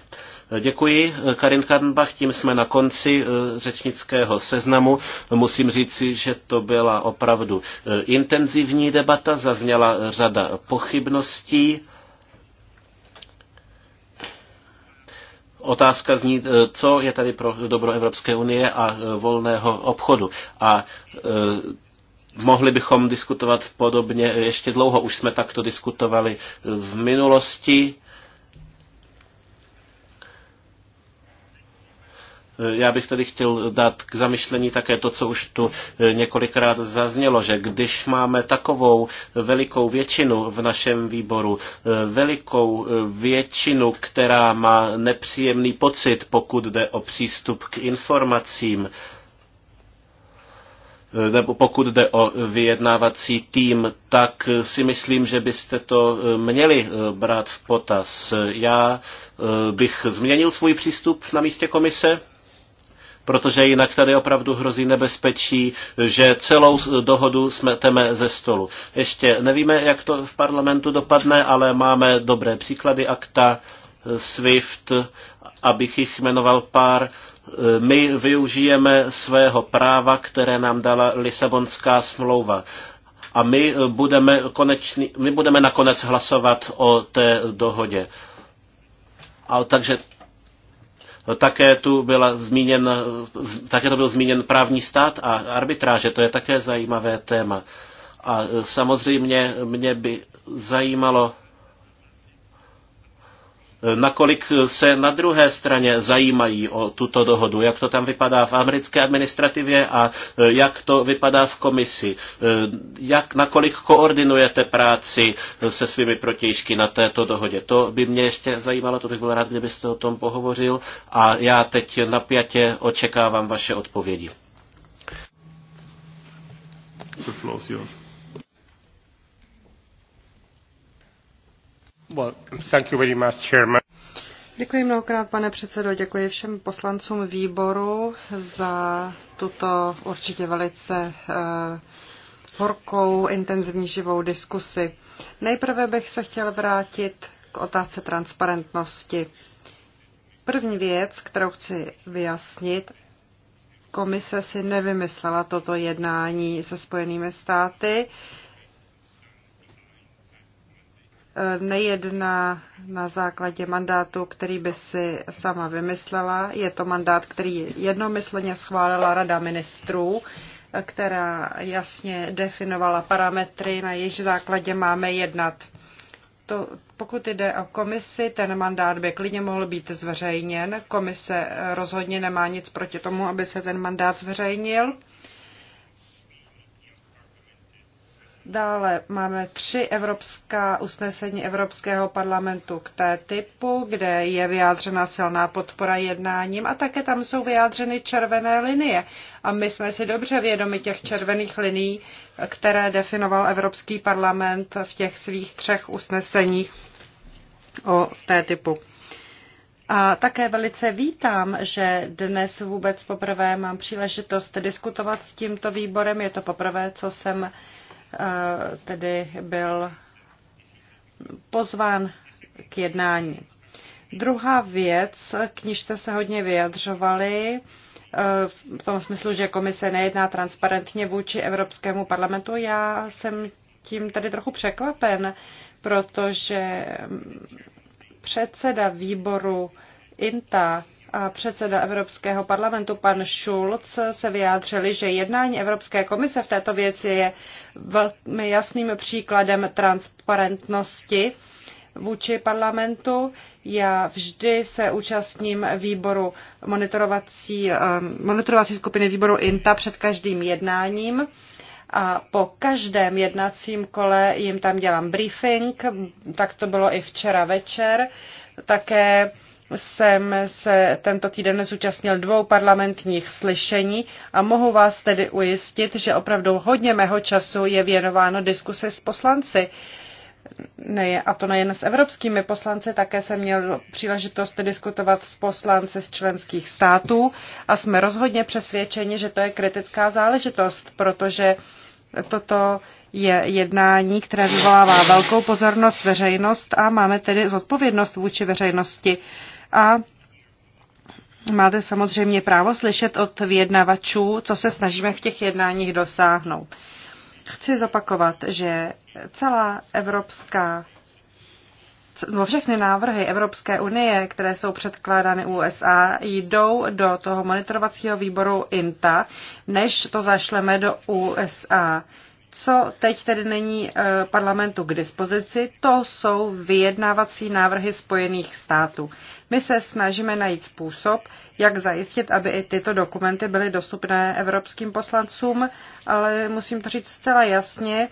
Děkuji, Karin Kadenbach, tím jsme na konci eh, řečnického seznamu. Musím říci, že to byla opravdu eh, intenzivní debata, zazněla řada pochybností. Otázka zní, eh, co je tady pro dobro Evropské unie a volného obchodu. A mohli bychom diskutovat podobně ještě dlouho. Už jsme takto diskutovali v minulosti Já bych tady chtěl dát k zamyšlení také to, co už tu eh, několikrát zaznělo, že když máme takovou velikou většinu v našem výboru, eh, velikou eh, většinu, která má nepříjemný pocit, pokud jde o přístup k informacím, nebo pokud jde o vyjednávací tým, tak si myslím, že byste to měli brát v potaz. Já bych změnil svůj přístup na místě komise, protože jinak tady opravdu hrozí nebezpečí, že celou dohodu smeteme ze stolu. Ještě nevíme, jak to v parlamentu dopadne, ale máme dobré příklady akta, SWIFT, abych jich jmenoval pár. My využijeme svého práva, které nám dala Lisabonská smlouva a my budeme, konečný, my budeme nakonec hlasovat o té dohodě. A takže také tu byla zmíněn, také to byl zmíněn právní stát a arbitráže, to je také zajímavé téma. A samozřejmě mě by zajímalo, nakolik se na druhé straně zajímají o tuto dohodu, jak to tam vypadá v americké administrativě a eh, jak to vypadá v komisi, eh, jak, nakolik koordinujete práci eh, se svými protějšky na této dohodě. To by mě ještě zajímalo, to bych byl rád, kdybyste o tom pohovořil a já teď napjatě očekávám vaše odpovědi. The floor is yours. Děkuji mnohokrát, pane předsedo, děkuji všem poslancům výboru za tuto určitě velice uh, horkou, intenzivní živou diskusi. Nejprve bych se chtěl vrátit k otázce transparentnosti. První věc, kterou chci vyjasnit, komise si nevymyslela toto jednání se Spojenými státy. Uh, nejedná na základě mandátu, který by si sama vymyslela. Je to mandát, který jednomyslně schválila Rada ministrů, která jasně definovala parametry, na jejich základě máme jednat. To, pokud jde o komisi, ten mandát by klidně mohl být zveřejněn. Komise rozhodně nemá nic proti tomu, aby se ten mandát zveřejnil Dále máme tři evropská usnesení Evropského parlamentu k té typu, kde je vyjádřena silná podpora jednáním a také tam jsou vyjádřeny červené linie. A my jsme si dobře vědomi těch červených linií, které definoval Evropský parlament v těch svých třech usneseních o té typu. A také velice vítám, že dnes vůbec poprvé mám příležitost diskutovat s tímto výborem. Je to poprvé, co jsem tedy byl pozván k jednání. Druhá věc, k níž jste se hodně vyjadřovali, e, v tom smyslu, že komise nejedná transparentně vůči Evropskému parlamentu, já jsem tím tady trochu překvapen, protože předseda výboru INTA a předseda Evropského parlamentu pan Schulz se vyjádřili, že jednání Evropské komise v této věci je velmi jasným příkladem transparentnosti vůči parlamentu. Já vždy se účastním výboru monitorovací, um, monitorovací skupiny výboru INTA před každým jednáním a po každém jednacím kole jim tam dělám briefing, tak to bylo i včera večer. Také jsem se tento týden zúčastnil dvou parlamentních slyšení a mohu vás tedy ujistit, že opravdu hodně mého času je věnováno diskuse s poslanci. Ne, a to nejen s evropskými poslanci, také jsem měl příležitost diskutovat s poslanci z členských států a jsme rozhodně přesvědčeni, že to je kritická záležitost, protože toto je jednání, které vyvolává velkou pozornost veřejnost a máme tedy zodpovědnost vůči veřejnosti a máte samozřejmě právo slyšet od vyjednavačů, co se snažíme v těch jednáních dosáhnout. Chci zopakovat, že celá evropská no všechny návrhy Evropské unie, které jsou předkládány USA, jdou do toho monitorovacího výboru INTA, než to zašleme do USA. Co teď tedy není eh, parlamentu k dispozici, to jsou vyjednávací návrhy Spojených států. My se snažíme najít způsob, jak zajistit, aby i tyto dokumenty byly dostupné evropským poslancům, ale musím to říct zcela jasně,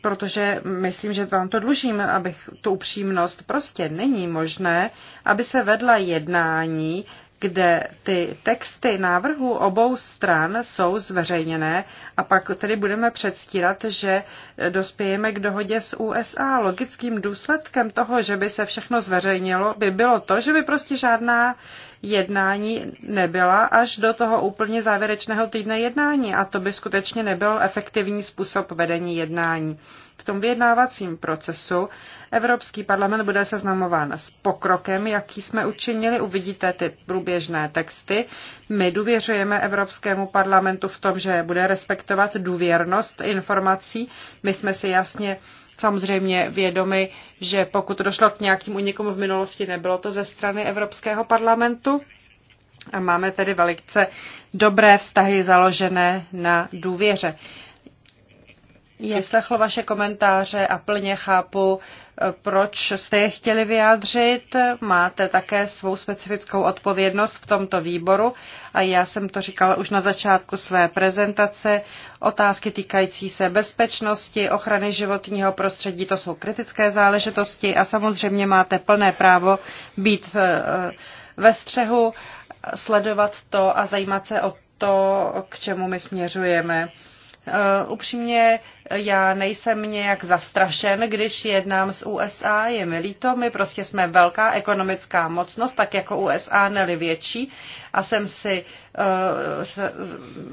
protože myslím, že vám to dlužím, abych tu upřímnost prostě není možné, aby se vedla jednání, kde ty texty návrhu obou stran jsou zveřejněné a pak tedy budeme předstírat, že dospějeme k dohodě s USA. Logickým důsledkem toho, že by se všechno zveřejnilo, by bylo to, že by prostě žádná jednání nebyla až do toho úplně závěrečného týdne jednání a to by skutečně nebyl efektivní způsob vedení jednání. V tom vyjednávacím procesu Evropský parlament bude seznamován s pokrokem, jaký jsme učinili. Uvidíte ty průběžné texty. My důvěřujeme Evropskému parlamentu v tom, že bude respektovat důvěrnost informací. My jsme si jasně samozřejmě vědomi, že pokud došlo k nějakým unikům v minulosti, nebylo to ze strany Evropského parlamentu. A máme tedy velice dobré vztahy založené na důvěře. Vyslechl vaše komentáře a plně chápu proč jste je chtěli vyjádřit. Máte také svou specifickou odpovědnost v tomto výboru a já jsem to říkala už na začátku své prezentace. Otázky týkající se bezpečnosti, ochrany životního prostředí, to jsou kritické záležitosti a samozřejmě máte plné právo být eh, ve střehu, sledovat to a zajímat se o to, k čemu my směřujeme. Eh, upřímně já nejsem nějak zastrašen, když jednám s USA, je mi líto, my prostě jsme velká ekonomická mocnost, tak jako USA, neli větší a jsem si, uh, se,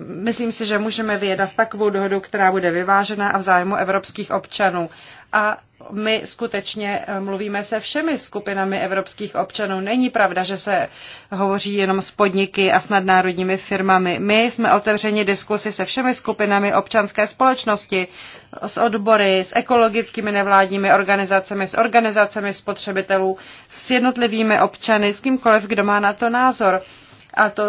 myslím si, že můžeme vyjednat takovou dohodu, která bude vyvážená a v zájmu evropských občanů. A my skutečně eh, mluvíme se všemi skupinami evropských občanů. Není pravda, že se hovoří jenom s podniky a s nadnárodními firmami. My jsme otevřeni diskusi se všemi skupinami občanské společnosti, s odbory, s ekologickými nevládními organizacemi, s organizacemi spotřebitelů, s jednotlivými občany, s kýmkoliv, kdo má na to názor. A to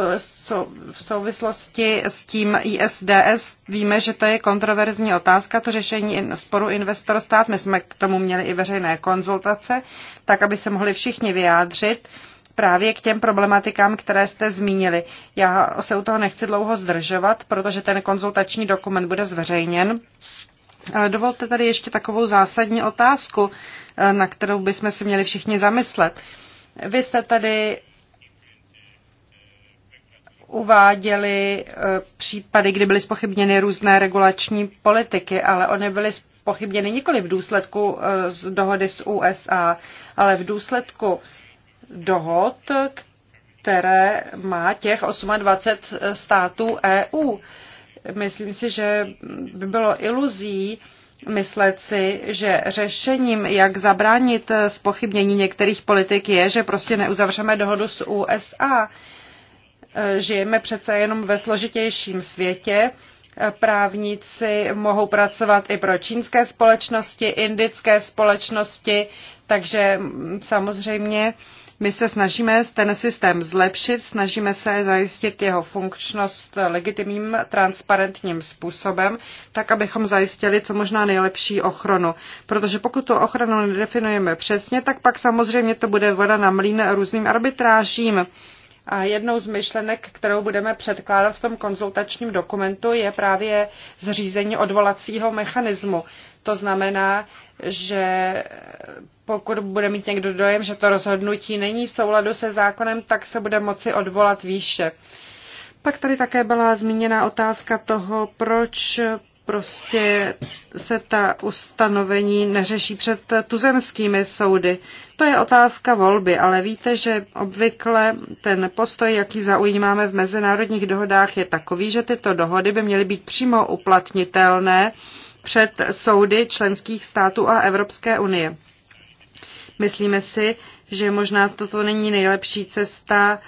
v souvislosti s tím ISDS víme, že to je kontroverzní otázka, to řešení sporu investor-stát. My jsme k tomu měli i veřejné konzultace, tak aby se mohli všichni vyjádřit právě k těm problematikám, které jste zmínili. Já se u toho nechci dlouho zdržovat, protože ten konzultační dokument bude zveřejněn ale dovolte tady ještě takovou zásadní otázku, eh, na kterou bychom si měli všichni zamyslet. Vy jste tady uváděli eh, případy, kdy byly spochybněny různé regulační politiky, ale ony byly spochybněny nikoli v důsledku eh, z dohody s USA, ale v důsledku dohod, které má těch 28 států EU. Myslím si, že by bylo iluzí myslet si, že řešením, jak zabránit spochybnění některých politik, je, že prostě neuzavřeme dohodu s USA. Žijeme přece jenom ve složitějším světě. Právníci mohou pracovat i pro čínské společnosti, indické společnosti, takže samozřejmě my se snažíme ten systém zlepšit, snažíme se zajistit jeho funkčnost legitimním, transparentním způsobem, tak abychom zajistili co možná nejlepší ochranu. Protože pokud tu ochranu nedefinujeme přesně, tak pak samozřejmě to bude voda na mlín různým arbitrážím. A jednou z myšlenek, kterou budeme předkládat v tom konzultačním dokumentu, je právě zřízení odvolacího mechanismu. To znamená, že pokud bude mít někdo dojem, že to rozhodnutí není v souladu se zákonem, tak se bude moci odvolat výše. Pak tady také byla zmíněna otázka toho, proč prostě se ta ustanovení neřeší před tuzemskými soudy. To je otázka volby, ale víte, že obvykle ten postoj, jaký zaujímáme v mezinárodních dohodách, je takový, že tyto dohody by měly být přímo uplatnitelné před soudy členských států a Evropské unie. Myslíme si, že možná toto není nejlepší cesta,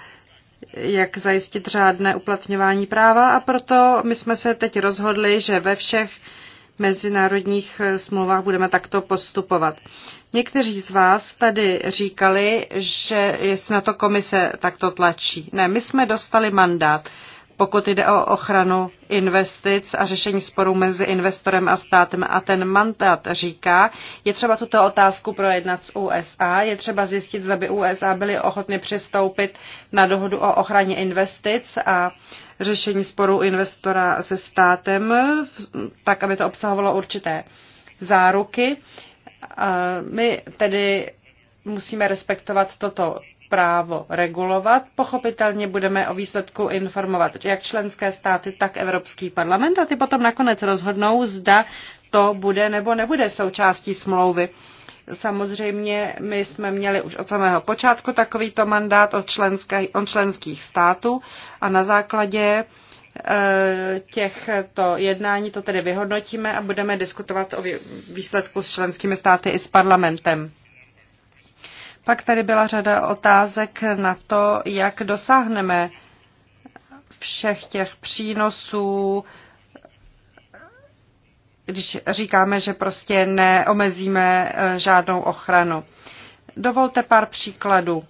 jak zajistit řádné uplatňování práva a proto my jsme se teď rozhodli, že ve všech mezinárodních smlouvách budeme takto postupovat. Někteří z vás tady říkali, že jestli na to komise takto tlačí. Ne, my jsme dostali mandát pokud jde o ochranu investic a řešení sporů mezi investorem a státem. A ten mandát říká, je třeba tuto otázku projednat s USA, je třeba zjistit, zda by USA byly ochotny přistoupit na dohodu o ochraně investic a řešení sporů investora se státem, tak aby to obsahovalo určité záruky. My tedy musíme respektovat toto právo regulovat. Pochopitelně budeme o výsledku informovat jak členské státy, tak Evropský parlament a ty potom nakonec rozhodnou, zda to bude nebo nebude součástí smlouvy. Samozřejmě my jsme měli už od samého počátku takovýto mandát od, členské, od členských států a na základě e, těchto jednání to tedy vyhodnotíme a budeme diskutovat o výsledku s členskými státy i s parlamentem. Pak tady byla řada otázek na to, jak dosáhneme všech těch přínosů, když říkáme, že prostě neomezíme eh, žádnou ochranu. Dovolte pár příkladů.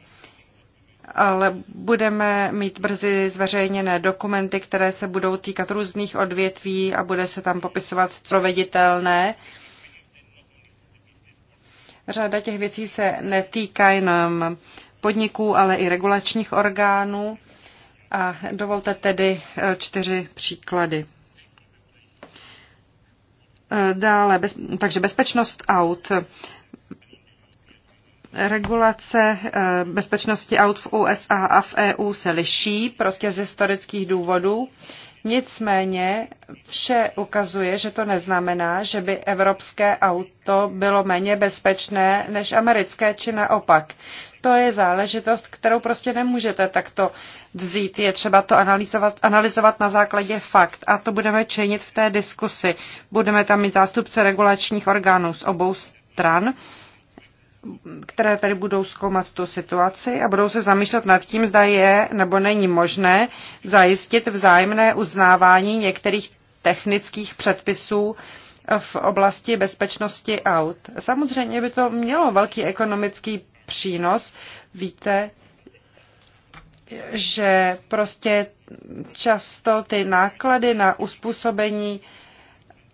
Ale budeme mít brzy zveřejněné dokumenty, které se budou týkat různých odvětví a bude se tam popisovat proveditelné. Řada těch věcí se netýká jenom podniků, ale i regulačních orgánů. A dovolte tedy eh, čtyři příklady. Eh, dále, bez, takže bezpečnost aut. Regulace eh, bezpečnosti aut v USA a v EU se liší prostě z historických důvodů. Nicméně vše ukazuje, že to neznamená, že by evropské auto bylo méně bezpečné než americké či naopak. To je záležitost, kterou prostě nemůžete takto vzít. Je třeba to analyzovat, analyzovat na základě fakt a to budeme činit v té diskusi. Budeme tam mít zástupce regulačních orgánů z obou stran které tady budou zkoumat tu situaci a budou se zamýšlet nad tím, zda je nebo není možné zajistit vzájemné uznávání některých technických předpisů v oblasti bezpečnosti aut. Samozřejmě by to mělo velký ekonomický přínos. Víte, že prostě často ty náklady na uspůsobení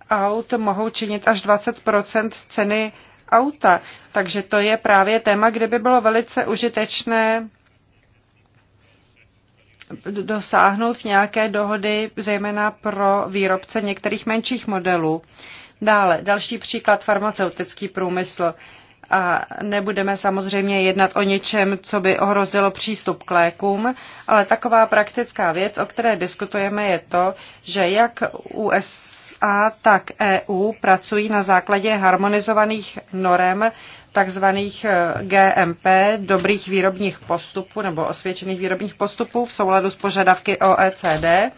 aut mohou činit až 20 z ceny auta. Takže to je právě téma, kde by bylo velice užitečné dosáhnout nějaké dohody, zejména pro výrobce některých menších modelů. Dále, další příklad, farmaceutický průmysl. A nebudeme samozřejmě jednat o něčem, co by ohrozilo přístup k lékům, ale taková praktická věc, o které diskutujeme, je to, že jak US USA, tak EU pracují na základě harmonizovaných norem takzvaných eh, GMP, dobrých výrobních postupů nebo osvědčených výrobních postupů v souladu s požadavky OECD.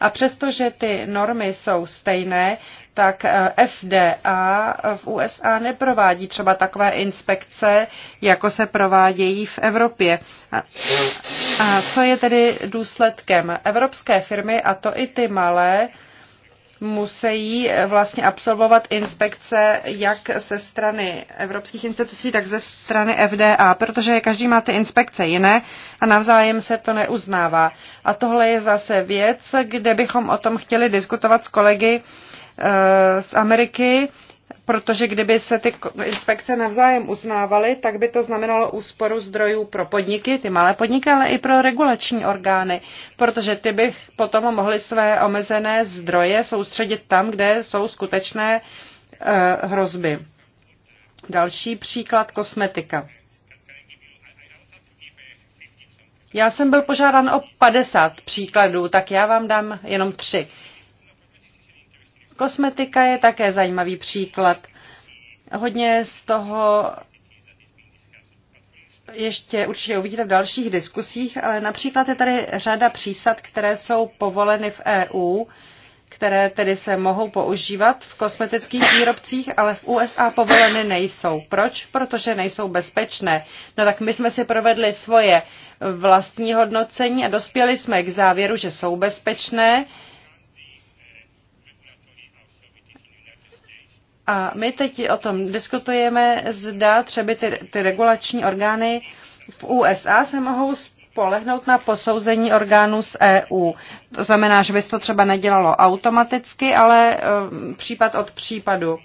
A přestože ty normy jsou stejné, tak eh, FDA eh, v USA neprovádí třeba takové inspekce, jako se provádějí v Evropě. A co je tedy důsledkem? Evropské firmy, a to i ty malé, musí vlastně absolvovat inspekce jak ze strany evropských institucí, tak ze strany FDA, protože každý má ty inspekce jiné a navzájem se to neuznává. A tohle je zase věc, kde bychom o tom chtěli diskutovat s kolegy eh, z Ameriky, protože kdyby se ty inspekce navzájem uznávaly, tak by to znamenalo úsporu zdrojů pro podniky, ty malé podniky, ale i pro regulační orgány, protože ty by potom mohly své omezené zdroje soustředit tam, kde jsou skutečné eh, hrozby. Další příklad kosmetika. Já jsem byl požádán o 50 příkladů, tak já vám dám jenom tři. Kosmetika je také zajímavý příklad. Hodně z toho ještě určitě uvidíte v dalších diskusích, ale například je tady řada přísad, které jsou povoleny v EU, které tedy se mohou používat v kosmetických výrobcích, ale v USA povoleny nejsou. Proč? Protože nejsou bezpečné. No tak my jsme si provedli svoje vlastní hodnocení a dospěli jsme k závěru, že jsou bezpečné, A my teď o tom diskutujeme, zda třeba ty, ty regulační orgány v USA se mohou spolehnout na posouzení orgánů z EU. To znamená, že by se to třeba nedělalo automaticky, ale um, případ od případu.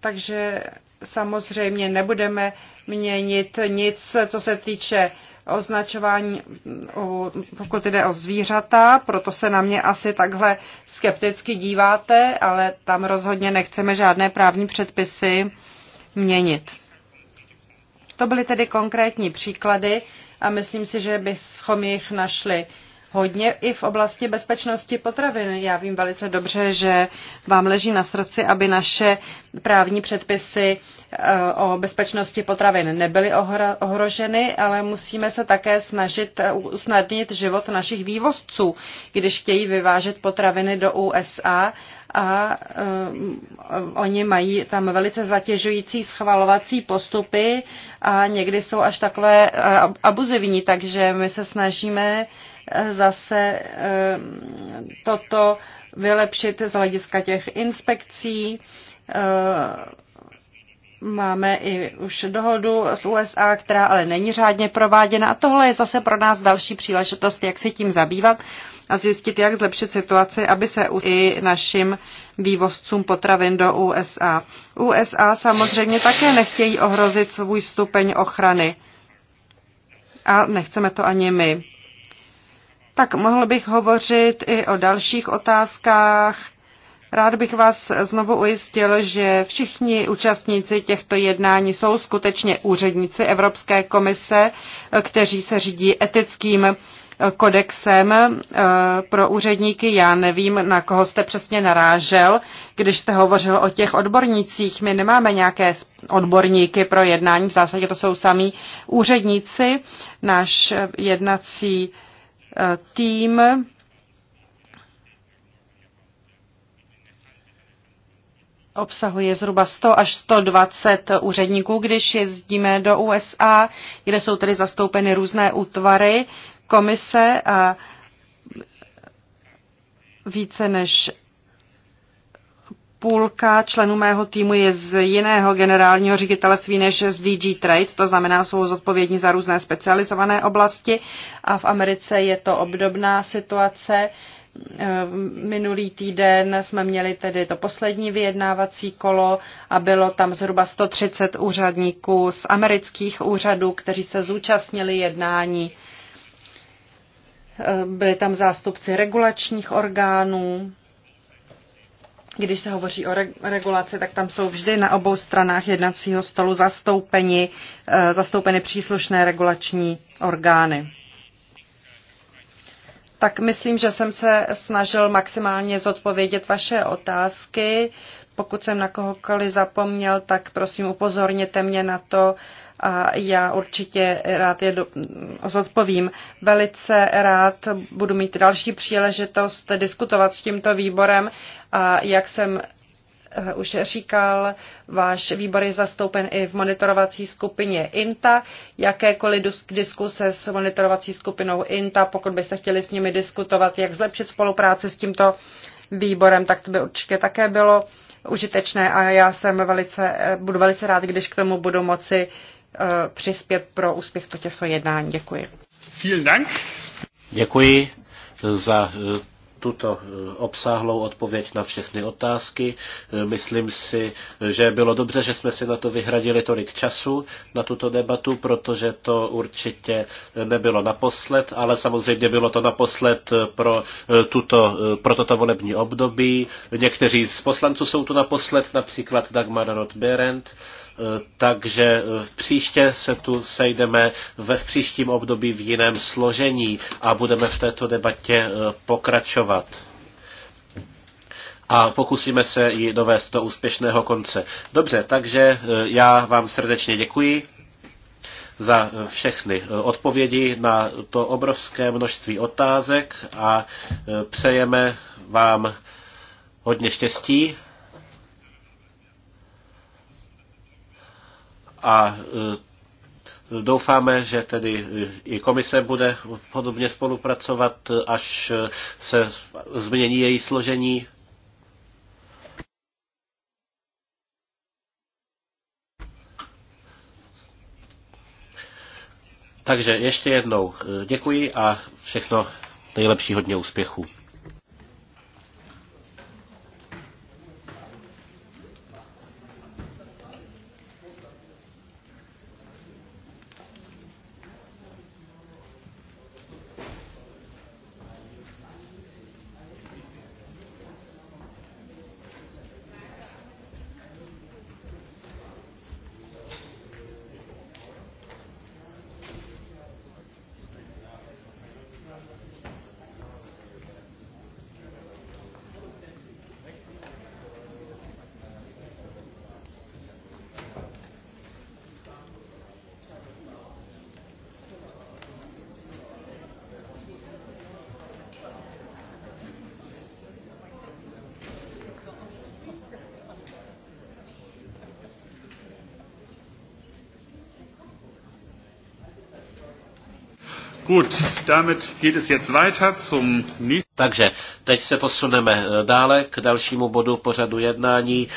Takže samozřejmě nebudeme měnit nic, co se týče uh, označování, pokud jde o zvířata, proto se na mě asi takhle skepticky díváte, ale tam rozhodně nechceme žádné právní předpisy měnit. To byly tedy konkrétní příklady a myslím si, že bychom jich našli hodně i v oblasti bezpečnosti potravin. Já vím velice dobře, že vám leží na srdci, aby naše právní předpisy eh, o bezpečnosti potravin nebyly ohroženy, ale musíme se také snažit eh, usnadnit život našich vývozců, když chtějí vyvážet potraviny do USA a um, oni mají tam velice zatěžující schvalovací postupy a někdy jsou až takové abuzivní, takže my se snažíme zase eh, toto vylepšit z hlediska těch inspekcí. Eh, máme i už dohodu s USA, která ale není řádně prováděna. A tohle je zase pro nás další příležitost, jak se tím zabývat a zjistit, jak zlepšit situaci, aby se i našim vývozcům potravin do USA. USA samozřejmě také nechtějí ohrozit svůj stupeň ochrany. A nechceme to ani my. Tak mohl bych hovořit i o dalších otázkách. Rád bych vás znovu ujistil, že všichni účastníci těchto jednání jsou skutečně úředníci Evropské komise, kteří se řídí etickým kodexem eh, pro úředníky. Já nevím, na koho jste přesně narážel, když jste hovořil o těch odbornících. My nemáme nějaké odborníky pro jednání, v zásadě to jsou samí úředníci. Náš jednací tým obsahuje zhruba 100 až 120 úředníků, když jezdíme do USA, kde jsou tedy zastoupeny různé útvary, komise a více než půlka členů mého týmu je z jiného generálního ředitelství než z DG Trade, to znamená, jsou zodpovědní za různé specializované oblasti a v Americe je to obdobná situace. Eh, minulý týden jsme měli tedy to poslední vyjednávací kolo a bylo tam zhruba 130 úřadníků z amerických úřadů, kteří se zúčastnili jednání. Eh, byli tam zástupci regulačních orgánů, když se hovoří o regulaci, tak tam jsou vždy na obou stranách jednacího stolu zastoupeni, eh, zastoupeny příslušné regulační orgány. Tak myslím, že jsem se snažil maximálně zodpovědět vaše otázky. Pokud jsem na kohokoliv zapomněl, tak prosím upozorněte mě na to a já určitě rád je do, zodpovím. Velice rád budu mít další příležitost diskutovat s tímto výborem a jak jsem eh, už říkal, váš výbor je zastoupen i v monitorovací skupině INTA. Jakékoliv diskuse s monitorovací skupinou INTA, pokud byste chtěli s nimi diskutovat, jak zlepšit spolupráci s tímto výborem, tak to by určitě také bylo užitečné a já jsem velice, eh, budu velice rád, když k tomu budu moci uh, Eh, přispět pro úspěch to těchto jednání. Děkuji. Vielen Dank. Děkuji za eh, tuto eh, obsáhlou odpověď na všechny otázky. Myslím si, že bylo dobře, že jsme si na to vyhradili tolik času, na tuto debatu, protože to určitě nebylo naposled, ale samozřejmě bylo to naposled pro, tuto, pro toto volební období. Někteří z poslanců jsou tu naposled, například Dagmar Roth-Berendt takže v příště se tu sejdeme ve v příštím období v jiném složení a budeme v této debatě eh, pokračovat a pokusíme se ji dovést do úspěšného konce. Dobře, takže eh, já vám srdečně děkuji za všechny eh, odpovědi na to obrovské množství otázek a přejeme vám hodně štěstí. A e, Doufáme, že tedy e, i komise bude podobně spolupracovat, až e, se změní její složení. Takže ještě jednou děkuji a všechno nejlepší hodně úspěchů. Gut, damit geht es jetzt weiter zum Takže teď se posuneme eh, dále k dalšímu bodu pořadu jednání,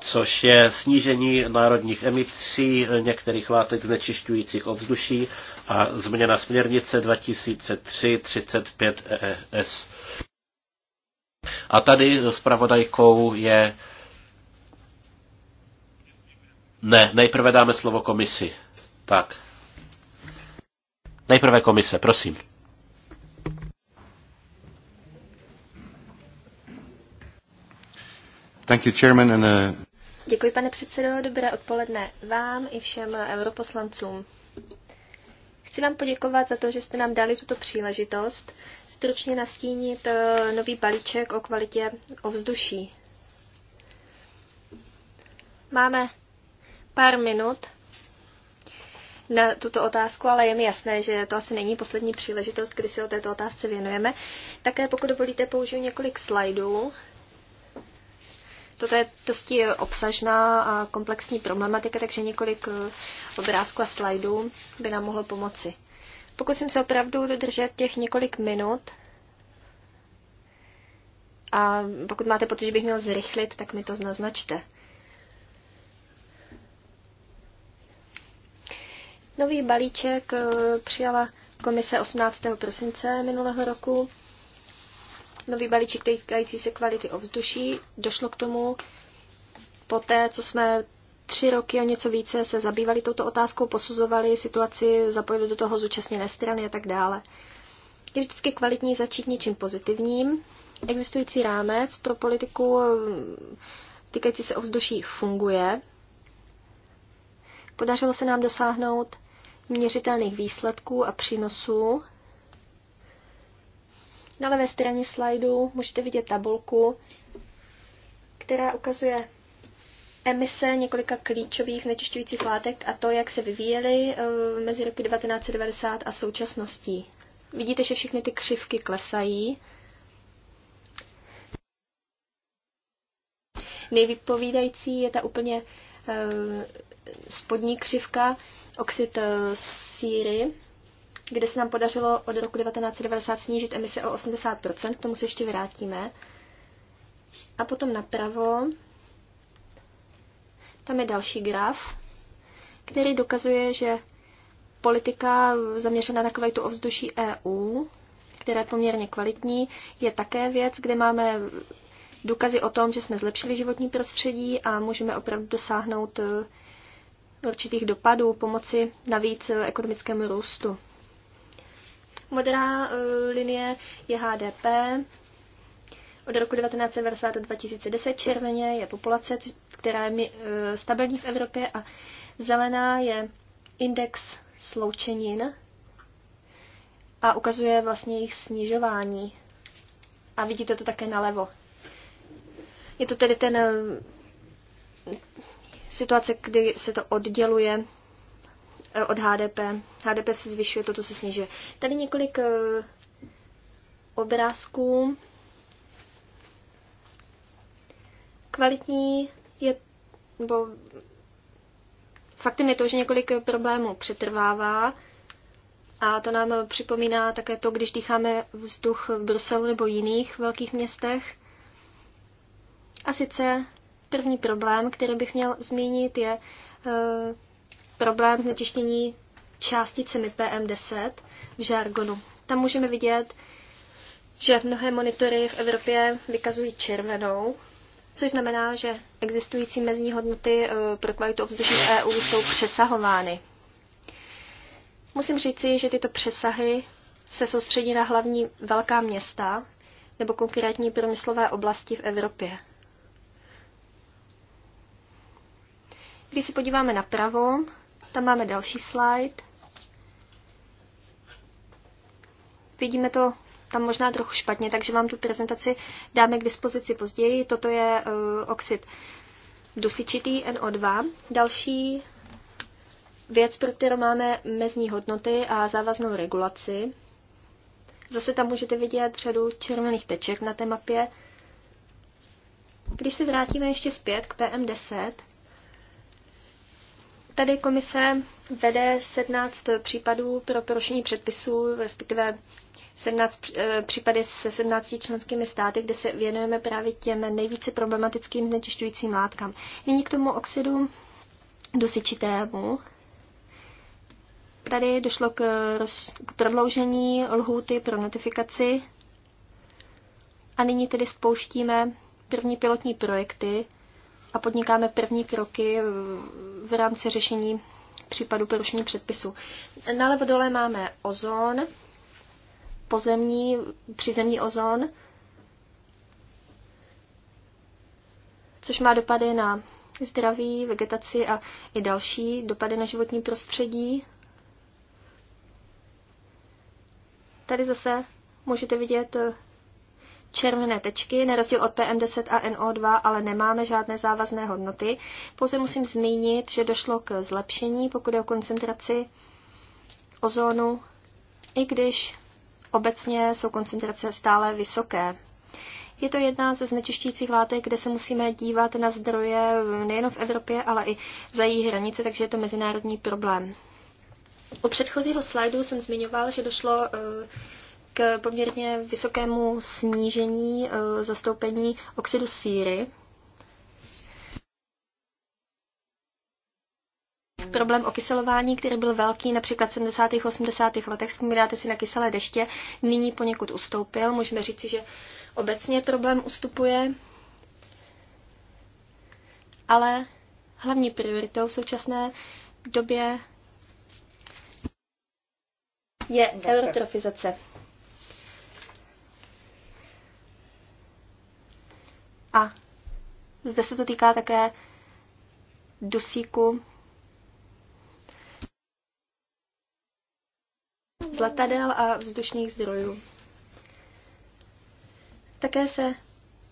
což je snížení národních emisí eh, některých látek znečišťujících ovzduší a změna směrnice 2003-35 ES. E a tady zpravodajkou je. Ne, nejprve dáme slovo komisi. Tak. Nejprve komise, prosím. Thank you, chairman, and, uh... Děkuji, pane předsedo. Dobré odpoledne vám i všem europoslancům. Chci vám poděkovat za to, že jste nám dali tuto příležitost stručně nastínit uh, nový balíček o kvalitě ovzduší. Máme pár minut na tuto otázku, ale je mi jasné, že to asi není poslední příležitost, kdy se o této otázce věnujeme. Také pokud dovolíte, použiju několik slajdů. Toto je dosti obsažná a komplexní problematika, takže několik eh, obrázků a slajdů by nám mohlo pomoci. Pokusím se opravdu dodržet těch několik minut. A pokud máte pocit, že bych měl zrychlit, tak mi to naznačte. Nový balíček eh, přijala komise 18. prosince minulého roku. Nový balíček týkající se kvality ovzduší. Došlo k tomu poté, co jsme tři roky o něco více se zabývali touto otázkou, posuzovali situaci, zapojili do toho zúčastněné strany a tak dále. Je vždycky kvalitní začít něčím pozitivním. Existující rámec pro politiku eh, týkající se ovzduší funguje. Podařilo se nám dosáhnout měřitelných výsledků a přínosů. Na levé straně slajdu můžete vidět tabulku, která ukazuje emise několika klíčových znečišťujících látek a to, jak se vyvíjely eh, mezi roky 1990 a současností. Vidíte, že všechny ty křivky klesají. Nejvypovídající je ta úplně eh, spodní křivka, oxid eh, síry, kde se nám podařilo od roku 1990 snížit emise o 80%, k tomu se ještě vrátíme. A potom napravo, tam je další graf, který dokazuje, že politika zaměřená na kvalitu ovzduší EU, která je poměrně kvalitní, je také věc, kde máme důkazy o tom, že jsme zlepšili životní prostředí a můžeme opravdu dosáhnout eh, určitých dopadů, pomoci navíc ekonomickému růstu. Modrá eh, linie je HDP. Od roku 1990 do 2010 červeně je populace, která je eh, stabilní v Evropě a zelená je index sloučenin a ukazuje vlastně jejich snižování. A vidíte to také nalevo. Je to tedy ten eh, situace, kdy se to odděluje eh, od HDP. HDP se zvyšuje, toto se snižuje. Tady několik eh, obrázků. Kvalitní je, nebo faktem je to, že několik problémů přetrvává. A to nám připomíná také to, když dýcháme vzduch v Bruselu nebo jiných velkých městech. A sice První problém, který bych měl zmínit, je eh, problém znečištění částicemi PM10 v žargonu. Tam můžeme vidět, že mnohé monitory v Evropě vykazují červenou, což znamená, že existující mezní hodnoty eh, pro kvalitu ovzduší v EU jsou přesahovány. Musím říci, že tyto přesahy se soustředí na hlavní velká města nebo konkrétní průmyslové oblasti v Evropě. Když se podíváme napravo, tam máme další slide. Vidíme to tam možná trochu špatně, takže vám tu prezentaci dáme k dispozici později. Toto je uh, oxid dusičitý NO2. Další věc, pro kterou máme mezní hodnoty a závaznou regulaci. Zase tam můžete vidět řadu červených teček na té mapě. Když se vrátíme ještě zpět k PM10, Tady komise vede 17 případů pro porušení předpisů, respektive 17 eh, případy se 17 členskými státy, kde se věnujeme právě těm nejvíce problematickým znečišťujícím látkám. Nyní k tomu oxidu dusičitému. Tady došlo k, roz, k prodloužení lhůty pro notifikaci a nyní tedy spouštíme první pilotní projekty a podnikáme první kroky v rámci řešení případu porušení předpisu. Nalevo dole máme ozon, pozemní, přizemní ozon, což má dopady na zdraví, vegetaci a i další dopady na životní prostředí. Tady zase můžete vidět červené tečky, na rozdíl od PM10 a NO2, ale nemáme žádné závazné hodnoty. Pouze musím zmínit, že došlo k zlepšení, pokud je o koncentraci ozónu, i když obecně jsou koncentrace stále vysoké. Je to jedna ze znečišťujících látek, kde se musíme dívat na zdroje nejen v Evropě, ale i za její hranice, takže je to mezinárodní problém. U předchozího slajdu jsem zmiňoval, že došlo eh, k poměrně vysokému snížení eh, zastoupení oxidu síry. Problém okyselování, který byl velký například v 70. a 80. letech, vzpomínáte si na kyselé deště, nyní poněkud ustoupil. Můžeme říci, že obecně problém ustupuje, ale hlavní prioritou v současné době je eurotrofizace. A zde se to týká také dusíku z letadel a vzdušných zdrojů. Také se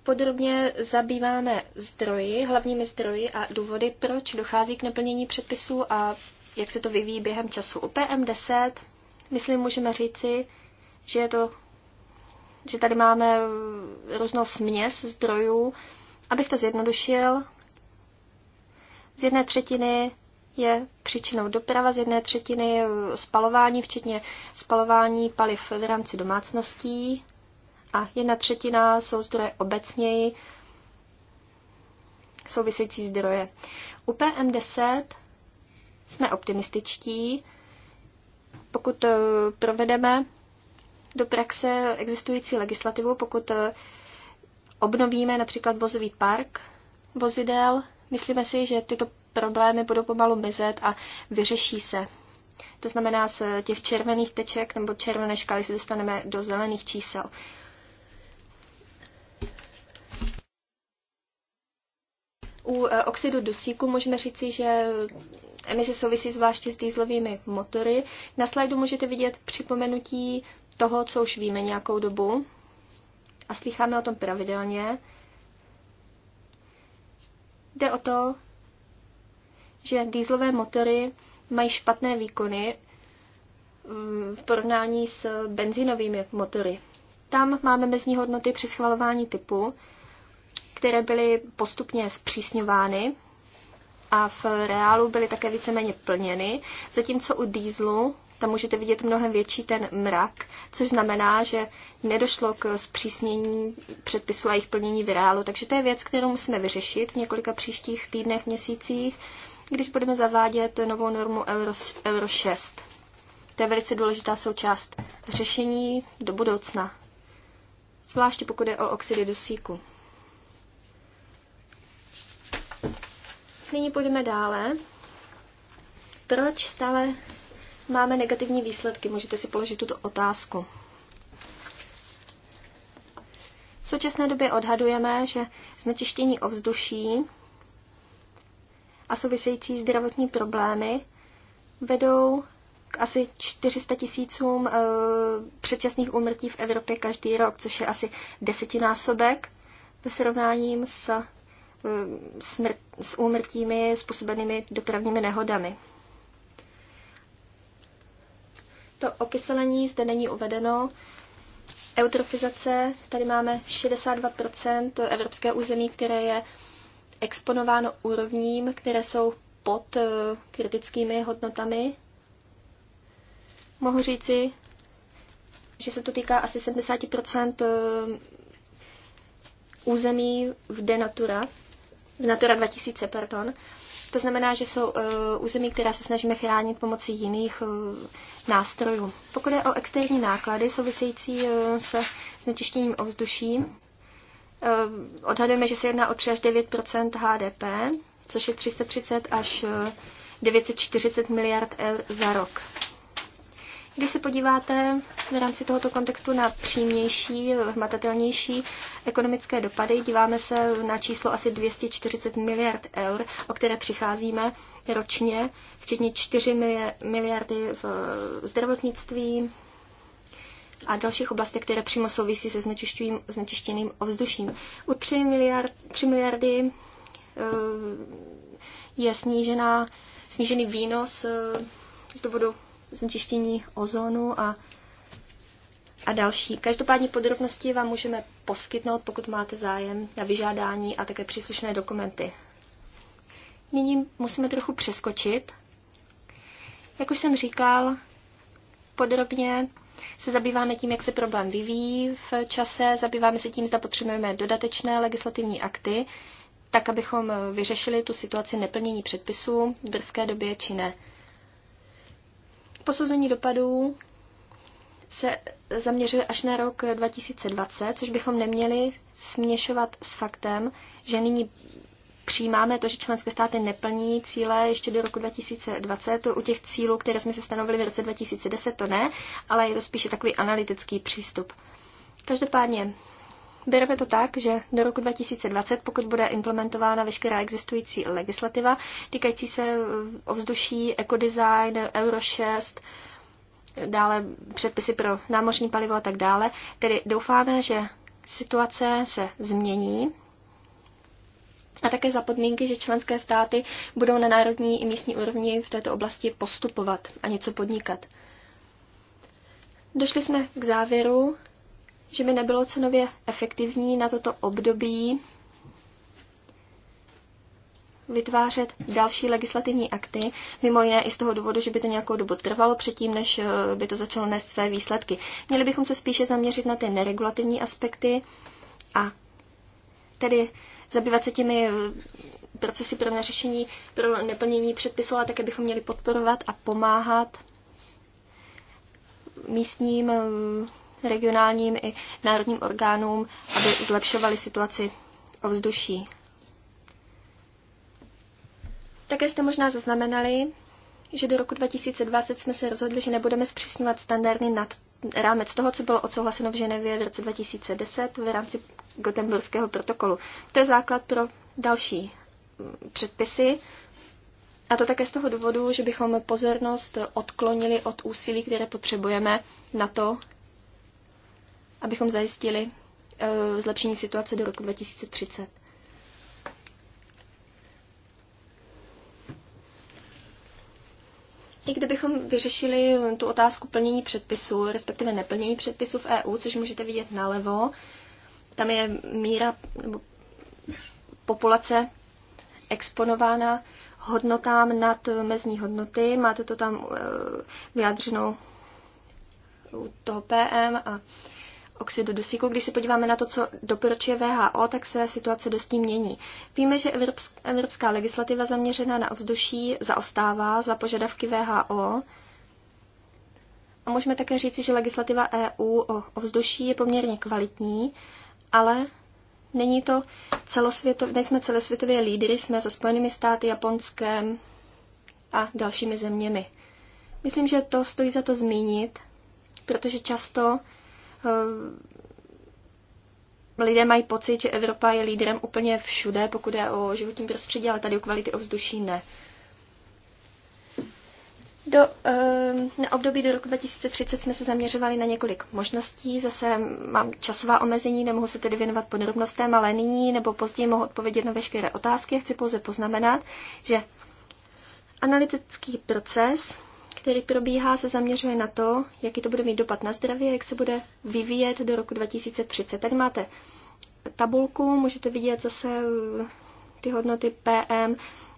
podrobně zabýváme zdroji, hlavními zdroji a důvody, proč dochází k neplnění předpisů a jak se to vyvíjí během času. U PM10, myslím, můžeme říci, že je to že tady máme různou směs zdrojů. Abych to zjednodušil, z jedné třetiny je příčinou doprava, z jedné třetiny spalování, včetně spalování paliv v rámci domácností a jedna třetina jsou zdroje obecněji, související zdroje. U PM10 jsme optimističtí, pokud eh, provedeme do praxe existující legislativu, pokud eh, obnovíme například vozový park vozidel. Myslíme si, že tyto problémy budou pomalu mizet a vyřeší se. To znamená, z těch červených teček nebo červené škály se dostaneme do zelených čísel. U eh, oxidu dusíku můžeme říci, že emise souvisí zvláště s dýzlovými motory. Na slajdu můžete vidět připomenutí toho, co už víme nějakou dobu a slycháme o tom pravidelně. Jde o to, že dýzlové motory mají špatné výkony mm, v porovnání s benzínovými motory. Tam máme mezní hodnoty při schvalování typu, které byly postupně zpřísňovány a v reálu byly také víceméně plněny, zatímco u dýzlu tam můžete vidět mnohem větší ten mrak, což znamená, že nedošlo k zpřísnění předpisů a jejich plnění v reálu. Takže to je věc, kterou musíme vyřešit v několika příštích týdnech, měsících, když budeme zavádět novou normu Euro, Euro 6. To je velice důležitá součást řešení do budoucna, zvláště pokud je o oxidy dusíku. Nyní půjdeme dále. Proč stále máme negativní výsledky. Můžete si položit tuto otázku. V současné době odhadujeme, že znečištění ovzduší a související zdravotní problémy vedou k asi 400 tisícům e, předčasných úmrtí v Evropě každý rok, což je asi desetinásobek ve srovnání s, e, smrt, s úmrtími způsobenými dopravními nehodami. to okyselení zde není uvedeno. Eutrofizace, tady máme 62% evropské území, které je exponováno úrovním, které jsou pod eh, kritickými hodnotami. Mohu říci, že se to týká asi 70% eh, území v Denatura, v Natura 2000, pardon. To znamená, že jsou eh, území, která se snažíme chránit pomocí jiných eh, nástrojů. Pokud je o externí náklady související eh, se znečištěním ovzduší, odhadujeme, že se jedná o 3 až 9 HDP, což je 330 až 940 miliard eur za rok. Když se podíváte v rámci tohoto kontextu na přímější, hmatatelnější ekonomické dopady, díváme se na číslo asi 240 miliard eur, o které přicházíme ročně, včetně 4 miliardy v zdravotnictví a dalších oblastech, které přímo souvisí se znečištěným ovzduším. U 3, miliard, 3 miliardy eh, je snížená, snížený výnos eh, z důvodu znečištění ozonu a, a další. Každopádně podrobnosti vám můžeme poskytnout, pokud máte zájem na vyžádání a také příslušné dokumenty. Nyní musíme trochu přeskočit. Jak už jsem říkal, podrobně se zabýváme tím, jak se problém vyvíjí v čase, zabýváme se tím, zda potřebujeme dodatečné legislativní akty, tak abychom vyřešili tu situaci neplnění předpisů v brzké době či ne. Posouzení dopadů se zaměřuje až na rok 2020, což bychom neměli směšovat s faktem, že nyní přijímáme to, že členské státy neplní cíle ještě do roku 2020. To u těch cílů, které jsme se stanovili v roce 2010, to ne, ale je to spíše takový analytický přístup. Každopádně Bereme to tak, že do roku 2020, pokud bude implementována veškerá existující legislativa týkající se eh, ovzduší, ekodesign, Euro 6, dále předpisy pro námořní palivo a tak dále, tedy doufáme, že situace se změní a také za podmínky, že členské státy budou na národní i místní úrovni v této oblasti postupovat a něco podnikat. Došli jsme k závěru, že by nebylo cenově efektivní na toto období vytvářet další legislativní akty, mimo jiné i z toho důvodu, že by to nějakou dobu trvalo předtím, než eh, by to začalo nést své výsledky. Měli bychom se spíše zaměřit na ty neregulativní aspekty a tedy zabývat se těmi eh, procesy pro neřešení, pro neplnění předpisů, ale také bychom měli podporovat a pomáhat místním eh, regionálním i národním orgánům, aby zlepšovali situaci ovzduší. Také jste možná zaznamenali, že do roku 2020 jsme se rozhodli, že nebudeme zpřísňovat standardy nad rámec toho, co bylo odsouhlaseno v Ženevě v roce 2010 v rámci Gotemburského protokolu. To je základ pro další mm, předpisy. A to také z toho důvodu, že bychom pozornost odklonili od úsilí, které potřebujeme na to, abychom zajistili eh, zlepšení situace do roku 2030. I kdybychom vyřešili tu otázku plnění předpisů, respektive neplnění předpisů v EU, což můžete vidět nalevo, tam je míra nebo populace exponována hodnotám nad mezní hodnoty. Máte to tam eh, vyjádřeno u toho PM a oxidu dusíku. Když se podíváme na to, co doporučuje VHO, tak se situace dosti mění. Víme, že evropská legislativa zaměřená na ovzduší zaostává za požadavky VHO. A můžeme také říci, že legislativa EU o ovzduší je poměrně kvalitní, ale není to celosvětově, nejsme celosvětově lídry, jsme za Spojenými státy, Japonskem a dalšími zeměmi. Myslím, že to stojí za to zmínit, protože často Eh, lidé mají pocit, že Evropa je lídrem úplně všude, pokud je o životní prostředí, ale tady o kvality ovzduší ne. Do, eh, na období do roku 2030 jsme se zaměřovali na několik možností. Zase mám časová omezení, nemohu se tedy věnovat podrobnostem, ale nyní nebo později mohu odpovědět na veškeré otázky. Chci pouze poznamenat, že analytický proces který probíhá, se zaměřuje na to, jaký to bude mít dopad na zdraví, jak se bude vyvíjet do roku 2030. Tady máte tabulku, můžete vidět zase eh, ty hodnoty PM,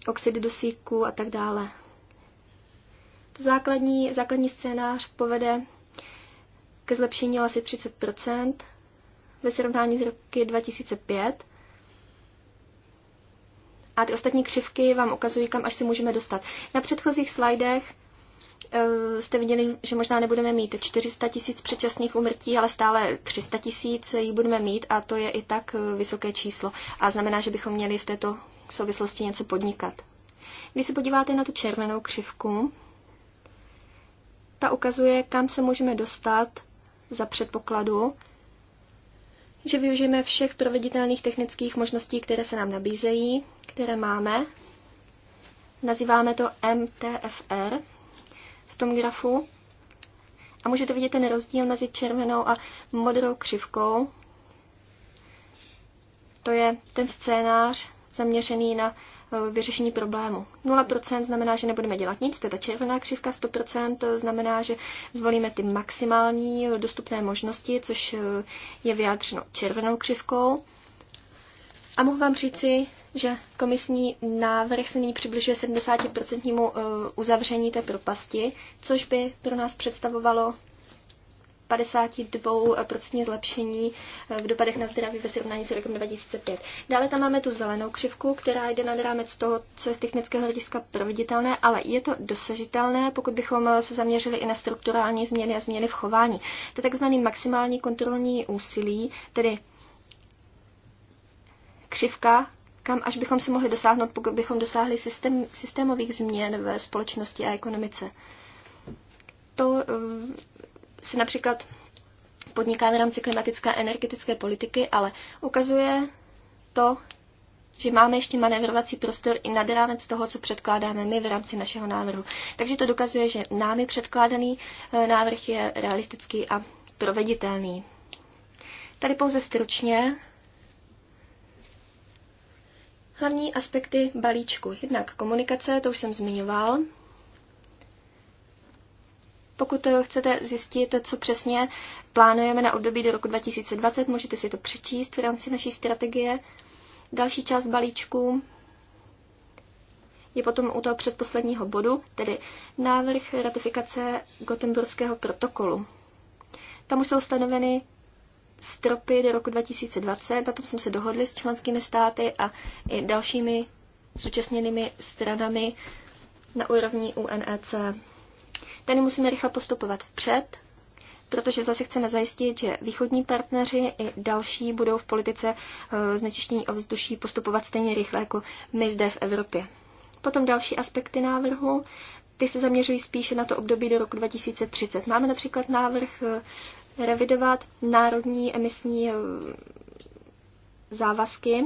oxid dusíku a tak dále. To základní, základní scénář povede ke zlepšení o asi 30 ve srovnání z roky 2005. A ty ostatní křivky vám ukazují, kam až se můžeme dostat. Na předchozích slajdech Eh, jste viděli, že možná nebudeme mít 400 tisíc předčasných umrtí, ale stále 300 tisíc jich budeme mít a to je i tak eh, vysoké číslo. A znamená, že bychom měli v této souvislosti něco podnikat. Když se podíváte na tu červenou křivku, ta ukazuje, kam se můžeme dostat za předpokladu, že využijeme všech proveditelných technických možností, které se nám nabízejí, které máme. Nazýváme to MTFR, tom grafu. A můžete vidět ten rozdíl mezi červenou a modrou křivkou. To je ten scénář zaměřený na eh, vyřešení problému. 0% znamená, že nebudeme dělat nic, to je ta červená křivka, 100% znamená, že zvolíme ty maximální eh, dostupné možnosti, což eh, je vyjádřeno červenou křivkou. A mohu vám říci, že komisní návrh se nyní přibližuje 70% eh, uzavření té propasti, což by pro nás představovalo 52% zlepšení eh, v dopadech na zdraví ve srovnání s rokem 2005. Dále tam máme tu zelenou křivku, která jde nad rámec toho, co je z technického hlediska proveditelné, ale je to dosažitelné, pokud bychom eh, se zaměřili i na strukturální změny a změny v chování. To je takzvaný maximální kontrolní úsilí, tedy křivka, kam až bychom se mohli dosáhnout, pokud bychom dosáhli systém, systémových změn ve společnosti a ekonomice. To eh, se například podniká v rámci klimatické a energetické politiky, ale ukazuje to, že máme ještě manévrovací prostor i nad rámec toho, co předkládáme my v rámci našeho návrhu. Takže to dokazuje, že námi předkládaný eh, návrh je realistický a proveditelný. Tady pouze stručně Hlavní aspekty balíčku. Jednak komunikace, to už jsem zmiňoval. Pokud chcete zjistit, co přesně plánujeme na období do roku 2020, můžete si to přečíst v rámci naší strategie. Další část balíčku je potom u toho předposledního bodu, tedy návrh ratifikace Gotemburského protokolu. Tam už jsou stanoveny stropy do roku 2020, na tom jsme se dohodli s členskými státy a i dalšími zúčastněnými stranami na úrovni UNEC. Tady musíme rychle postupovat vpřed, protože zase chceme zajistit, že východní partneři i další budou v politice eh, znečištění ovzduší postupovat stejně rychle jako my zde v Evropě. Potom další aspekty návrhu, ty se zaměřují spíše na to období do roku 2030. Máme například návrh eh, revidovat národní emisní eh, závazky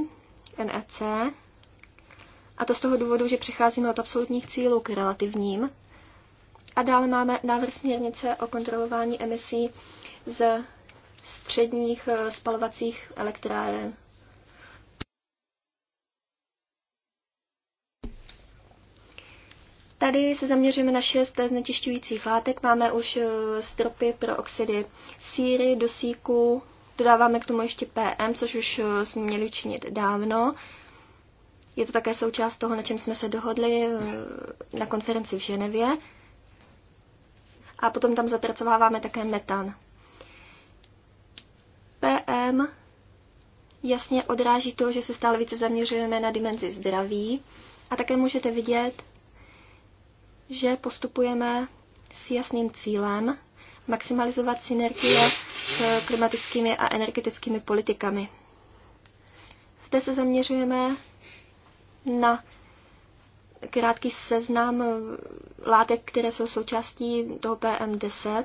NEC. A to z toho důvodu, že přecházíme od absolutních cílů k relativním. A dále máme návrh směrnice o kontrolování emisí z středních eh, spalovacích elektráren. Tady se zaměříme na šest znečišťujících látek. Máme už eh, stropy pro oxidy síry, dusíku, dodáváme k tomu ještě PM, což už eh, jsme měli činit dávno. Je to také součást toho, na čem jsme se dohodli eh, na konferenci v Ženevě. A potom tam zapracováváme také metan. PM jasně odráží to, že se stále více zaměřujeme na dimenzi zdraví. A také můžete vidět, že postupujeme s jasným cílem maximalizovat synergie s klimatickými a energetickými politikami. Zde se zaměřujeme na krátký seznam látek, které jsou součástí toho PM10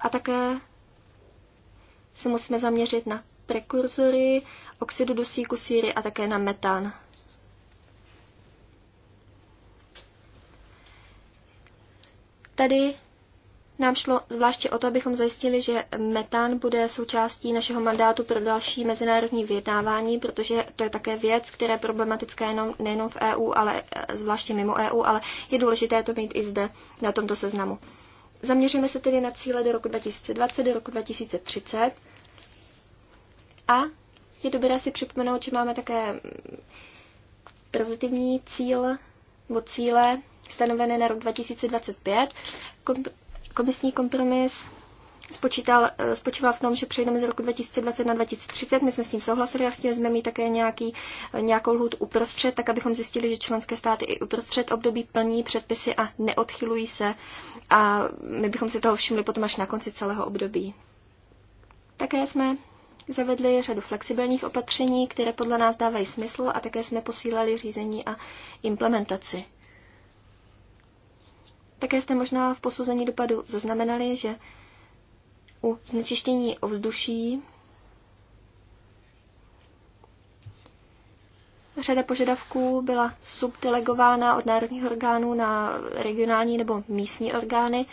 a také se musíme zaměřit na prekurzory oxidu dusíku síry a také na metan. Tady nám šlo zvláště o to, abychom zajistili, že metán bude součástí našeho mandátu pro další mezinárodní vyjednávání, protože to je také věc, která je problematická jenom, nejenom v EU, ale e, zvláště mimo EU, ale je důležité to mít i zde na tomto seznamu. Zaměříme se tedy na cíle do roku 2020, do roku 2030 a je dobré si připomenout, že máme také mm, pozitivní cíl nebo cíle Stanovené na rok 2025. Komisní kompromis spočítal, eh, spočíval v tom, že přejdeme z roku 2020 na 2030. My jsme s tím souhlasili a chtěli jsme mít také nějaký, eh, nějakou lhůtu uprostřed, tak abychom zjistili, že členské státy i uprostřed období plní předpisy a neodchylují se. A my bychom si toho všimli potom až na konci celého období. Také jsme zavedli řadu flexibilních opatření, které podle nás dávají smysl a také jsme posílali řízení a implementaci. Také jste možná v posouzení dopadu zaznamenali, že u znečištění ovzduší řada požadavků byla subdelegována od národních orgánů na regionální nebo místní orgány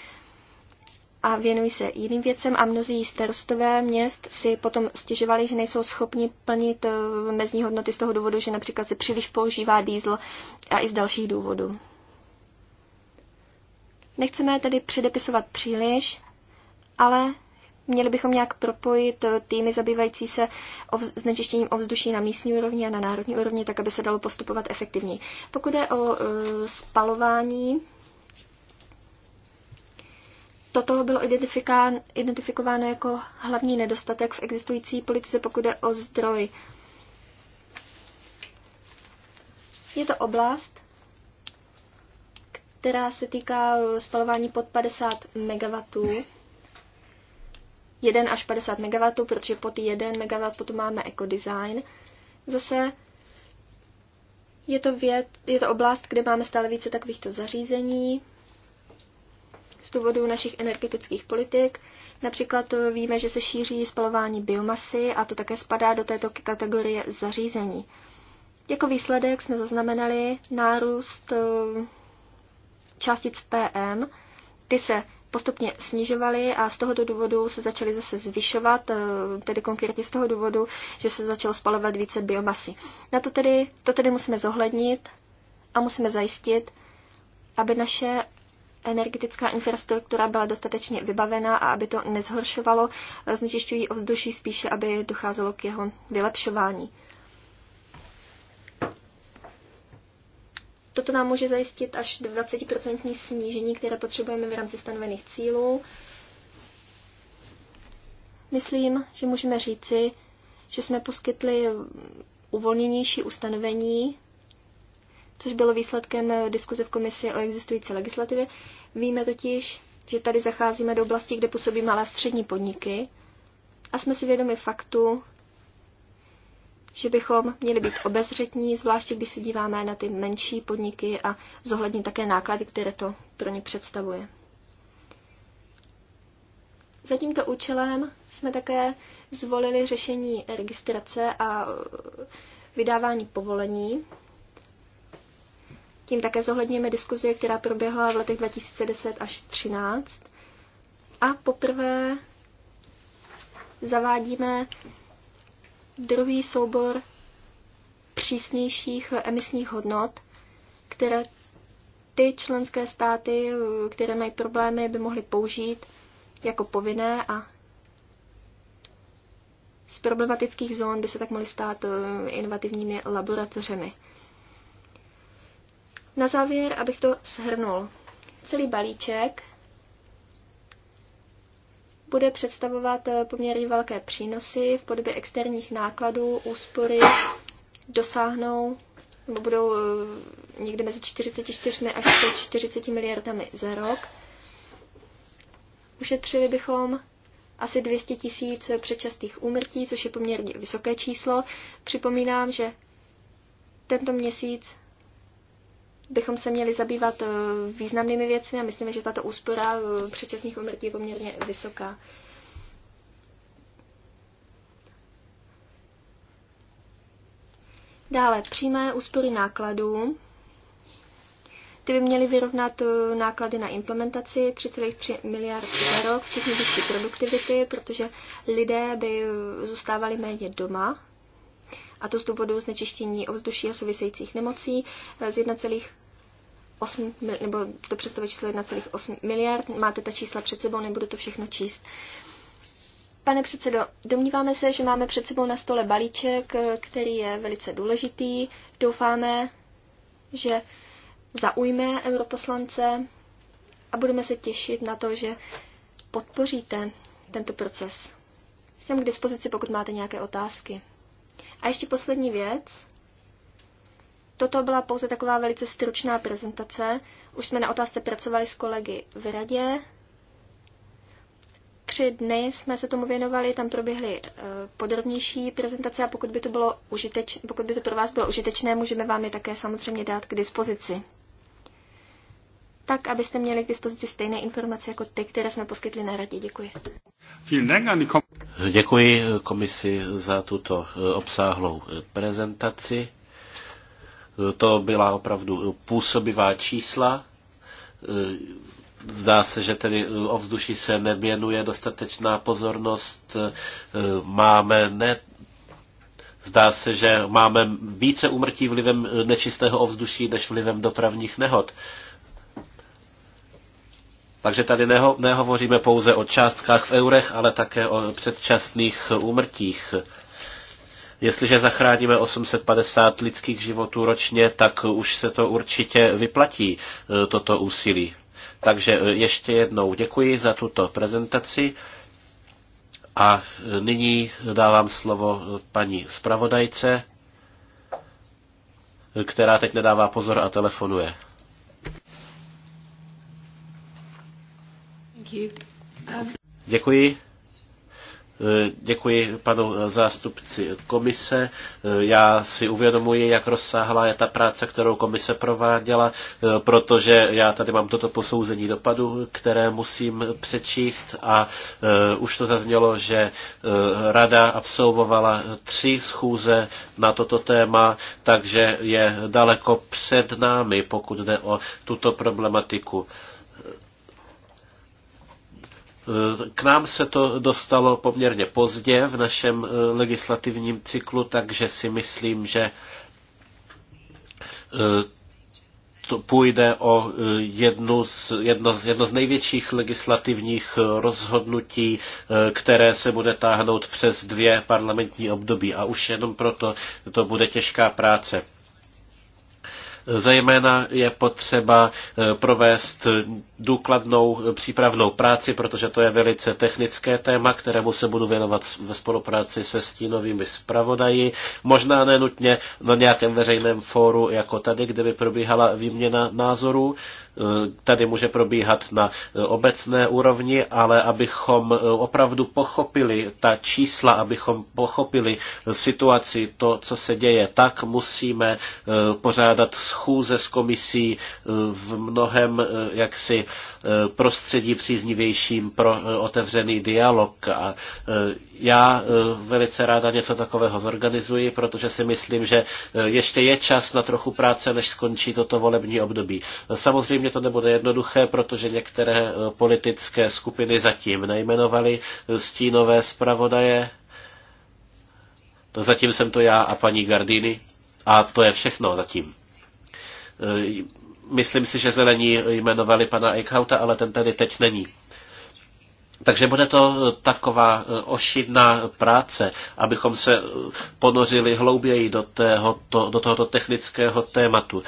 a věnují se jiným věcem a mnozí starostové měst si potom stěžovali, že nejsou schopni plnit eh, mezní hodnoty z toho důvodu, že například se příliš používá dýzl a i z dalších důvodů. Nechceme tedy předepisovat příliš, ale měli bychom nějak propojit eh, týmy zabývající se ovz- znečištěním ovzduší na místní úrovni a na národní úrovni, tak aby se dalo postupovat efektivněji. Pokud je o e, spalování, toto bylo identifikováno jako hlavní nedostatek v existující politice, pokud je o zdroj. Je to oblast, která se týká eh, spalování pod 50 MW. 1 až 50 MW, protože pod 1 MW potom máme ekodesign. Zase je to, věd, je to oblast, kde máme stále více takovýchto zařízení z důvodu našich energetických politik. Například eh, víme, že se šíří spalování biomasy a to také spadá do této kategorie zařízení. Jako výsledek jsme zaznamenali nárůst eh, částic PM, ty se postupně snižovaly a z tohoto důvodu se začaly zase zvyšovat, eh, tedy konkrétně z toho důvodu, že se začalo spalovat více biomasy. Na to tedy, to tedy musíme zohlednit a musíme zajistit, aby naše energetická infrastruktura byla dostatečně vybavená a aby to nezhoršovalo eh, znečišťují ovzduší, spíše aby docházelo k jeho vylepšování. Toto nám může zajistit až 20% snížení, které potřebujeme v rámci stanovených cílů. Myslím, že můžeme říci, že jsme poskytli uvolněnější ustanovení, což bylo výsledkem diskuze v komisi o existující legislativě. Víme totiž, že tady zacházíme do oblasti, kde působí malé střední podniky a jsme si vědomi faktu, že bychom měli být obezřetní, zvláště když se díváme na ty menší podniky a zohlednit také náklady, které to pro ně představuje. Za tímto účelem jsme také zvolili řešení registrace a vydávání povolení. Tím také zohledníme diskuzi, která proběhla v letech 2010 až 2013. A poprvé zavádíme druhý soubor přísnějších emisních hodnot, které ty členské státy, které mají problémy, by mohly použít jako povinné a z problematických zón by se tak mohly stát eh, inovativními laboratořemi. Na závěr, abych to shrnul. Celý balíček bude představovat eh, poměrně velké přínosy v podobě externích nákladů, úspory dosáhnou nebo budou eh, někde mezi 44 až 40 miliardami za rok. Ušetřili bychom asi 200 tisíc předčasných úmrtí, což je poměrně vysoké číslo. Připomínám, že tento měsíc bychom se měli zabývat eh, významnými věcmi a myslíme, že tato úspora eh, předčasných umrtí je poměrně vysoká. Dále přímé úspory nákladů. Ty by měly vyrovnat eh, náklady na implementaci 3,3 miliard za rok, včetně vyšší produktivity, protože lidé by zůstávali méně doma, a to z důvodu znečištění ovzduší a souvisejících nemocí z 8, nebo to představuje číslo 1,8 miliard. Máte ta čísla před sebou, nebudu to všechno číst. Pane předsedo, domníváme se, že máme před sebou na stole balíček, který je velice důležitý. Doufáme, že zaujme europoslance a budeme se těšit na to, že podpoříte tento proces. Jsem k dispozici, pokud máte nějaké otázky. A ještě poslední věc. Toto byla pouze taková velice stručná prezentace. Už jsme na otázce pracovali s kolegy v radě. Tři dny jsme se tomu věnovali, tam proběhly eh, podrobnější prezentace a pokud by to, bylo užiteč, pokud by to pro vás bylo užitečné, můžeme vám je také samozřejmě dát k dispozici. Tak, abyste měli k dispozici stejné informace jako ty, které jsme poskytli na radě. Děkuji. Děkuji komisi za tuto eh, obsáhlou eh, prezentaci. To byla opravdu působivá čísla. Zdá se, že tedy ovzduší se neměnuje dostatečná pozornost. Máme ne, Zdá se, že máme více umrtí vlivem nečistého ovzduší než vlivem dopravních nehod. Takže tady neho, nehovoříme pouze o částkách v eurech, ale také o předčasných úmrtích. Jestliže zachráníme 850 lidských životů ročně, tak už se to určitě vyplatí, e, toto úsilí. Takže e, ještě jednou děkuji za tuto prezentaci a e, nyní dávám slovo paní zpravodajce, která teď nedává pozor a telefonuje. Um, děkuji. Děkuji panu zástupci komise. Já si uvědomuji, jak rozsáhlá je ta práce, kterou komise prováděla, protože já tady mám toto posouzení dopadu, které musím přečíst a e, už to zaznělo, že e, rada absolvovala tři schůze na toto téma, takže je daleko před námi, pokud jde o tuto problematiku. Eh, k nám se to dostalo poměrně pozdě v našem eh, legislativním cyklu, takže si myslím, že eh, to půjde o jednu z, jedno, z, jedno z největších legislativních rozhodnutí, které se bude táhnout přes dvě parlamentní období. A už jenom proto to bude těžká práce. Zejména je potřeba eh, provést důkladnou eh, přípravnou práci, protože to je velice technické téma, kterému se budu věnovat ve spolupráci se stínovými zpravodaji. Možná nenutně na nějakém veřejném fóru jako tady, kde by probíhala výměna názorů, Eh, tady může probíhat na eh, obecné úrovni, ale abychom eh, opravdu pochopili ta čísla, abychom pochopili situaci, to, co se děje, tak musíme pořádat schůze s komisí v mnohem jaksi prostředí příznivějším pro otevřený dialog. A já velice ráda něco takového zorganizuji, protože si myslím, že ještě je čas na trochu práce, než skončí toto volební období. Samozřejmě Samozřejmě to nebude jednoduché, protože některé eh, politické skupiny zatím nejmenovaly eh, stínové zpravodaje. No, zatím jsem to já a paní Gardini. A to je všechno zatím. Eh, myslím si, že zelení jmenovali pana Eichhauta, ale ten tady teď není. Takže bude to taková ošidná práce, abychom se ponořili hlouběji do, téhoto, do tohoto technického tématu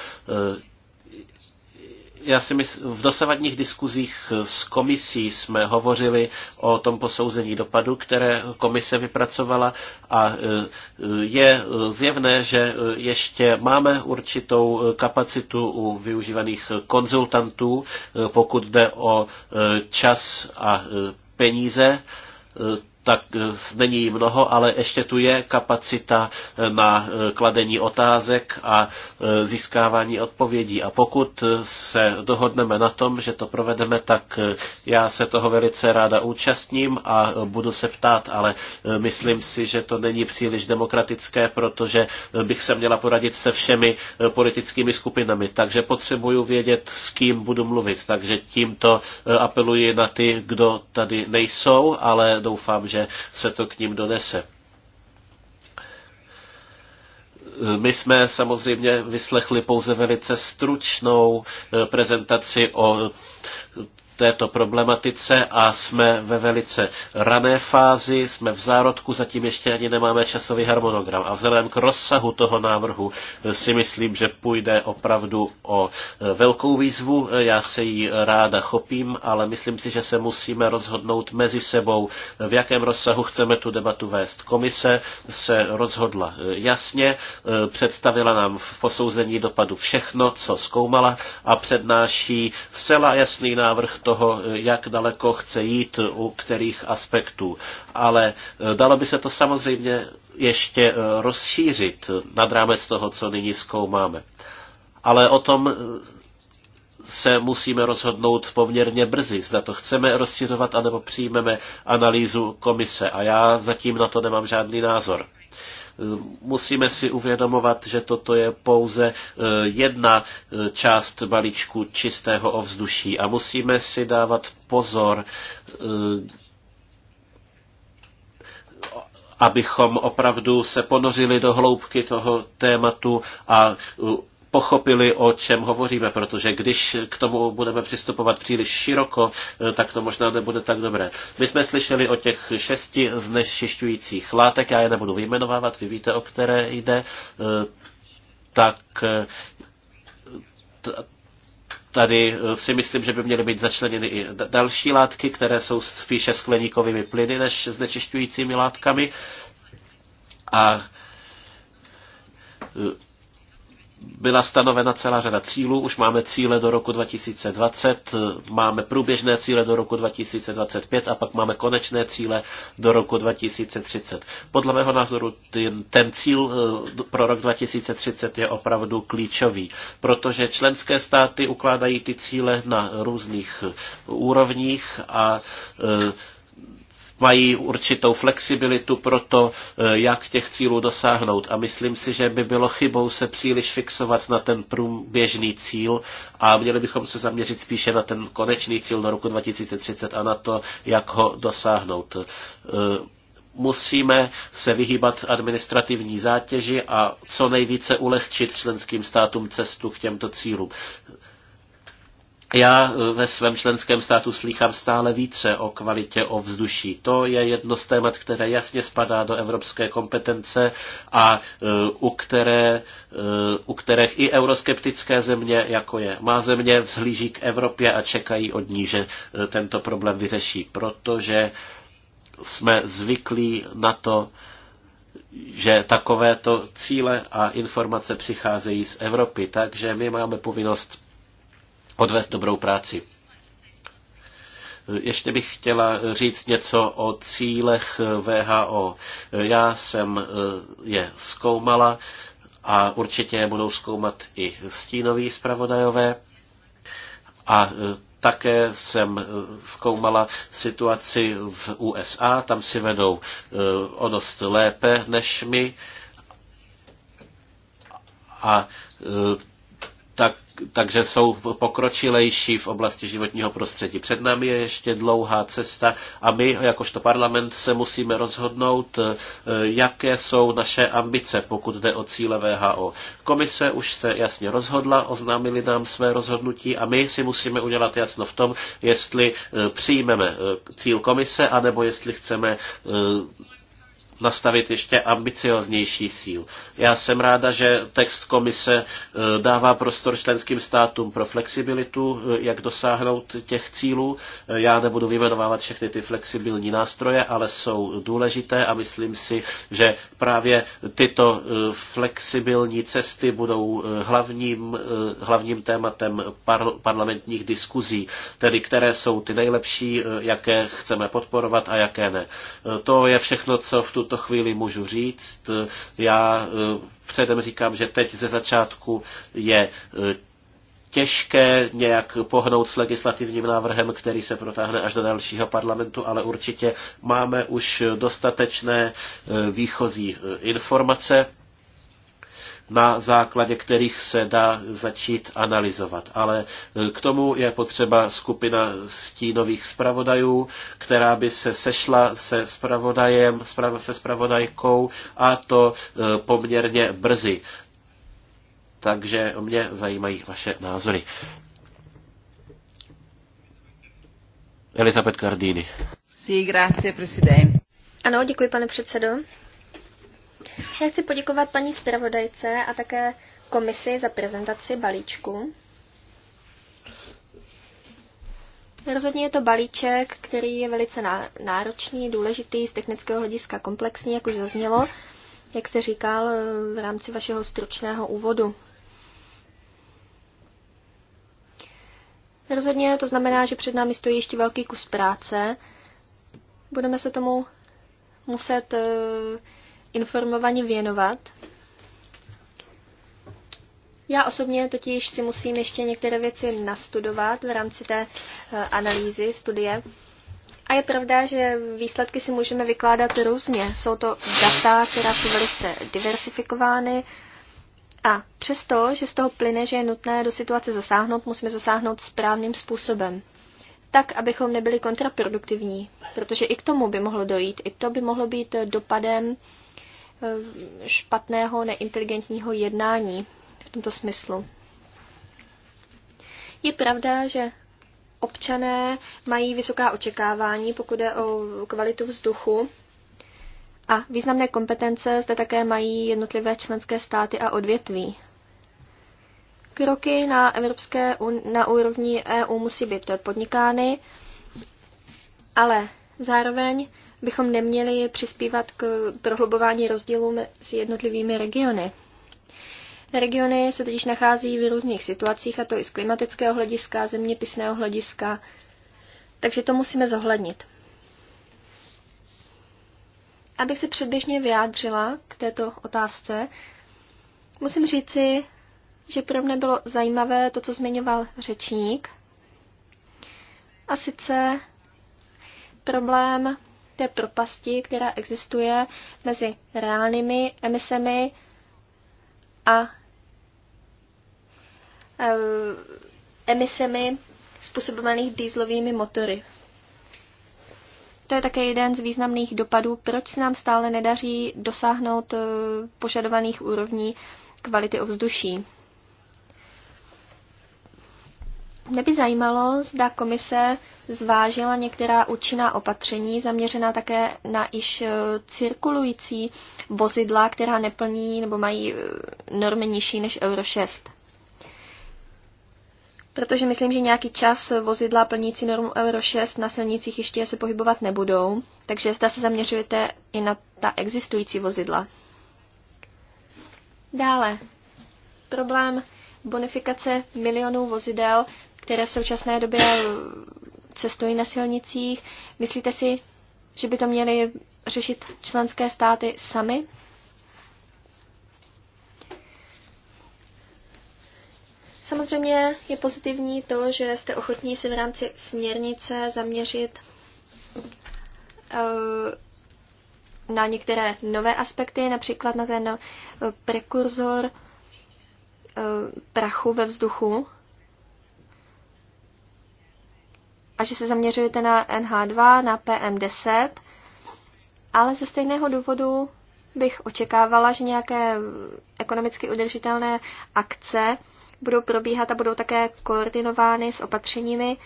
já si mysl, v dosavadních diskuzích s komisí jsme hovořili o tom posouzení dopadu, které komise vypracovala a e, je zjevné, že e, ještě máme určitou kapacitu u využívaných konzultantů, e, pokud jde o čas a peníze tak eh, není mnoho, ale ještě tu je kapacita eh, na eh, kladení otázek a získávání odpovědí. A pokud se dohodneme na tom, že to provedeme, tak já se toho velice ráda účastním a budu se ptát, ale myslím si, že to není příliš demokratické, protože bych se měla poradit se všemi politickými skupinami. Takže potřebuju vědět, s kým budu mluvit. Takže tímto apeluji na ty, kdo tady nejsou, ale doufám, že se to k ním donese. My jsme samozřejmě vyslechli pouze velice stručnou eh, prezentaci o této problematice a jsme ve velice rané fázi, jsme v zárodku, zatím ještě ani nemáme časový harmonogram. A vzhledem k rozsahu toho návrhu eh, si myslím, že půjde opravdu o eh, velkou výzvu. Eh, já se jí ráda chopím, ale myslím si, že se musíme rozhodnout mezi sebou, v jakém rozsahu chceme tu debatu vést. Komise se rozhodla jasně, představila nám v posouzení dopadu všechno, co zkoumala a přednáší zcela jasný návrh toho, jak daleko chce jít u kterých aspektů. Ale eh, dalo by se to samozřejmě ještě eh, rozšířit nad rámec toho, co nyní zkoumáme. Ale o tom eh, se musíme rozhodnout poměrně brzy, zda to chceme rozšiřovat, anebo přijmeme analýzu komise. A já zatím na to nemám žádný názor. Musíme si uvědomovat, že toto je pouze eh, jedna eh, část balíčku čistého ovzduší a musíme si dávat pozor, eh, abychom opravdu se ponořili do hloubky toho tématu a pochopili, o čem hovoříme, protože když k tomu budeme přistupovat příliš široko, eh, tak to možná nebude tak dobré. My jsme slyšeli o těch šesti znečišťujících látek, já je nebudu vyjmenovávat, vy víte, o které jde, eh, tak eh, tady si myslím, že by měly být začleněny i další látky, které jsou spíše skleníkovými plyny než znečišťujícími látkami. A byla stanovena celá řada cílů. Už máme cíle do roku 2020, máme průběžné cíle do roku 2025 a pak máme konečné cíle do roku 2030. Podle mého názoru ten cíl eh, pro rok 2030 je opravdu klíčový, protože členské státy ukládají ty cíle na různých eh, úrovních a eh, mají určitou flexibilitu pro to, eh, jak těch cílů dosáhnout. A myslím si, že by bylo chybou se příliš fixovat na ten průběžný cíl a měli bychom se zaměřit spíše na ten konečný cíl do roku 2030 a na to, jak ho dosáhnout eh, musíme se vyhýbat administrativní zátěži a co nejvíce ulehčit členským státům cestu k těmto cílům. Já eh, ve svém členském státu slýchám stále více o kvalitě ovzduší. To je jedno z témat, které jasně spadá do evropské kompetence a eh, u, které, eh, u kterých i euroskeptické země, jako je má země, vzhlíží k Evropě a čekají od ní, že tento problém vyřeší, protože jsme zvyklí na to, že takovéto cíle a informace přicházejí z Evropy, takže my máme povinnost odvést dobrou práci. Ještě bych chtěla říct něco o cílech VHO. Já jsem eh, je zkoumala a určitě je budou zkoumat i stínoví zpravodajové. A eh, také jsem eh, zkoumala situaci v USA, tam si vedou o dost lépe než my. A takže jsou pokročilejší v oblasti životního prostředí. Před námi je ještě dlouhá cesta a my, jakožto parlament, se musíme rozhodnout, eh, jaké jsou naše ambice, pokud jde o cíle VHO. Komise už se jasně rozhodla, oznámili nám své rozhodnutí a my si musíme udělat jasno v tom, jestli eh, přijmeme eh, cíl komise, anebo jestli chceme nastavit ještě ambicioznější síl. Já jsem ráda, že text komise e, dává prostor členským státům pro flexibilitu, e, jak dosáhnout těch cílů. E, já nebudu vyjmenovávat všechny ty flexibilní nástroje, ale jsou důležité a myslím si, že právě tyto flexibilní cesty budou hlavním, hlavním tématem parlamentních diskuzí, tedy které jsou ty nejlepší, jaké chceme podporovat a jaké ne. To je všechno, co v tu tuto chvíli můžu říct. Já eh, předem říkám, že teď ze začátku je eh, těžké nějak pohnout s legislativním návrhem, který se protáhne až do dalšího parlamentu, ale určitě máme už dostatečné eh, výchozí informace na základě kterých se dá začít analyzovat. Ale e, k tomu je potřeba skupina stínových zpravodajů, která by se sešla se zpravodajem, se zpravodajkou a to e, poměrně brzy. Takže mě zajímají vaše názory. Elizabeth Gardini. Ano, děkuji, pane předsedo. Já chci poděkovat paní zpravodajce a také komisi za prezentaci balíčku. Rozhodně je to balíček, který je velice náročný, důležitý, z technického hlediska komplexní, jak už zaznělo, jak jste říkal v rámci vašeho stručného úvodu. Rozhodně to znamená, že před námi stojí ještě velký kus práce. Budeme se tomu muset eh, informovaně věnovat. Já osobně totiž si musím ještě některé věci nastudovat v rámci té eh, analýzy, studie. A je pravda, že výsledky si můžeme vykládat různě. Jsou to data, která jsou velice diversifikovány. A přesto, že z toho plyne, že je nutné do situace zasáhnout, musíme zasáhnout správným způsobem. Tak, abychom nebyli kontraproduktivní, protože i k tomu by mohlo dojít. I to by mohlo být dopadem Eh, špatného, neinteligentního jednání v tomto smyslu. Je pravda, že občané mají vysoká očekávání, pokud je o kvalitu vzduchu. A významné kompetence zde také mají jednotlivé členské státy a odvětví. Kroky na, evropské, na úrovni EU musí být podnikány, ale zároveň bychom neměli přispívat k prohlubování rozdílů mezi jednotlivými regiony. Regiony se totiž nachází v různých situacích, a to i z klimatického hlediska, zeměpisného hlediska, takže to musíme zohlednit. Abych se předběžně vyjádřila k této otázce, musím říci, že pro mě bylo zajímavé to, co zmiňoval řečník, a sice problém té propasti, která existuje mezi reálnými emisemi a eh, emisemi způsobených dýzlovými motory. To je také jeden z významných dopadů, proč se nám stále nedaří dosáhnout eh, požadovaných úrovní kvality ovzduší. Mě by zajímalo, zda komise zvážila některá účinná opatření zaměřená také na již eh, cirkulující vozidla, která neplní nebo mají eh, normy nižší než Euro 6. Protože myslím, že nějaký čas vozidla plnící normu Euro 6 na silnicích ještě se pohybovat nebudou, takže zda se zaměřujete i na ta existující vozidla. Dále. Problém bonifikace milionů vozidel které v současné době cestují na silnicích. Myslíte si, že by to měly řešit členské státy sami? Samozřejmě je pozitivní to, že jste ochotní si v rámci směrnice zaměřit eh, na některé nové aspekty, například na ten eh, prekurzor eh, prachu ve vzduchu, a že se zaměřujete na NH2, na PM10, ale ze stejného důvodu bych očekávala, že nějaké ekonomicky udržitelné akce budou probíhat a budou také koordinovány s opatřeními,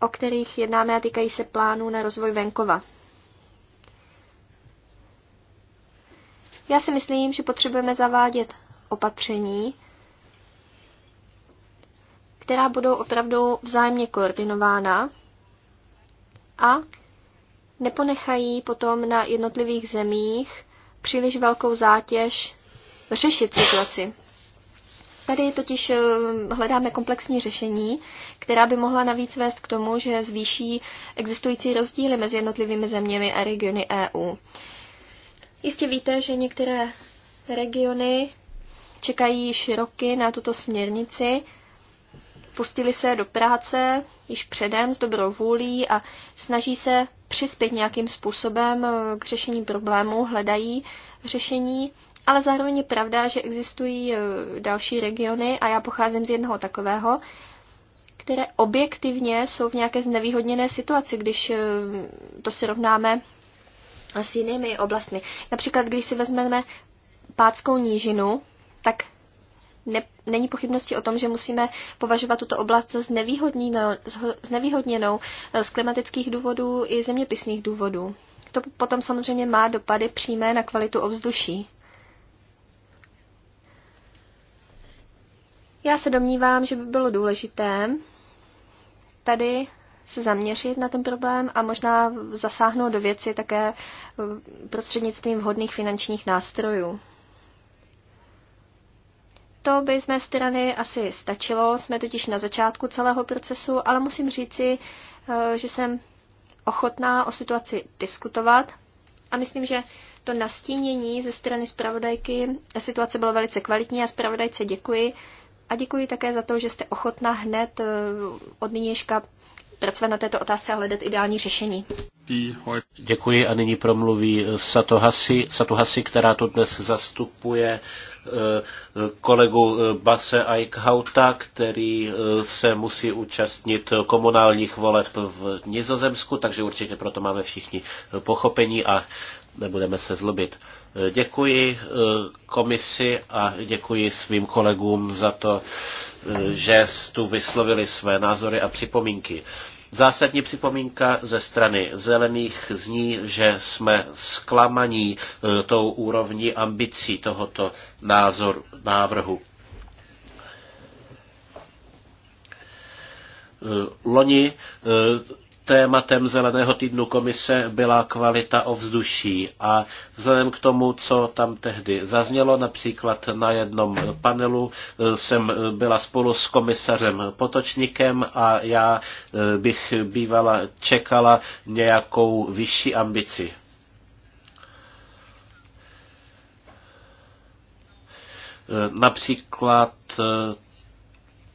o kterých jednáme a týkají se plánů na rozvoj venkova. Já si myslím, že potřebujeme zavádět opatření, která budou opravdu vzájemně koordinována a neponechají potom na jednotlivých zemích příliš velkou zátěž řešit situaci. Tady totiž eh, hledáme komplexní řešení, která by mohla navíc vést k tomu, že zvýší existující rozdíly mezi jednotlivými zeměmi a regiony EU. Jistě víte, že některé regiony čekají široky na tuto směrnici pustili se do práce již předem s dobrou vůlí a snaží se přispět nějakým způsobem eh, k řešení problému, hledají řešení, ale zároveň je pravda, že existují eh, další regiony a já pocházím z jednoho takového, které objektivně jsou v nějaké znevýhodněné situaci, když eh, to si rovnáme s jinými oblastmi. Například, když si vezmeme Pátskou nížinu, tak ne, není pochybnosti o tom, že musíme považovat tuto oblast za znevýhodněnou eh, z klimatických důvodů i zeměpisných důvodů. To potom samozřejmě má dopady přímé na kvalitu ovzduší. Já se domnívám, že by bylo důležité tady se zaměřit na ten problém a možná zasáhnout do věci také eh, prostřednictvím vhodných finančních nástrojů. To by z mé strany asi stačilo, jsme totiž na začátku celého procesu, ale musím říci, eh, že jsem ochotná o situaci diskutovat a myslím, že to nastínění ze strany zpravodajky situace bylo velice kvalitní a zpravodajce děkuji. A děkuji také za to, že jste ochotná hned eh, od nynějška pracovat na této otázce a hledat ideální řešení. Děkuji a nyní promluví Satohasi, Satohasi která to dnes zastupuje eh, kolegu eh, Base Eichhauta, který eh, se musí účastnit komunálních voleb v Nizozemsku, takže určitě proto máme všichni pochopení a nebudeme se zlobit. Eh, děkuji eh, komisi a děkuji svým kolegům za to, eh, že tu vyslovili své názory a připomínky. Zásadní připomínka ze strany zelených zní, že jsme zklamaní tou úrovní ambicí tohoto názoru, návrhu. Loni tématem zeleného týdnu komise byla kvalita ovzduší a vzhledem k tomu, co tam tehdy zaznělo, například na jednom panelu eh, jsem eh, byla spolu s komisařem Potočníkem a já eh, bych bývala čekala nějakou vyšší ambici. Například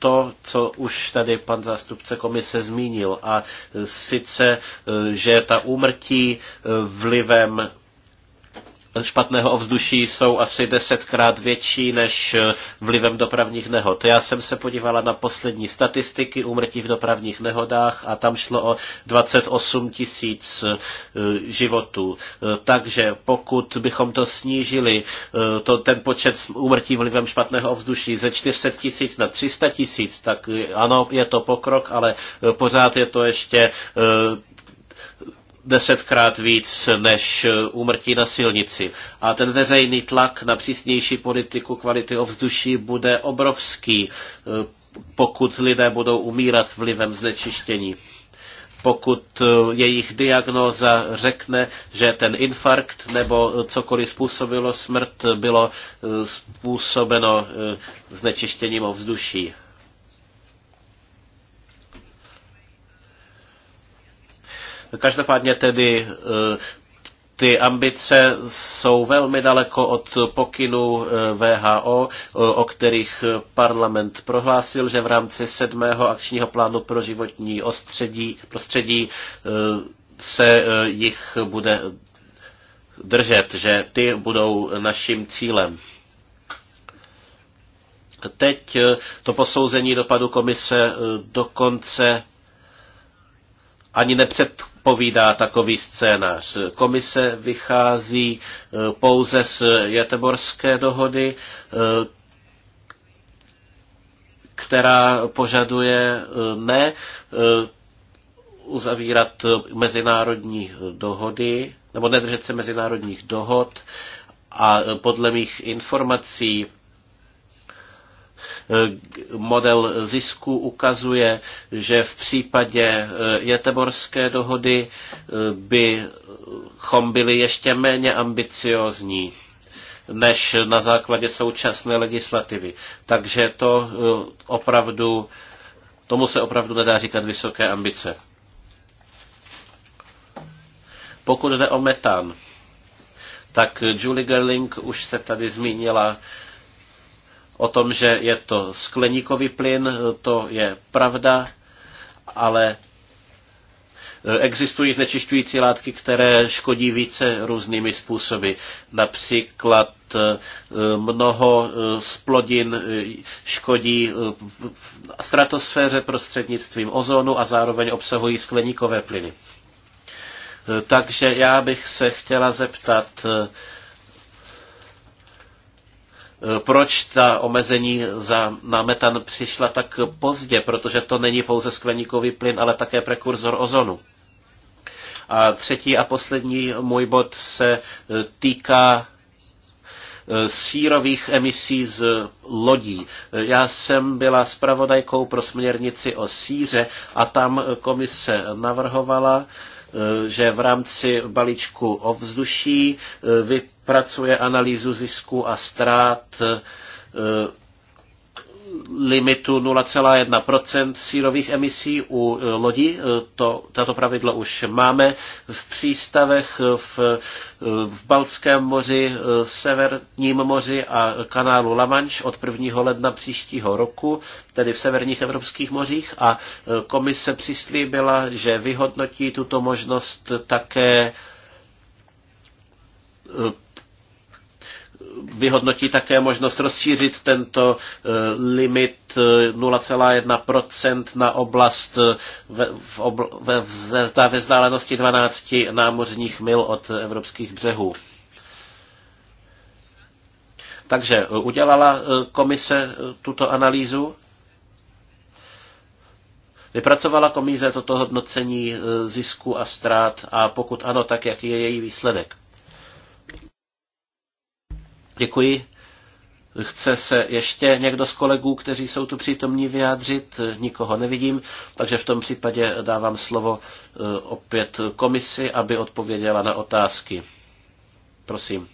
to, co už tady pan zástupce komise zmínil, a sice, eh, že ta úmrtí eh, vlivem špatného ovzduší jsou asi desetkrát větší než eh, vlivem dopravních nehod. Já jsem se podívala na poslední statistiky úmrtí v dopravních nehodách a tam šlo o 28 tisíc eh, životů. Eh, takže pokud bychom to snížili, to, ten počet úmrtí vlivem špatného ovzduší ze 400 tisíc na 300 tisíc, tak ano, je to pokrok, ale pořád je to ještě desetkrát víc než eh, úmrtí na silnici. A ten veřejný tlak na přísnější politiku kvality ovzduší bude obrovský, eh, pokud lidé budou umírat vlivem znečištění pokud eh, jejich diagnóza řekne, že ten infarkt nebo cokoliv způsobilo smrt bylo způsobeno znečištěním ovzduší. Každopádně tedy eh, ty ambice jsou velmi daleko od pokynů eh, VHO, eh, o kterých parlament prohlásil, že v rámci sedmého akčního plánu pro životní ostředí, prostředí se jich bude držet, že ty budou naším cílem. Teď to posouzení dopadu komise dokonce ani nepřed povídá takový scénář. Komise vychází e, pouze z Jeteborské dohody, e, která požaduje e, ne uzavírat mezinárodní dohody, nebo nedržet se mezinárodních dohod a podle mých informací Eh, model zisku ukazuje, že v případě eh, jeteborské dohody eh, bychom byli ještě méně ambiciozní než na základě současné legislativy. Takže to opravdu, tomu se opravdu nedá říkat vysoké ambice. Pokud jde o metan, tak Julie Gerling už se tady zmínila o tom, že je to skleníkový plyn, to je pravda, ale e, existují znečišťující látky, které škodí více různými způsoby. Například e, mnoho splodin e, škodí stratosféře prostřednictvím ozonu a zároveň obsahují skleníkové plyny. Takže já bych se chtěla zeptat, Eh, proč ta omezení za, na metan přišla tak pozdě, protože to není pouze skleníkový plyn, ale také prekurzor ozonu. A třetí a poslední můj bod se eh, týká eh, sírových emisí z lodí. Já jsem byla spravodajkou pro směrnici o síře a tam komise navrhovala, Eh, že v rámci balíčku ovzduší eh, vypracuje analýzu zisku a ztrát eh, limitu 0,1 sírových emisí u eh, lodí. Eh, to, tato pravidlo už máme v přístavech v, eh, v Baltském moři, Severním moři a kanálu La Manche od 1. ledna příštího roku, tedy v severních evropských mořích. A komise přislíbila, že vyhodnotí tuto možnost také vyhodnotí také možnost rozšířit tento eh, limit 0,1% eh, na oblast eh, ve, v obl, ve, ve vzdálenosti 12 námořních mil od evropských břehů. Takže udělala komise tuto analýzu? Vypracovala komise toto hodnocení zisku a ztrát a pokud ano, tak jaký je její výsledek? Děkuji. Chce se ještě někdo z kolegů, kteří jsou tu přítomní, vyjádřit? Nikoho nevidím, takže v tom případě dávám slovo eh, opět komisi, aby odpověděla na otázky. Prosím.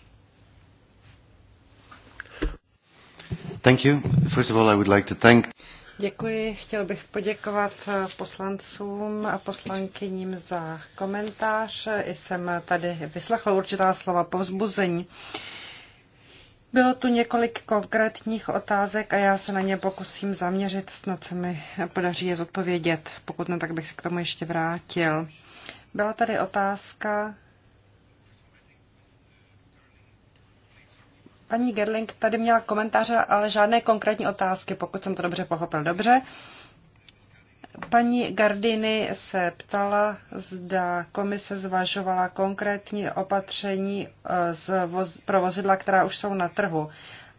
Thank you. First of all, I would like to thank... Děkuji. Chtěl bych poděkovat eh, poslancům a poslankyním za komentář. Jsem tady vyslechla určitá slova povzbuzení. vzbuzení. Bylo tu několik konkrétních otázek a já se na ně pokusím zaměřit, snad se mi podaří je zodpovědět. Pokud ne, tak bych se k tomu ještě vrátil. Byla tady otázka. Paní Gerling tady měla komentáře, ale žádné konkrétní otázky, pokud jsem to dobře pochopil. Dobře. Uh, Paní Gardiny se ptala, zda komise zvažovala konkrétní opatření eh, voz, pro vozidla, která už jsou na trhu.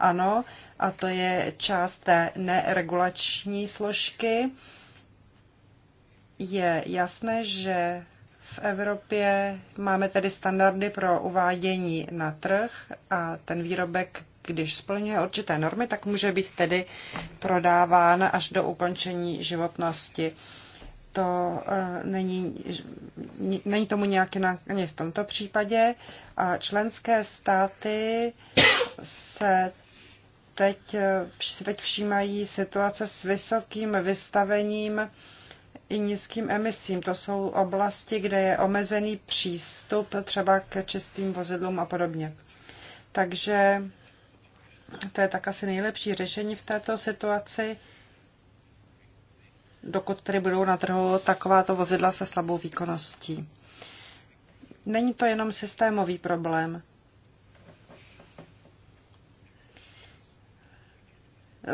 Ano, a to je část té neregulační složky. Je jasné, že v Evropě máme tedy standardy pro uvádění na trh a ten výrobek když splňuje určité normy, tak může být tedy prodáván až do ukončení životnosti. To e, není, není tomu nějaké ani v tomto případě. A členské státy se teď, e, si teď všímají situace s vysokým vystavením i nízkým emisím. To jsou oblasti, kde je omezený přístup třeba k čistým vozidlům a podobně. Takže to je tak asi nejlepší řešení v této situaci. Dokud tedy budou na trhu takováto vozidla se slabou výkonností. Není to jenom systémový problém.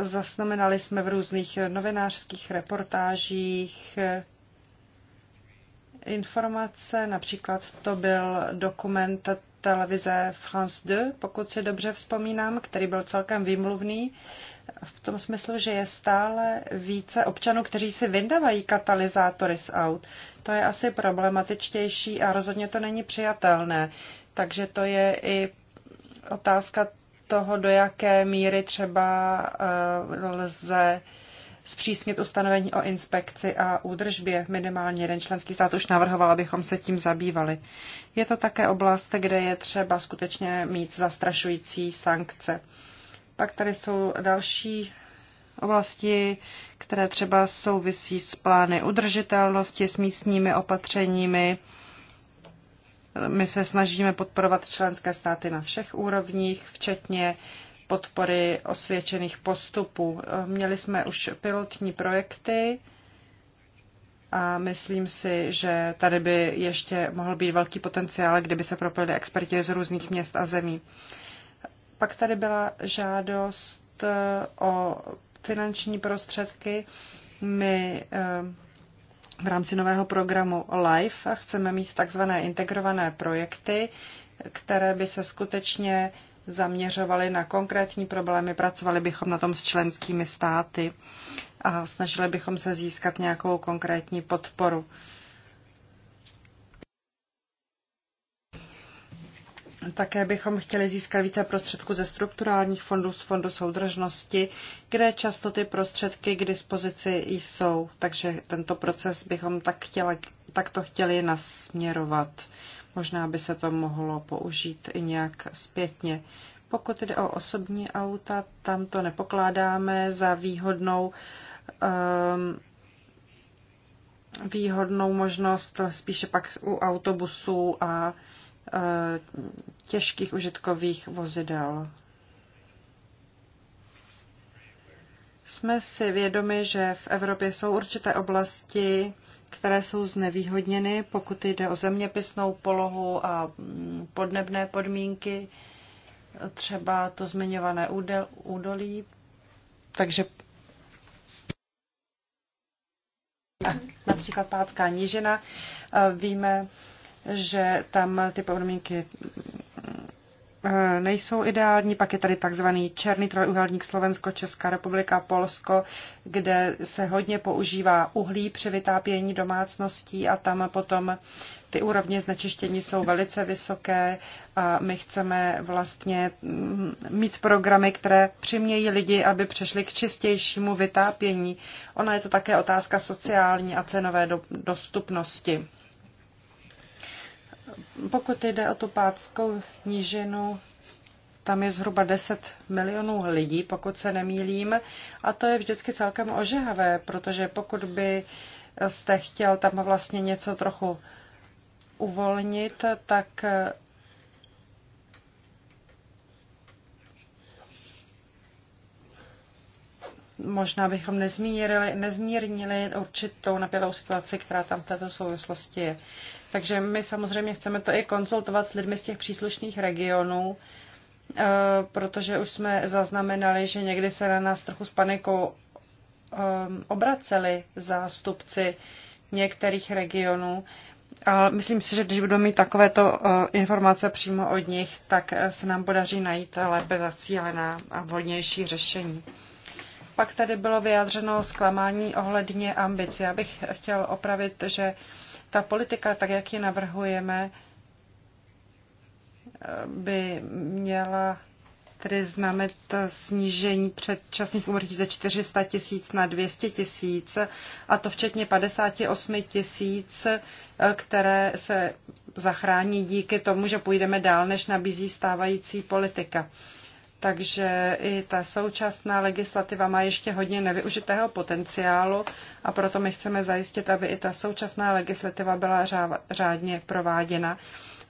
Zasnamenali jsme v různých novinářských reportážích informace, například to byl dokument televize France 2, pokud si dobře vzpomínám, který byl celkem výmluvný, v tom smyslu, že je stále více občanů, kteří si vydávají katalyzátory z aut. To je asi problematičtější a rozhodně to není přijatelné. Takže to je i otázka toho, do jaké míry třeba eh, lze uh, zpřísnit ustanovení o inspekci a údržbě. Minimálně jeden členský stát už navrhoval, abychom se tím zabývali. Je to také oblast, kde je třeba skutečně mít zastrašující sankce. Pak tady jsou další oblasti, které třeba souvisí s plány udržitelnosti, s místními opatřeními. My se snažíme podporovat členské státy na všech úrovních, včetně podpory osvědčených postupů. Měli jsme už pilotní projekty a myslím si, že tady by ještě mohl být velký potenciál, kdyby se propojili experti z různých měst a zemí. Pak tady byla žádost eh, o finanční prostředky. My eh, v rámci nového programu LIFE chceme mít takzvané integrované projekty, které by se skutečně zaměřovali na konkrétní problémy, pracovali bychom na tom s členskými státy a snažili bychom se získat nějakou konkrétní podporu. Také bychom chtěli získat více prostředků ze strukturálních fondů, z fondu soudržnosti, kde často ty prostředky k dispozici jsou. Takže tento proces bychom tak tak takto chtěli nasměrovat. Možná by se to mohlo použít i nějak zpětně. Pokud jde o osobní auta, tam to nepokládáme za výhodnou um, výhodnou možnost spíše pak u autobusů a eh, těžkých užitkových vozidel. Jsme si vědomi, že v Evropě jsou určité oblasti, které jsou znevýhodněny, pokud jde o zeměpisnou polohu a mm, podnebné podmínky, třeba to zmiňované údolí. Takže například Pátská nížina, víme, že tam ty podmínky Eh, nejsou ideální. Pak je tady takzvaný černý trojuhelník Slovensko, Česká republika, Polsko, kde se hodně používá uhlí při vytápění domácností a tam potom ty úrovně znečištění jsou velice vysoké a my chceme vlastně mm, mít programy, které přimějí lidi, aby přešli k čistějšímu vytápění. Ona je to také otázka sociální a cenové dostupnosti. Pokud jde o tu pátskou nížinu, tam je zhruba 10 milionů lidí, pokud se nemýlím. A to je vždycky celkem ožehavé, protože pokud by jste chtěl tam vlastně něco trochu uvolnit, tak možná bychom nezmírnili, nezmírnili určitou napětou situaci, která tam v této souvislosti je. Takže my samozřejmě chceme to i konzultovat s lidmi z těch příslušných regionů, eh, protože už jsme zaznamenali, že někdy se na nás trochu s panikou eh, obraceli zástupci některých regionů. A myslím si, že když budeme mít takovéto eh, informace přímo od nich, tak se nám podaří najít lépe zacílená a vhodnější řešení. Pak tady bylo vyjádřeno zklamání ohledně ambice. Já bych chtěl opravit, že ta politika, tak jak ji navrhujeme, by měla tedy znamenat snížení předčasných úmrtí ze 400 tisíc na 200 tisíc, a to včetně 58 tisíc, které se zachrání díky tomu, že půjdeme dál, než nabízí stávající politika. Takže i ta současná legislativa má ještě hodně nevyužitého potenciálu a proto my chceme zajistit, aby i ta současná legislativa byla řádně prováděna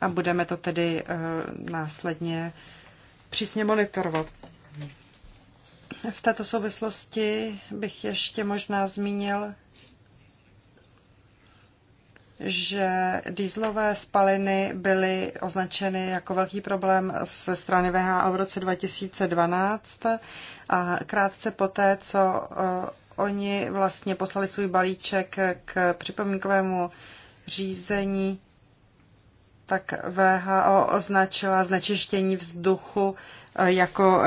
a budeme to tedy eh, následně přísně monitorovat. V této souvislosti bych ještě možná zmínil že dýzlové spaliny byly označeny jako velký problém ze strany VHO v roce 2012 a krátce poté, co eh, oni vlastně poslali svůj balíček k připomínkovému řízení, tak VHO označila znečištění vzduchu eh, jako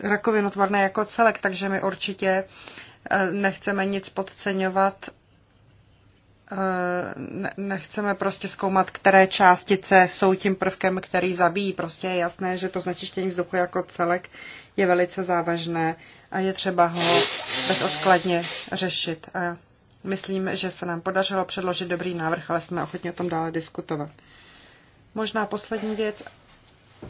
rakovinotvorné jako celek, takže my určitě eh, nechceme nic podceňovat Eh, nechceme prostě zkoumat, které částice jsou tím prvkem, který zabíjí. Prostě je jasné, že to znečištění vzduchu jako celek je velice závažné a je třeba ho bezodkladně řešit. A myslím, že se nám podařilo předložit dobrý návrh, ale jsme ochotni o tom dále diskutovat. Možná poslední věc.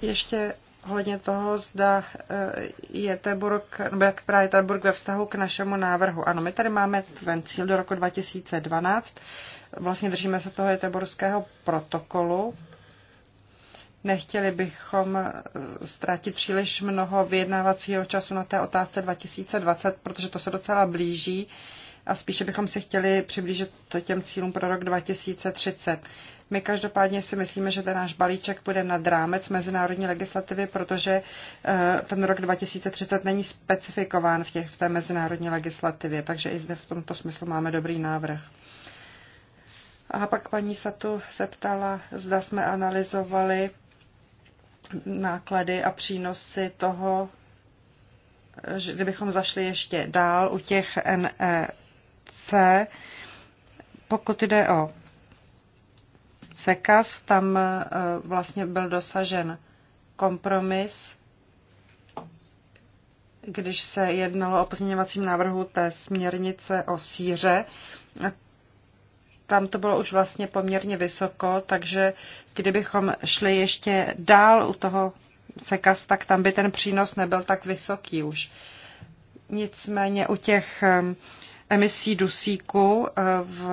Ještě ohledně toho, zda eh, je Teburg, nebo jak právě Teburg ve vztahu k našemu návrhu. Ano, my tady máme ten cíl do roku 2012. Vlastně držíme se toho Jeteborského protokolu. Nechtěli bychom eh, ztratit příliš mnoho vyjednávacího času na té otázce 2020, protože to se docela blíží a spíše bychom se chtěli přiblížit těm cílům pro rok 2030. My každopádně si myslíme, že ten náš balíček bude nad rámec mezinárodní legislativy, protože eh, ten rok 2030 není specifikován v, těch, v té mezinárodní legislativě, takže i zde v tomto smyslu máme dobrý návrh. A pak paní Satu se ptala, zda jsme analyzovali náklady a přínosy toho, že kdybychom zašli ještě dál u těch NE C. Pokud jde o sekaz, tam e, vlastně byl dosažen kompromis, když se jednalo o pozměňovacím návrhu té směrnice o síře. Tam to bylo už vlastně poměrně vysoko, takže kdybychom šli ještě dál u toho sekaz, tak tam by ten přínos nebyl tak vysoký už. Nicméně u těch emisí dusíku eh, v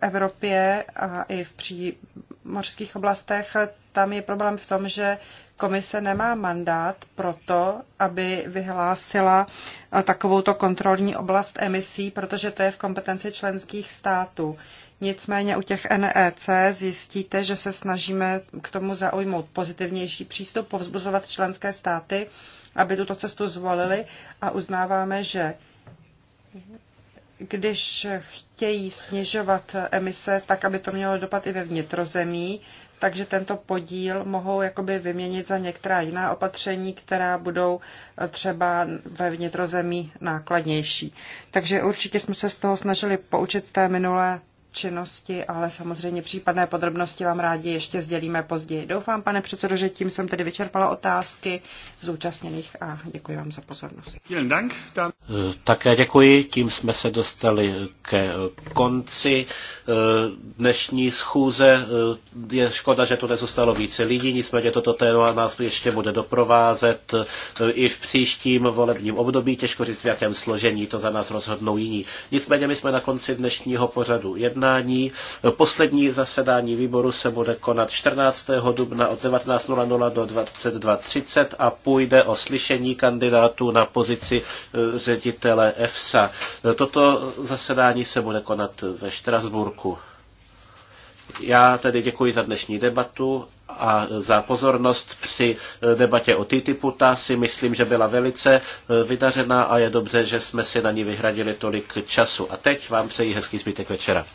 Evropě a i v přímořských oblastech, tam je problém v tom, že komise nemá mandát pro to, aby vyhlásila eh, takovouto kontrolní oblast emisí, protože to je v kompetenci členských států. Nicméně u těch NEC zjistíte, že se snažíme k tomu zaujmout pozitivnější přístup, povzbuzovat členské státy, aby tuto cestu zvolili a uznáváme, že když chtějí snižovat emise, tak aby to mělo dopad i ve vnitrozemí, takže tento podíl mohou jakoby vyměnit za některá jiná opatření, která budou třeba ve vnitrozemí nákladnější. Takže určitě jsme se z toho snažili poučit té minulé činnosti, ale samozřejmě případné podrobnosti vám rádi ještě sdělíme později. Doufám, pane předsedo, že tím jsem tedy vyčerpala otázky zúčastněných a děkuji vám za pozornost. Eh, také děkuji, tím jsme se dostali ke eh, konci eh, dnešní schůze. Je škoda, že tu nezůstalo více lidí, nicméně toto téma nás ještě bude doprovázet i v příštím volebním období, těžko říct v jakém složení, to za nás rozhodnou jiní. Nicméně my jsme na konci dnešního pořadu jedna jednání. Poslední zasedání výboru se bude konat 14. dubna od 19.00 do 22.30 a půjde o slyšení kandidátů na pozici e, ředitele EFSA. Toto zasedání se bude konat ve Štrasburku. Já tedy děkuji za dnešní debatu a za pozornost při debatě o TTIPu. Ta si myslím, že byla velice eh, vydařená a je dobře, že jsme si na ní vyhradili tolik času. A teď vám přeji hezký zbytek večera.